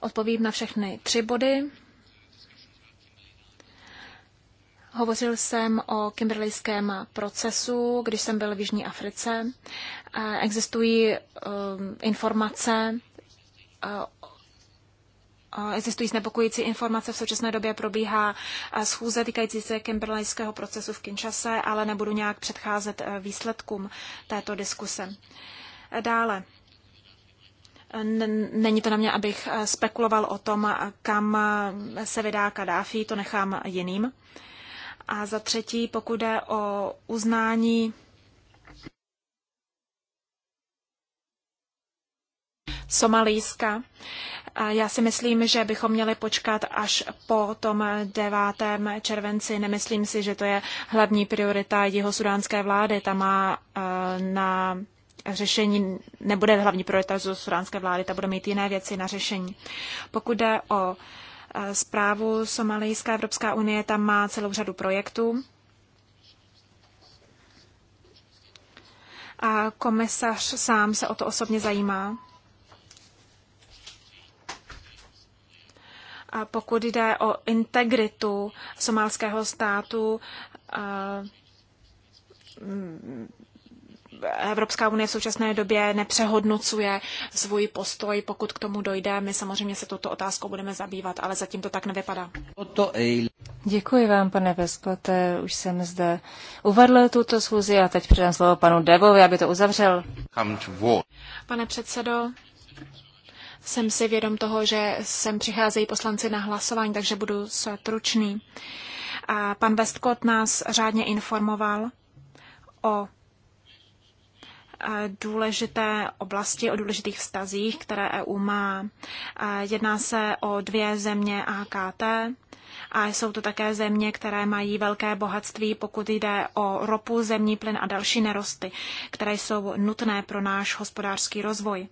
Odpovím na všechny tři body. Hovořil jsem o kimberlejském procesu, když jsem byl v Jižní Africe. Existují um, informace, existují znepokojící informace. V současné době probíhá schůze týkající se kimberlejského procesu v Kinshase, ale nebudu nějak předcházet e, výsledkům této diskuse. E, dále. Není to na mě, abych e, spekuloval o tom, kam se vydá Kadáfi, to nechám jiným. A za třetí, pokud jde o uznání Somalíska, já si myslím, že bychom měli počkat až po tom 9. červenci. Nemyslím si, že to je hlavní priorita jeho sudánské vlády. Ta má e, na řešení, nebude hlavní priorita sudánské vlády, ta bude mít jiné věci na řešení. Pokud jde o zprávu Somalijská Evropská unie tam má celou řadu projektů. A komisař sám se o to osobně zajímá. A pokud jde o integritu somálského státu, Evropská unie v současné době nepřehodnocuje svůj postoj. Pokud k tomu dojde, my samozřejmě se touto otázkou budeme zabývat, ale zatím to tak nevypadá. Děkuji vám, pane Veskote, už jsem zde uvedl tuto schůzi a teď předám slovo panu Devovi, aby to uzavřel. Pane předsedo, jsem si vědom toho, že sem přicházejí poslanci na hlasování, takže budu stručný. A pan Westcott nás řádně informoval o Eh, důležité oblasti, o důležitých vztazích, které EU má. Eh, jedná se o dvě země AKT a jsou to také země, které mají velké bohatství, pokud jde o ropu, zemní plyn a další nerosty, které jsou nutné pro náš hospodářský rozvoj.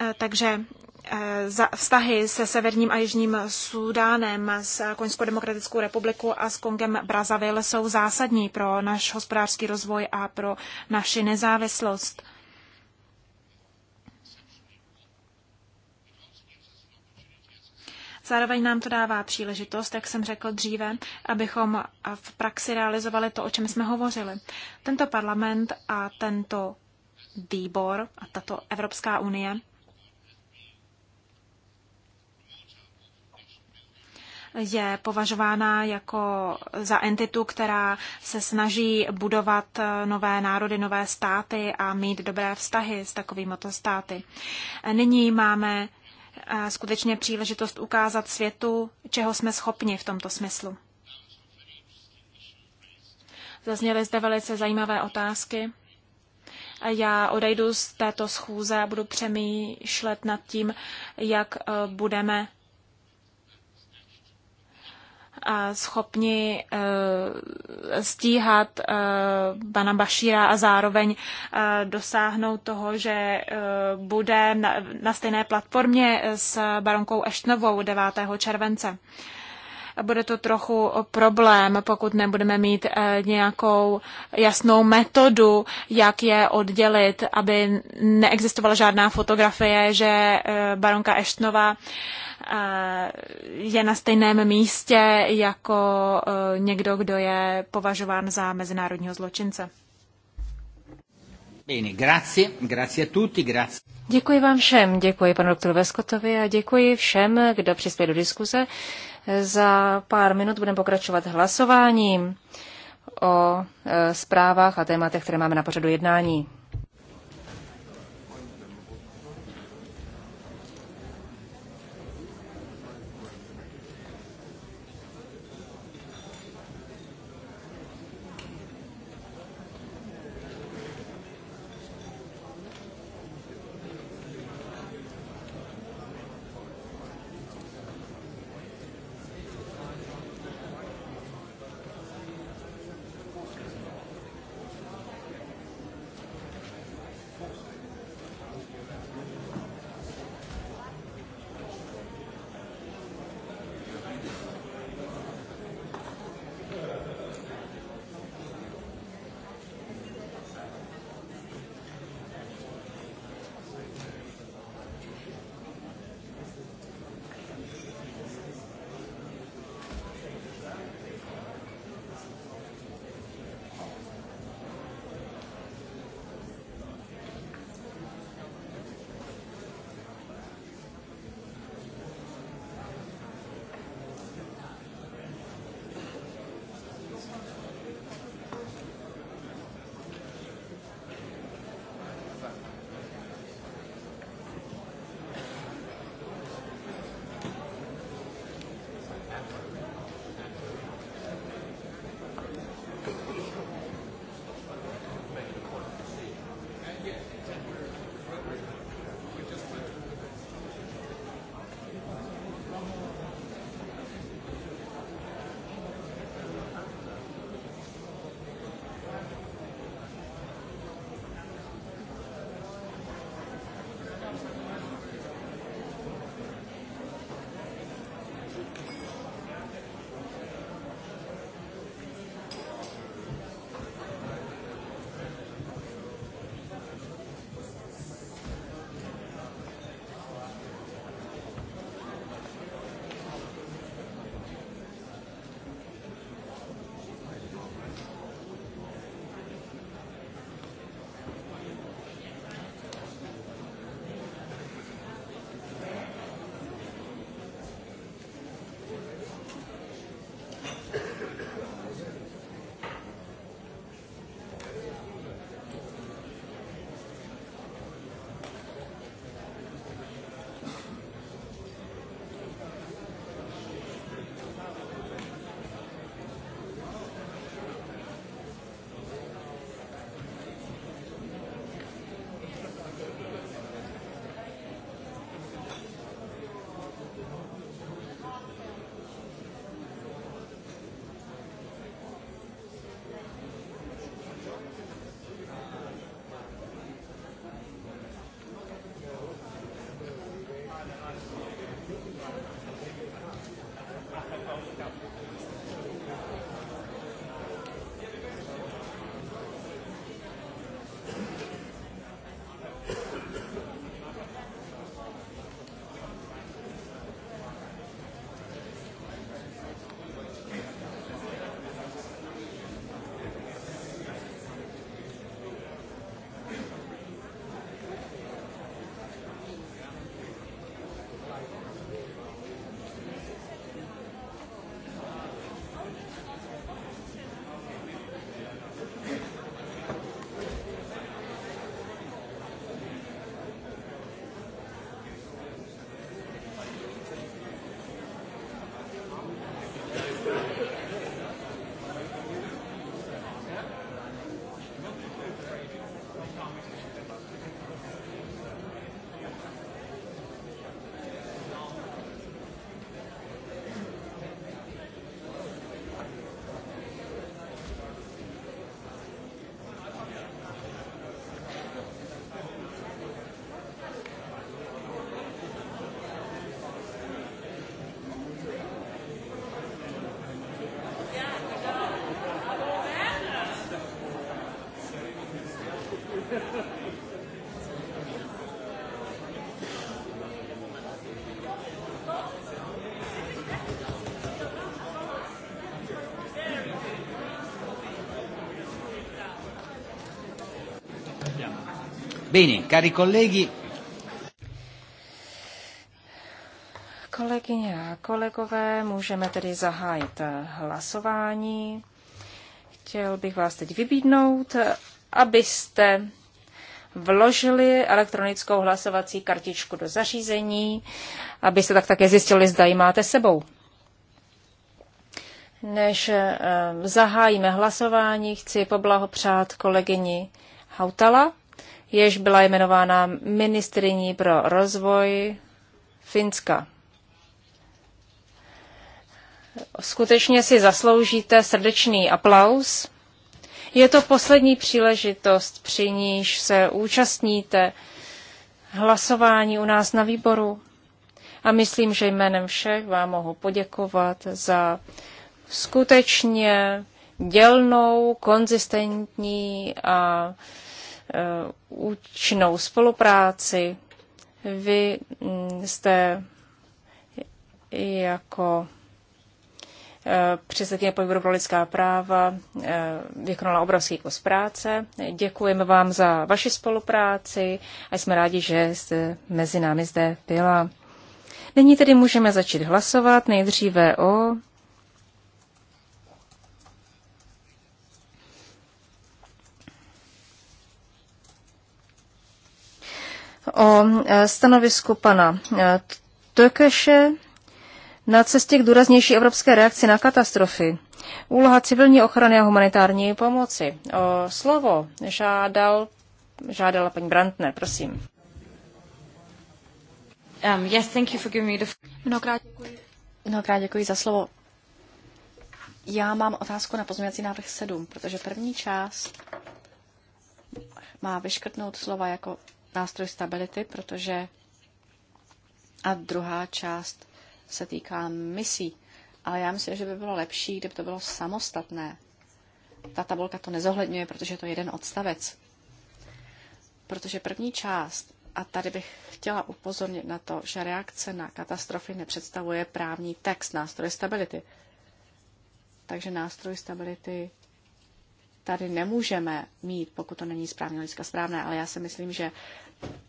Eh, takže Eh, vztahy se Severním a Jižním Sudánem, s Koňskou demokratickou republikou a s Kongem Brazavil jsou zásadní pro náš hospodářský rozvoj a pro naši nezávislost. Zároveň nám to dává příležitost, jak jsem řekl dříve, abychom v praxi realizovali to, o čem jsme hovořili. Tento parlament a tento výbor a tato Evropská unie je považována jako za entitu, která se snaží budovat eh, nové národy, nové státy a mít dobré vztahy s takovými to státy. Nyní máme eh, skutečně příležitost ukázat světu, čeho jsme schopni v tomto smyslu. Zazněly zde velice zajímavé otázky. Já odejdu z této schůze a budu přemýšlet nad tím, jak eh, budeme schopni eh, stíhat eh, pana Bašíra a zároveň eh, dosáhnout toho, že bude na stejné platformě s baronkou Eštnovou 9. července bude to trochu problém, pokud nebudeme mít eh, nějakou jasnou metodu, jak je oddělit, aby neexistovala žádná fotografie, že eh, baronka Eštnova eh, je na stejném místě jako někdo, kdo je považován za mezinárodního zločince. Děkuji vám všem, děkuji panu doktoru Veskotovi a děkuji všem, kdo přispěl do diskuze. Za pár minut budeme pokračovat hlasováním o e, zprávách a tématech, které máme na pořadu jednání. Bene, cari colleghi. Kolegyně a kolegové, můžeme tedy zahájit hlasování. Chtěl bych vás teď vybídnout, abyste vložili elektronickou hlasovací kartičku do zařízení, abyste tak také zjistili, zda ji máte sebou. Než eh, zahájíme hlasování, chci poblahopřát kolegyni Hautala jež byla jmenována ministriní pro rozvoj Finska. Skutečně si zasloužíte srdečný aplaus. Je to poslední příležitost, při níž se účastníte hlasování u nás na výboru. A myslím, že jménem všech vám mohu poděkovat za skutečně dělnou, konzistentní a Eh, účinnou spolupráci. Vy mm, jste jako eh, předsedkyně podboru pro lidská práva eh, vykonala obrovský kus práce. Děkujeme vám za vaši spolupráci a jsme rádi, že jste mezi námi zde byla. Nyní tedy můžeme začít hlasovat nejdříve o o e, stanovisku pana e, Tökeše na cestě k důraznější evropské reakci na katastrofy. Úloha civilní ochrany a humanitární pomoci. O slovo žádal, žádala paní Brandner, prosím. Um, yes, thank you for giving me the... Mnohokrát děkuji. Mnohokrát děkuji za slovo. Já mám otázku na pozměňovací návrh 7, protože první část má vyškrtnout slova jako nástroj stability, protože a druhá část se týká misí. Ale já myslím, že by bylo lepší, kdyby to bylo samostatné. Ta tabulka to nezohledňuje, protože je to jeden odstavec. Protože první část, a tady bych chtěla upozornit na to, že reakce na katastrofy nepředstavuje právní text nástroje stability. Takže nástroj stability tady nemůžeme mít, pokud to není správně lidská správné, ale já si myslím, že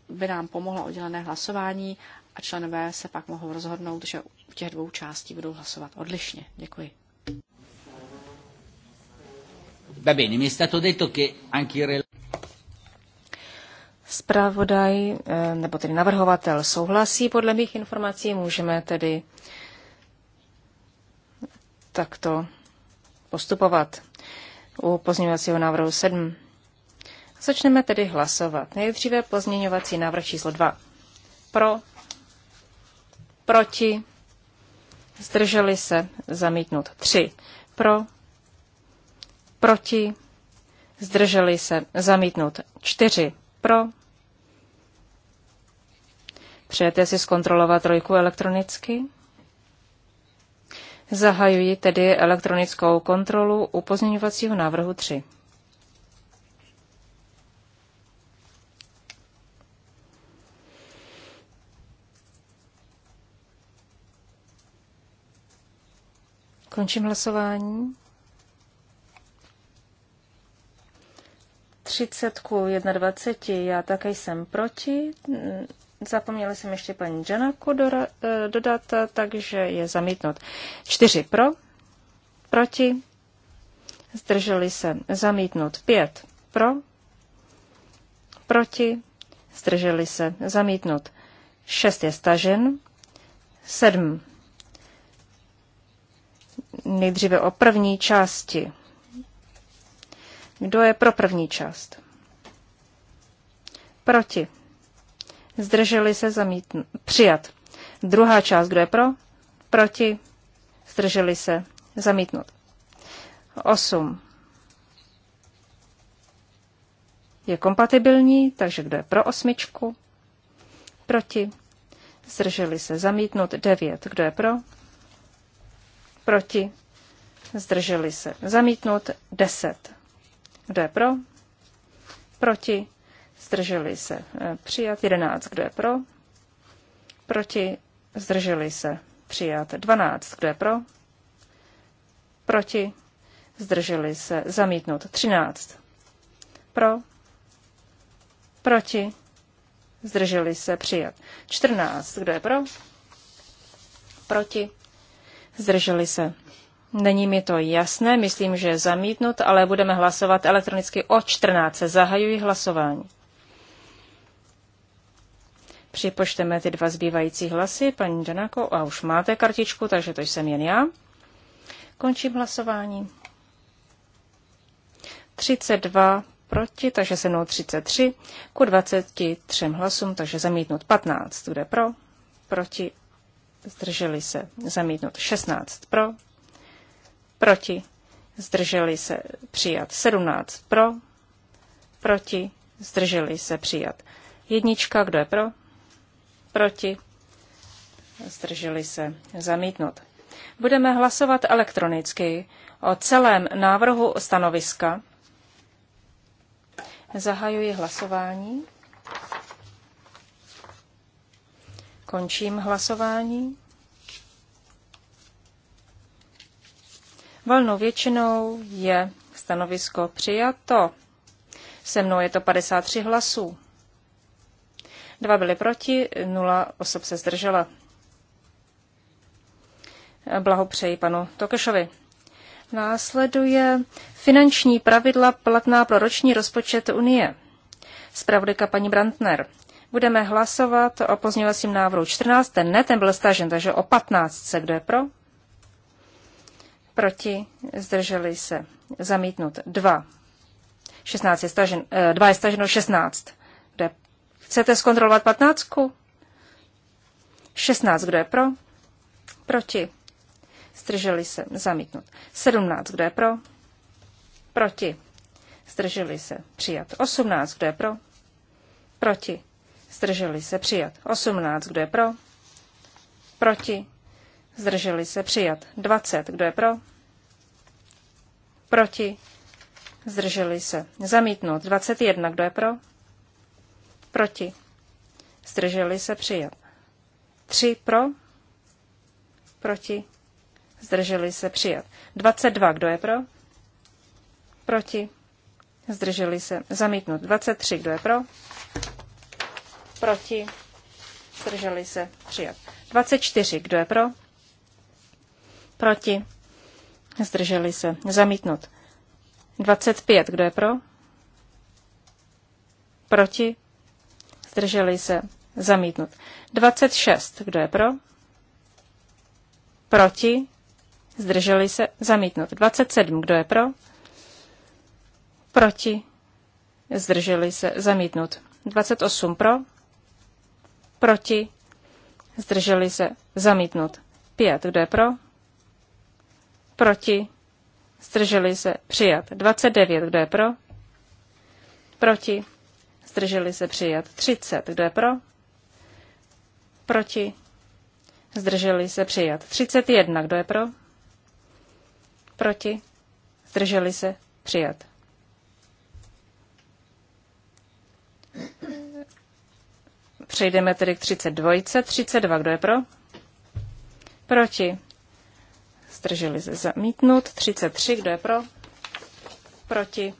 by nám pomohlo oddělené hlasování a členové se pak mohou rozhodnout, že u těch dvou částí budou hlasovat odlišně. Děkuji. mi Spravodaj, eh, nebo tedy navrhovatel souhlasí podle mých informací, můžeme tedy takto postupovat u pozměňovacího návrhu 7. Začneme tedy hlasovat. Nejdříve pozměňovací návrh číslo 2. Pro, proti, zdrželi se, zamítnut 3. Pro, proti, zdrželi se, zamítnut 4. Pro. Přejete si zkontrolovat trojku elektronicky? Zahajuji tedy elektronickou kontrolu u pozměňovacího návrhu 3. Končím hlasování. 30 ku 21, já také jsem proti, Zapomněla jsem ještě paní Janaku eh, dodat, takže je zamítnut. Čtyři pro, proti, zdrželi se zamítnut. Pět pro, proti, zdrželi se zamítnut. Šest je stažen, sedm. Nejdříve o první části. Kdo je pro první část? Proti zdrželi se zamítn- přijat. Druhá část, kdo je pro, proti, zdrželi se zamítnout. 8. Je kompatibilní, takže kdo je pro osmičku, proti, zdrželi se zamítnout. 9. Kdo je pro, proti, zdrželi se zamítnout. 10. Kdo je pro, proti, zdrželi se e, přijat 11, kdo je pro, proti, zdrželi se přijat 12, kdo je pro, proti, zdrželi se zamítnout 13, pro, proti, zdrželi se přijat 14, kdo je pro, proti, zdrželi se. Není mi to jasné, myslím, že je zamítnut, ale budeme hlasovat elektronicky o 14. Zahajuji hlasování. Připočteme ty dva zbývající hlasy, paní Danako, a už máte kartičku, takže to jsem jen já. Končím hlasování. 32 proti, takže se mnou 33, ku 23 hlasům, takže zamítnout 15, bude pro, proti, zdrželi se, zamítnout 16 pro, proti, zdrželi se, přijat 17 pro, proti, zdrželi se, přijat jednička, kdo je pro, proti, zdrželi se zamítnout. Budeme hlasovat elektronicky o celém návrhu stanoviska. Zahajuji hlasování. Končím hlasování. Volnou většinou je stanovisko přijato. Se mnou je to 53 hlasů. Dva byli proti, nula osob se zdržela. Blahopřeji panu Tokešovi. Následuje finanční pravidla platná pro roční rozpočet Unie. Spravodajka paní Brandner. Budeme hlasovat o pozměňovacím návrhu 14. Ten ne, ten byl stažen, takže o 15. Kdo je pro? Proti? Zdrželi se. Zamítnut. 2. 16 je stažen, 2 eh, je staženo 16. Kdo je Chcete zkontrolovat patnáctku? 16, kdo je pro? Proti. Zdrželi se. Zamítnut. 17, kdo je pro? Proti. Zdrželi se. Přijat. 18, kdo je pro? Proti. Zdrželi se. Přijat. 18, kdo je pro? Proti. Zdrželi se. Přijat. 20, kdo je pro? Proti. Zdrželi se. Zamítnut. 21, kdo je pro? Proti. Zdrželi se přijat. Tři pro. Proti. Zdrželi se přijat. 22. Kdo je pro? Proti. Zdrželi se. Zamítnut. 23. Kdo je pro? Proti. Zdrželi se. Přijat. 24. Kdo je pro? Proti. Zdrželi se. Zamítnut. 25. Kdo je pro? Proti. Zdrželi se. Zamítnut. 26. Kdo je pro? Proti? Zdrželi se. Zamítnut. 27. Kdo je pro? Proti? Zdrželi se. Zamítnut. 28 pro? Proti? Zdrželi se. Zamítnut. 5. Kdo je pro? Proti? Zdrželi se. Přijat. 29. Kdo je pro? Proti? Zdrželi se přijat 30. Kdo je pro? Proti? Zdrželi se přijat 31. Kdo je pro? Proti? Zdrželi se přijat. Přejdeme tedy k 32. 32. Kdo je pro? Proti? Zdrželi se zamítnut. 33. Kdo je pro? Proti?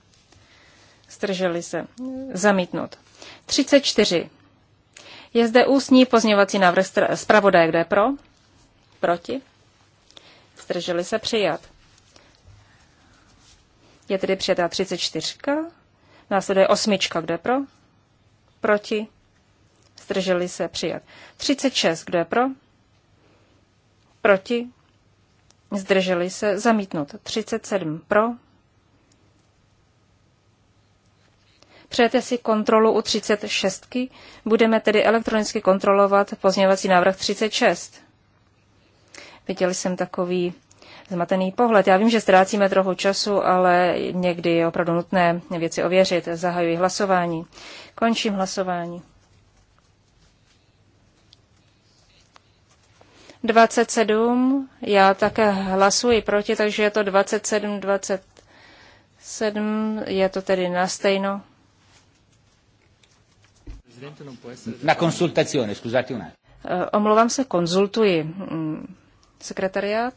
Zdrželi se. Zamítnut. 34. Je zde ústní pozměňovací návrh zpravodaje. Kde je pro? Proti? Zdrželi se přijat. Je tedy přijatá 34. Následuje osmička. Kde je pro? Proti? Zdrželi se přijat. 36. Kdo je pro? Proti? Zdrželi se zamítnut. 37. Pro? Přejete si kontrolu u 36. Budeme tedy elektronicky kontrolovat pozměňovací návrh 36. Viděli jsem takový zmatený pohled. Já vím, že ztrácíme trochu času, ale někdy je opravdu nutné věci ověřit. Zahajuji hlasování. Končím hlasování. 27, já také hlasuji proti, takže je to 27, 27, je to tedy na stejno. Na consultazione, scusate un attimo. Eh, omlouvám se, konzultuji. Mm, sekretariát?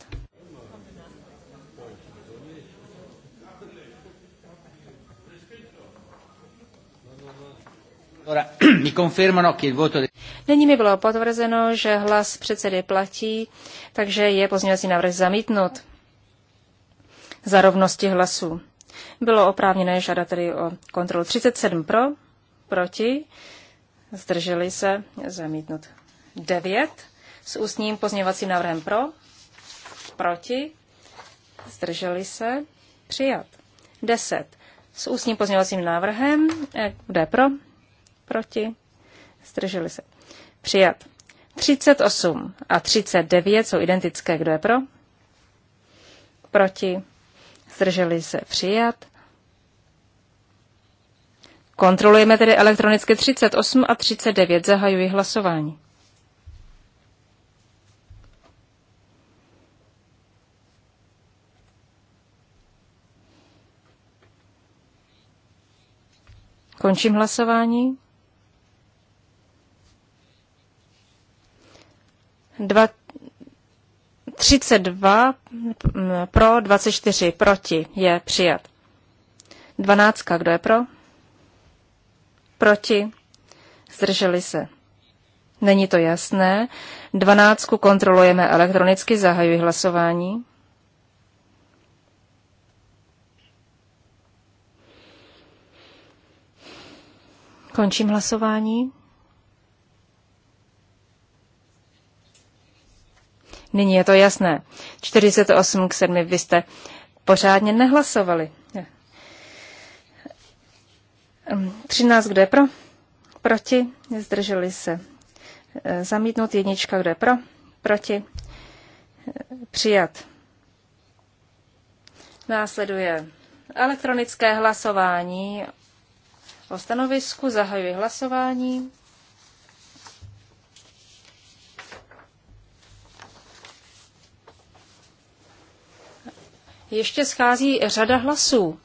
Nyní mi bylo potvrzeno, že hlas předsedy platí, takže je pozměňovací návrh zamítnut za rovnosti hlasů. Bylo oprávněné tedy o kontrolu 37 pro, proti, zdrželi se, zamítnut. 9 s ústním pozměvacím návrhem pro, proti, zdrželi se, přijat. 10 s ústním pozměvacím návrhem, eh, kde pro, proti, zdrželi se, přijat. 38 a 39 jsou identické, kdo je pro, proti, zdrželi se, přijat. Kontrolujeme tedy elektronicky 38 a 39. Zahajuji hlasování. Končím hlasování. 2, 32 pro, 24 proti je přijat. 12. kdo je pro? proti, zdrželi se. Není to jasné. Dvanáctku kontrolujeme elektronicky, zahajuji hlasování. Končím hlasování. Nyní je to jasné. 48 k 7 vy jste pořádně nehlasovali. 13, kdo je pro? Proti? Zdrželi se. E, Zamítnout jednička, kdo je pro? Proti? E, přijat. Následuje elektronické hlasování o stanovisku. Zahajuji hlasování. Ještě schází řada hlasů.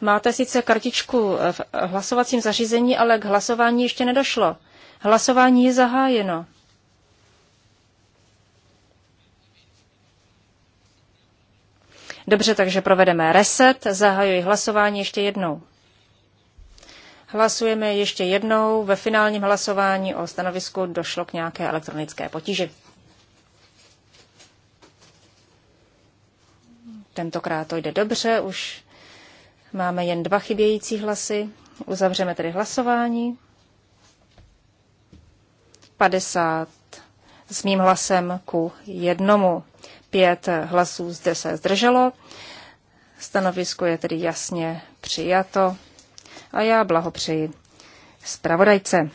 Máte sice kartičku v hlasovacím zařízení, ale k hlasování ještě nedošlo. Hlasování je zahájeno. Dobře, takže provedeme reset. Zahajuji hlasování ještě jednou. Hlasujeme ještě jednou. Ve finálním hlasování o stanovisku došlo k nějaké elektronické potíži. Tentokrát to jde dobře, už Máme jen dva chybějící hlasy. Uzavřeme tedy hlasování. 50 s mým hlasem ku jednomu. Pět hlasů zde se zdrželo. Stanovisko je tedy jasně přijato a já blahopřeji zpravodajce.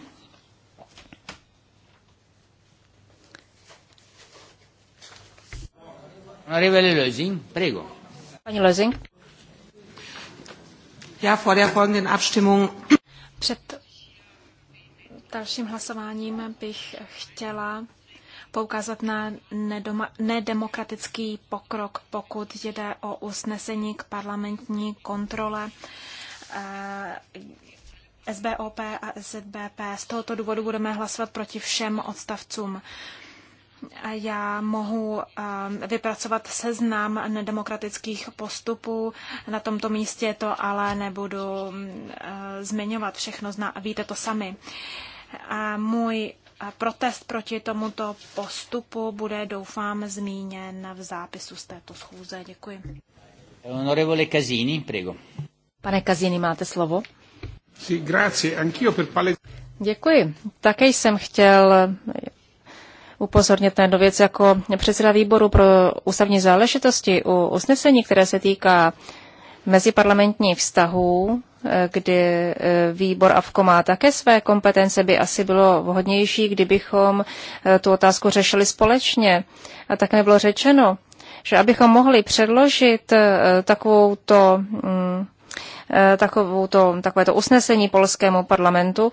Pani Lezing vor der folgenden Abstimmung. Před dalším hlasováním bych chtěla poukázat na nedoma, nedemokratický pokrok, pokud jde o usnesení k parlamentní kontrole eh, SBOP a SZBP. Z tohoto důvodu budeme hlasovat proti všem odstavcům já mohu um, vypracovat seznam nedemokratických postupů. Na tomto místě to ale nebudu um, uh, zmiňovat všechno, zna, víte to sami. A můj uh, protest proti tomuto postupu bude, doufám, zmíněn v zápisu z této schůze. Děkuji. Onorevole Casini, prego. Pane Casini, máte slovo? Sì, grazie. Anch'io per pale... Děkuji. Také jsem chtěl upozornit na jednu věc jako předseda výboru pro ústavní záležitosti u usnesení, které se týká meziparlamentní vztahů, eh, kdy eh, výbor AVKO má také své kompetence, by asi bylo vhodnější, kdybychom eh, tu otázku řešili společně. A tak nebylo řečeno, že abychom mohli předložit takovouto mm, takovouto, takovéto usnesení polskému parlamentu,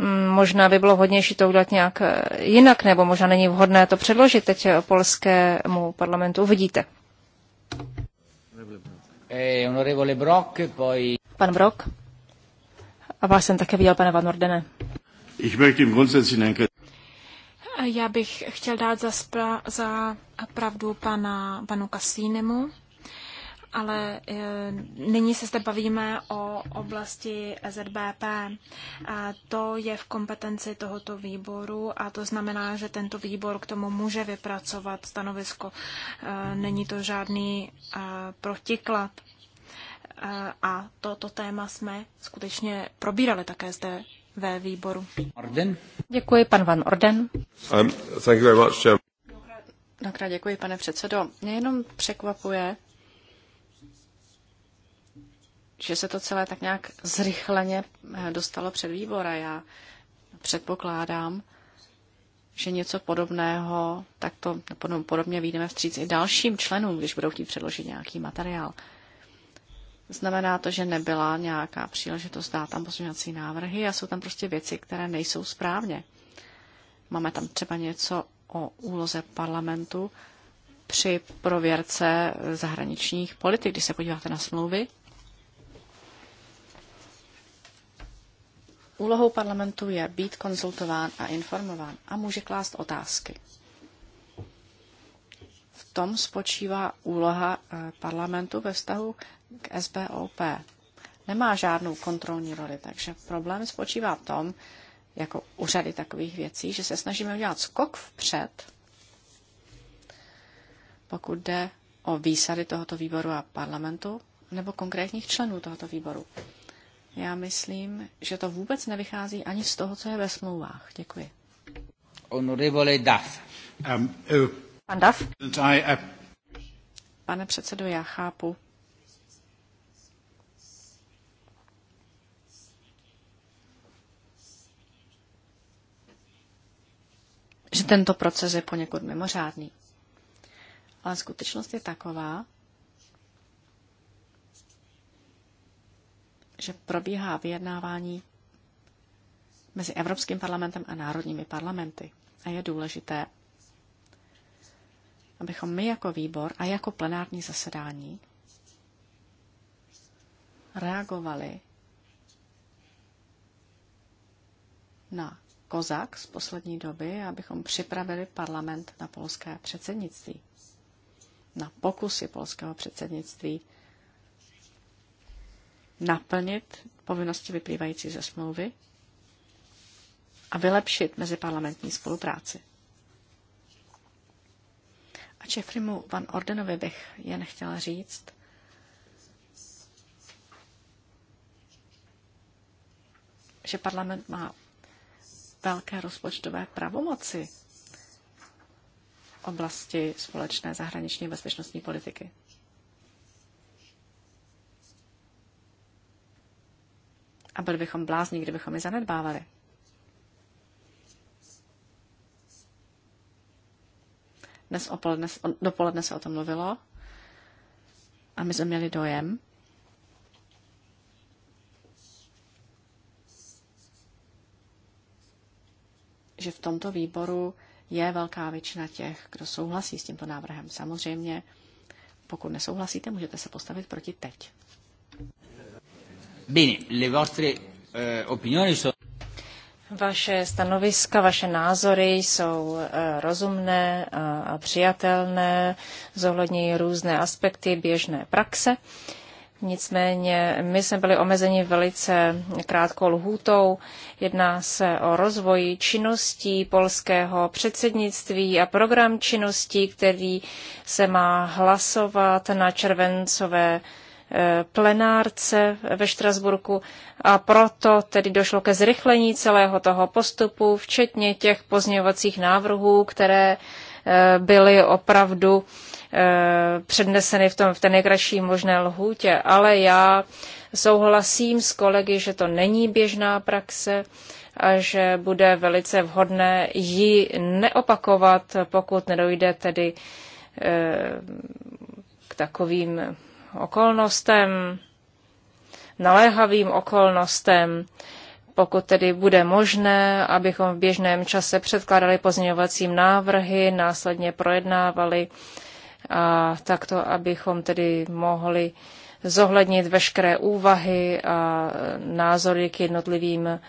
Mm, možná by bylo vhodnější to udělat nějak eh, jinak, nebo možná není vhodné to předložit teď eh, polskému parlamentu. Uvidíte. Eh, Pan Brok. A vás jsem také viděl, pane Van Ordene. Já bych chtěl dát za, spra- za pravdu pana, panu Kasínemu ale eh, nyní se zde bavíme o oblasti ZBP. To je v kompetenci tohoto výboru a to znamená, že tento výbor k tomu může vypracovat stanovisko. Eh, není to žádný eh, protiklad. A toto téma jsme skutečně probírali také zde ve výboru. Orden. Děkuji, pan Van Orden. Um, thank you very much, Chair. děkuji, pane předsedo. Mě jenom překvapuje, že se to celé tak nějak zrychleně eh, dostalo před výbor a já předpokládám, že něco podobného, tak to podobně vidíme vstříc i dalším členům, když budou chtít předložit nějaký materiál. Znamená to, že nebyla nějaká příležitost dát tam pozměňovací návrhy a jsou tam prostě věci, které nejsou správně. Máme tam třeba něco o úloze parlamentu při prověrce zahraničních politik. Když se podíváte na smlouvy, Úlohou parlamentu je být konzultován a informován a může klást otázky. V tom spočívá úloha eh, parlamentu ve vztahu k SBOP. Nemá žádnou kontrolní roli, takže problém spočívá v tom, jako u řady takových věcí, že se snažíme udělat skok vpřed, pokud jde o výsady tohoto výboru a parlamentu, nebo konkrétních členů tohoto výboru. Já myslím, že to vůbec nevychází ani z toho, co je ve smlouvách. Děkuji. Honorable Duff. Um, uh, Pan Duff? I, uh... Pane předsedo, já chápu. že tento proces je poněkud mimořádný. Ale skutečnost je taková, že probíhá vyjednávání mezi Evropským parlamentem a národními parlamenty. A je důležité, abychom my jako výbor a jako plenární zasedání reagovali na kozak z poslední doby, abychom připravili parlament na polské předsednictví. Na pokusy polského předsednictví naplnit povinnosti vyplývající ze smlouvy a vylepšit meziparlamentní spolupráci. A Jeffreymu Van Ordenovi bych jen chtěla říct, že parlament má velké rozpočtové pravomoci oblasti společné zahraniční bezpečnostní politiky. A byli bychom blázni, kdybychom je zanedbávali. Dnes opoledne, dopoledne se o tom mluvilo a my jsme měli dojem, že v tomto výboru je velká většina těch, kdo souhlasí s tímto návrhem. Samozřejmě, pokud nesouhlasíte, můžete se postavit proti teď. Bene, le vostre eh, opinioni sono... Vaše stanoviska, vaše názory jsou eh, rozumné eh, a přijatelné, zohlední různé aspekty běžné praxe. Nicméně my jsme byli omezeni velice krátkou lhůtou. Jedná se o rozvoj činností polského předsednictví a program činností, který se má hlasovat na červencové plenárce ve Štrasburku a proto tedy došlo ke zrychlení celého toho postupu, včetně těch pozměňovacích návrhů, které eh, byly opravdu eh, předneseny v, tom, v té nejkratší možné lhůtě. Ale já souhlasím s kolegy, že to není běžná praxe a že bude velice vhodné ji neopakovat, pokud nedojde tedy eh, k takovým okolnostem, naléhavým okolnostem, pokud tedy bude možné, abychom v běžném čase předkládali pozměňovacím návrhy, následně projednávali a takto, abychom tedy mohli zohlednit veškeré úvahy a názory k jednotlivým eh,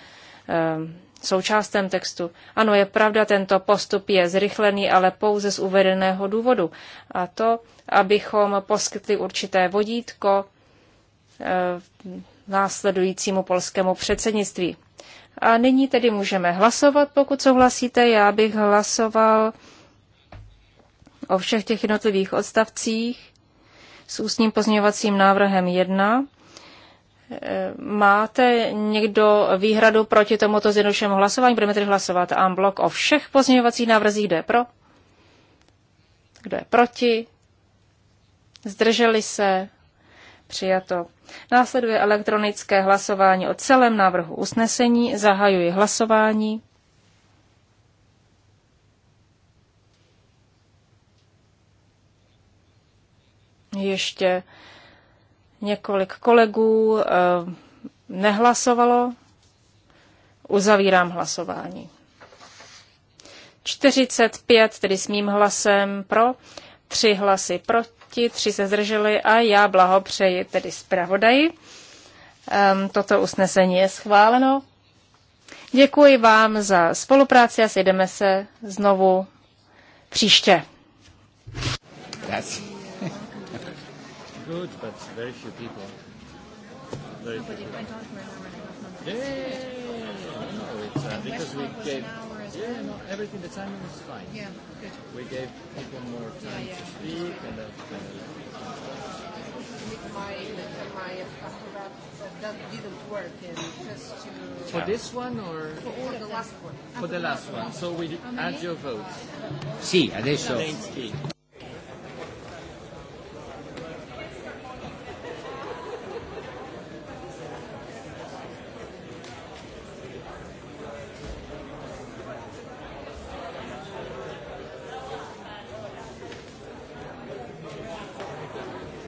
jsou částem textu. Ano, je pravda, tento postup je zrychlený, ale pouze z uvedeného důvodu. A to, abychom poskytli určité vodítko eh, následujícímu polskému předsednictví. A nyní tedy můžeme hlasovat, pokud souhlasíte. Já bych hlasoval o všech těch jednotlivých odstavcích s ústním pozměňovacím návrhem 1. Máte někdo výhradu proti tomuto zjednodušenému hlasování? Budeme tedy hlasovat en blok o všech pozměňovacích návrzích. Kdo je pro? Kdo je proti? Zdrželi se? Přijato. Následuje elektronické hlasování o celém návrhu usnesení. Zahajuji hlasování. Ještě Několik kolegů eh, nehlasovalo. Uzavírám hlasování. 45, tedy s mým hlasem pro, tři hlasy proti, tři se zdrželi a já blahopřeji tedy zpravodaji. Ehm, toto usnesení je schváleno. Děkuji vám za spolupráci a sejdeme se znovu příště. Yes good, but very few people. Very few people. Yeah, yeah, yeah, yeah. No, no it's uh, because we gave. Yeah, no, everything. The timing is fine. Yeah, good. We gave people more time yeah, yeah. to speak and that kind of. My my that, that didn't work and just to for this one or for the last one for the last one. So we add your vote. Sì, adesso.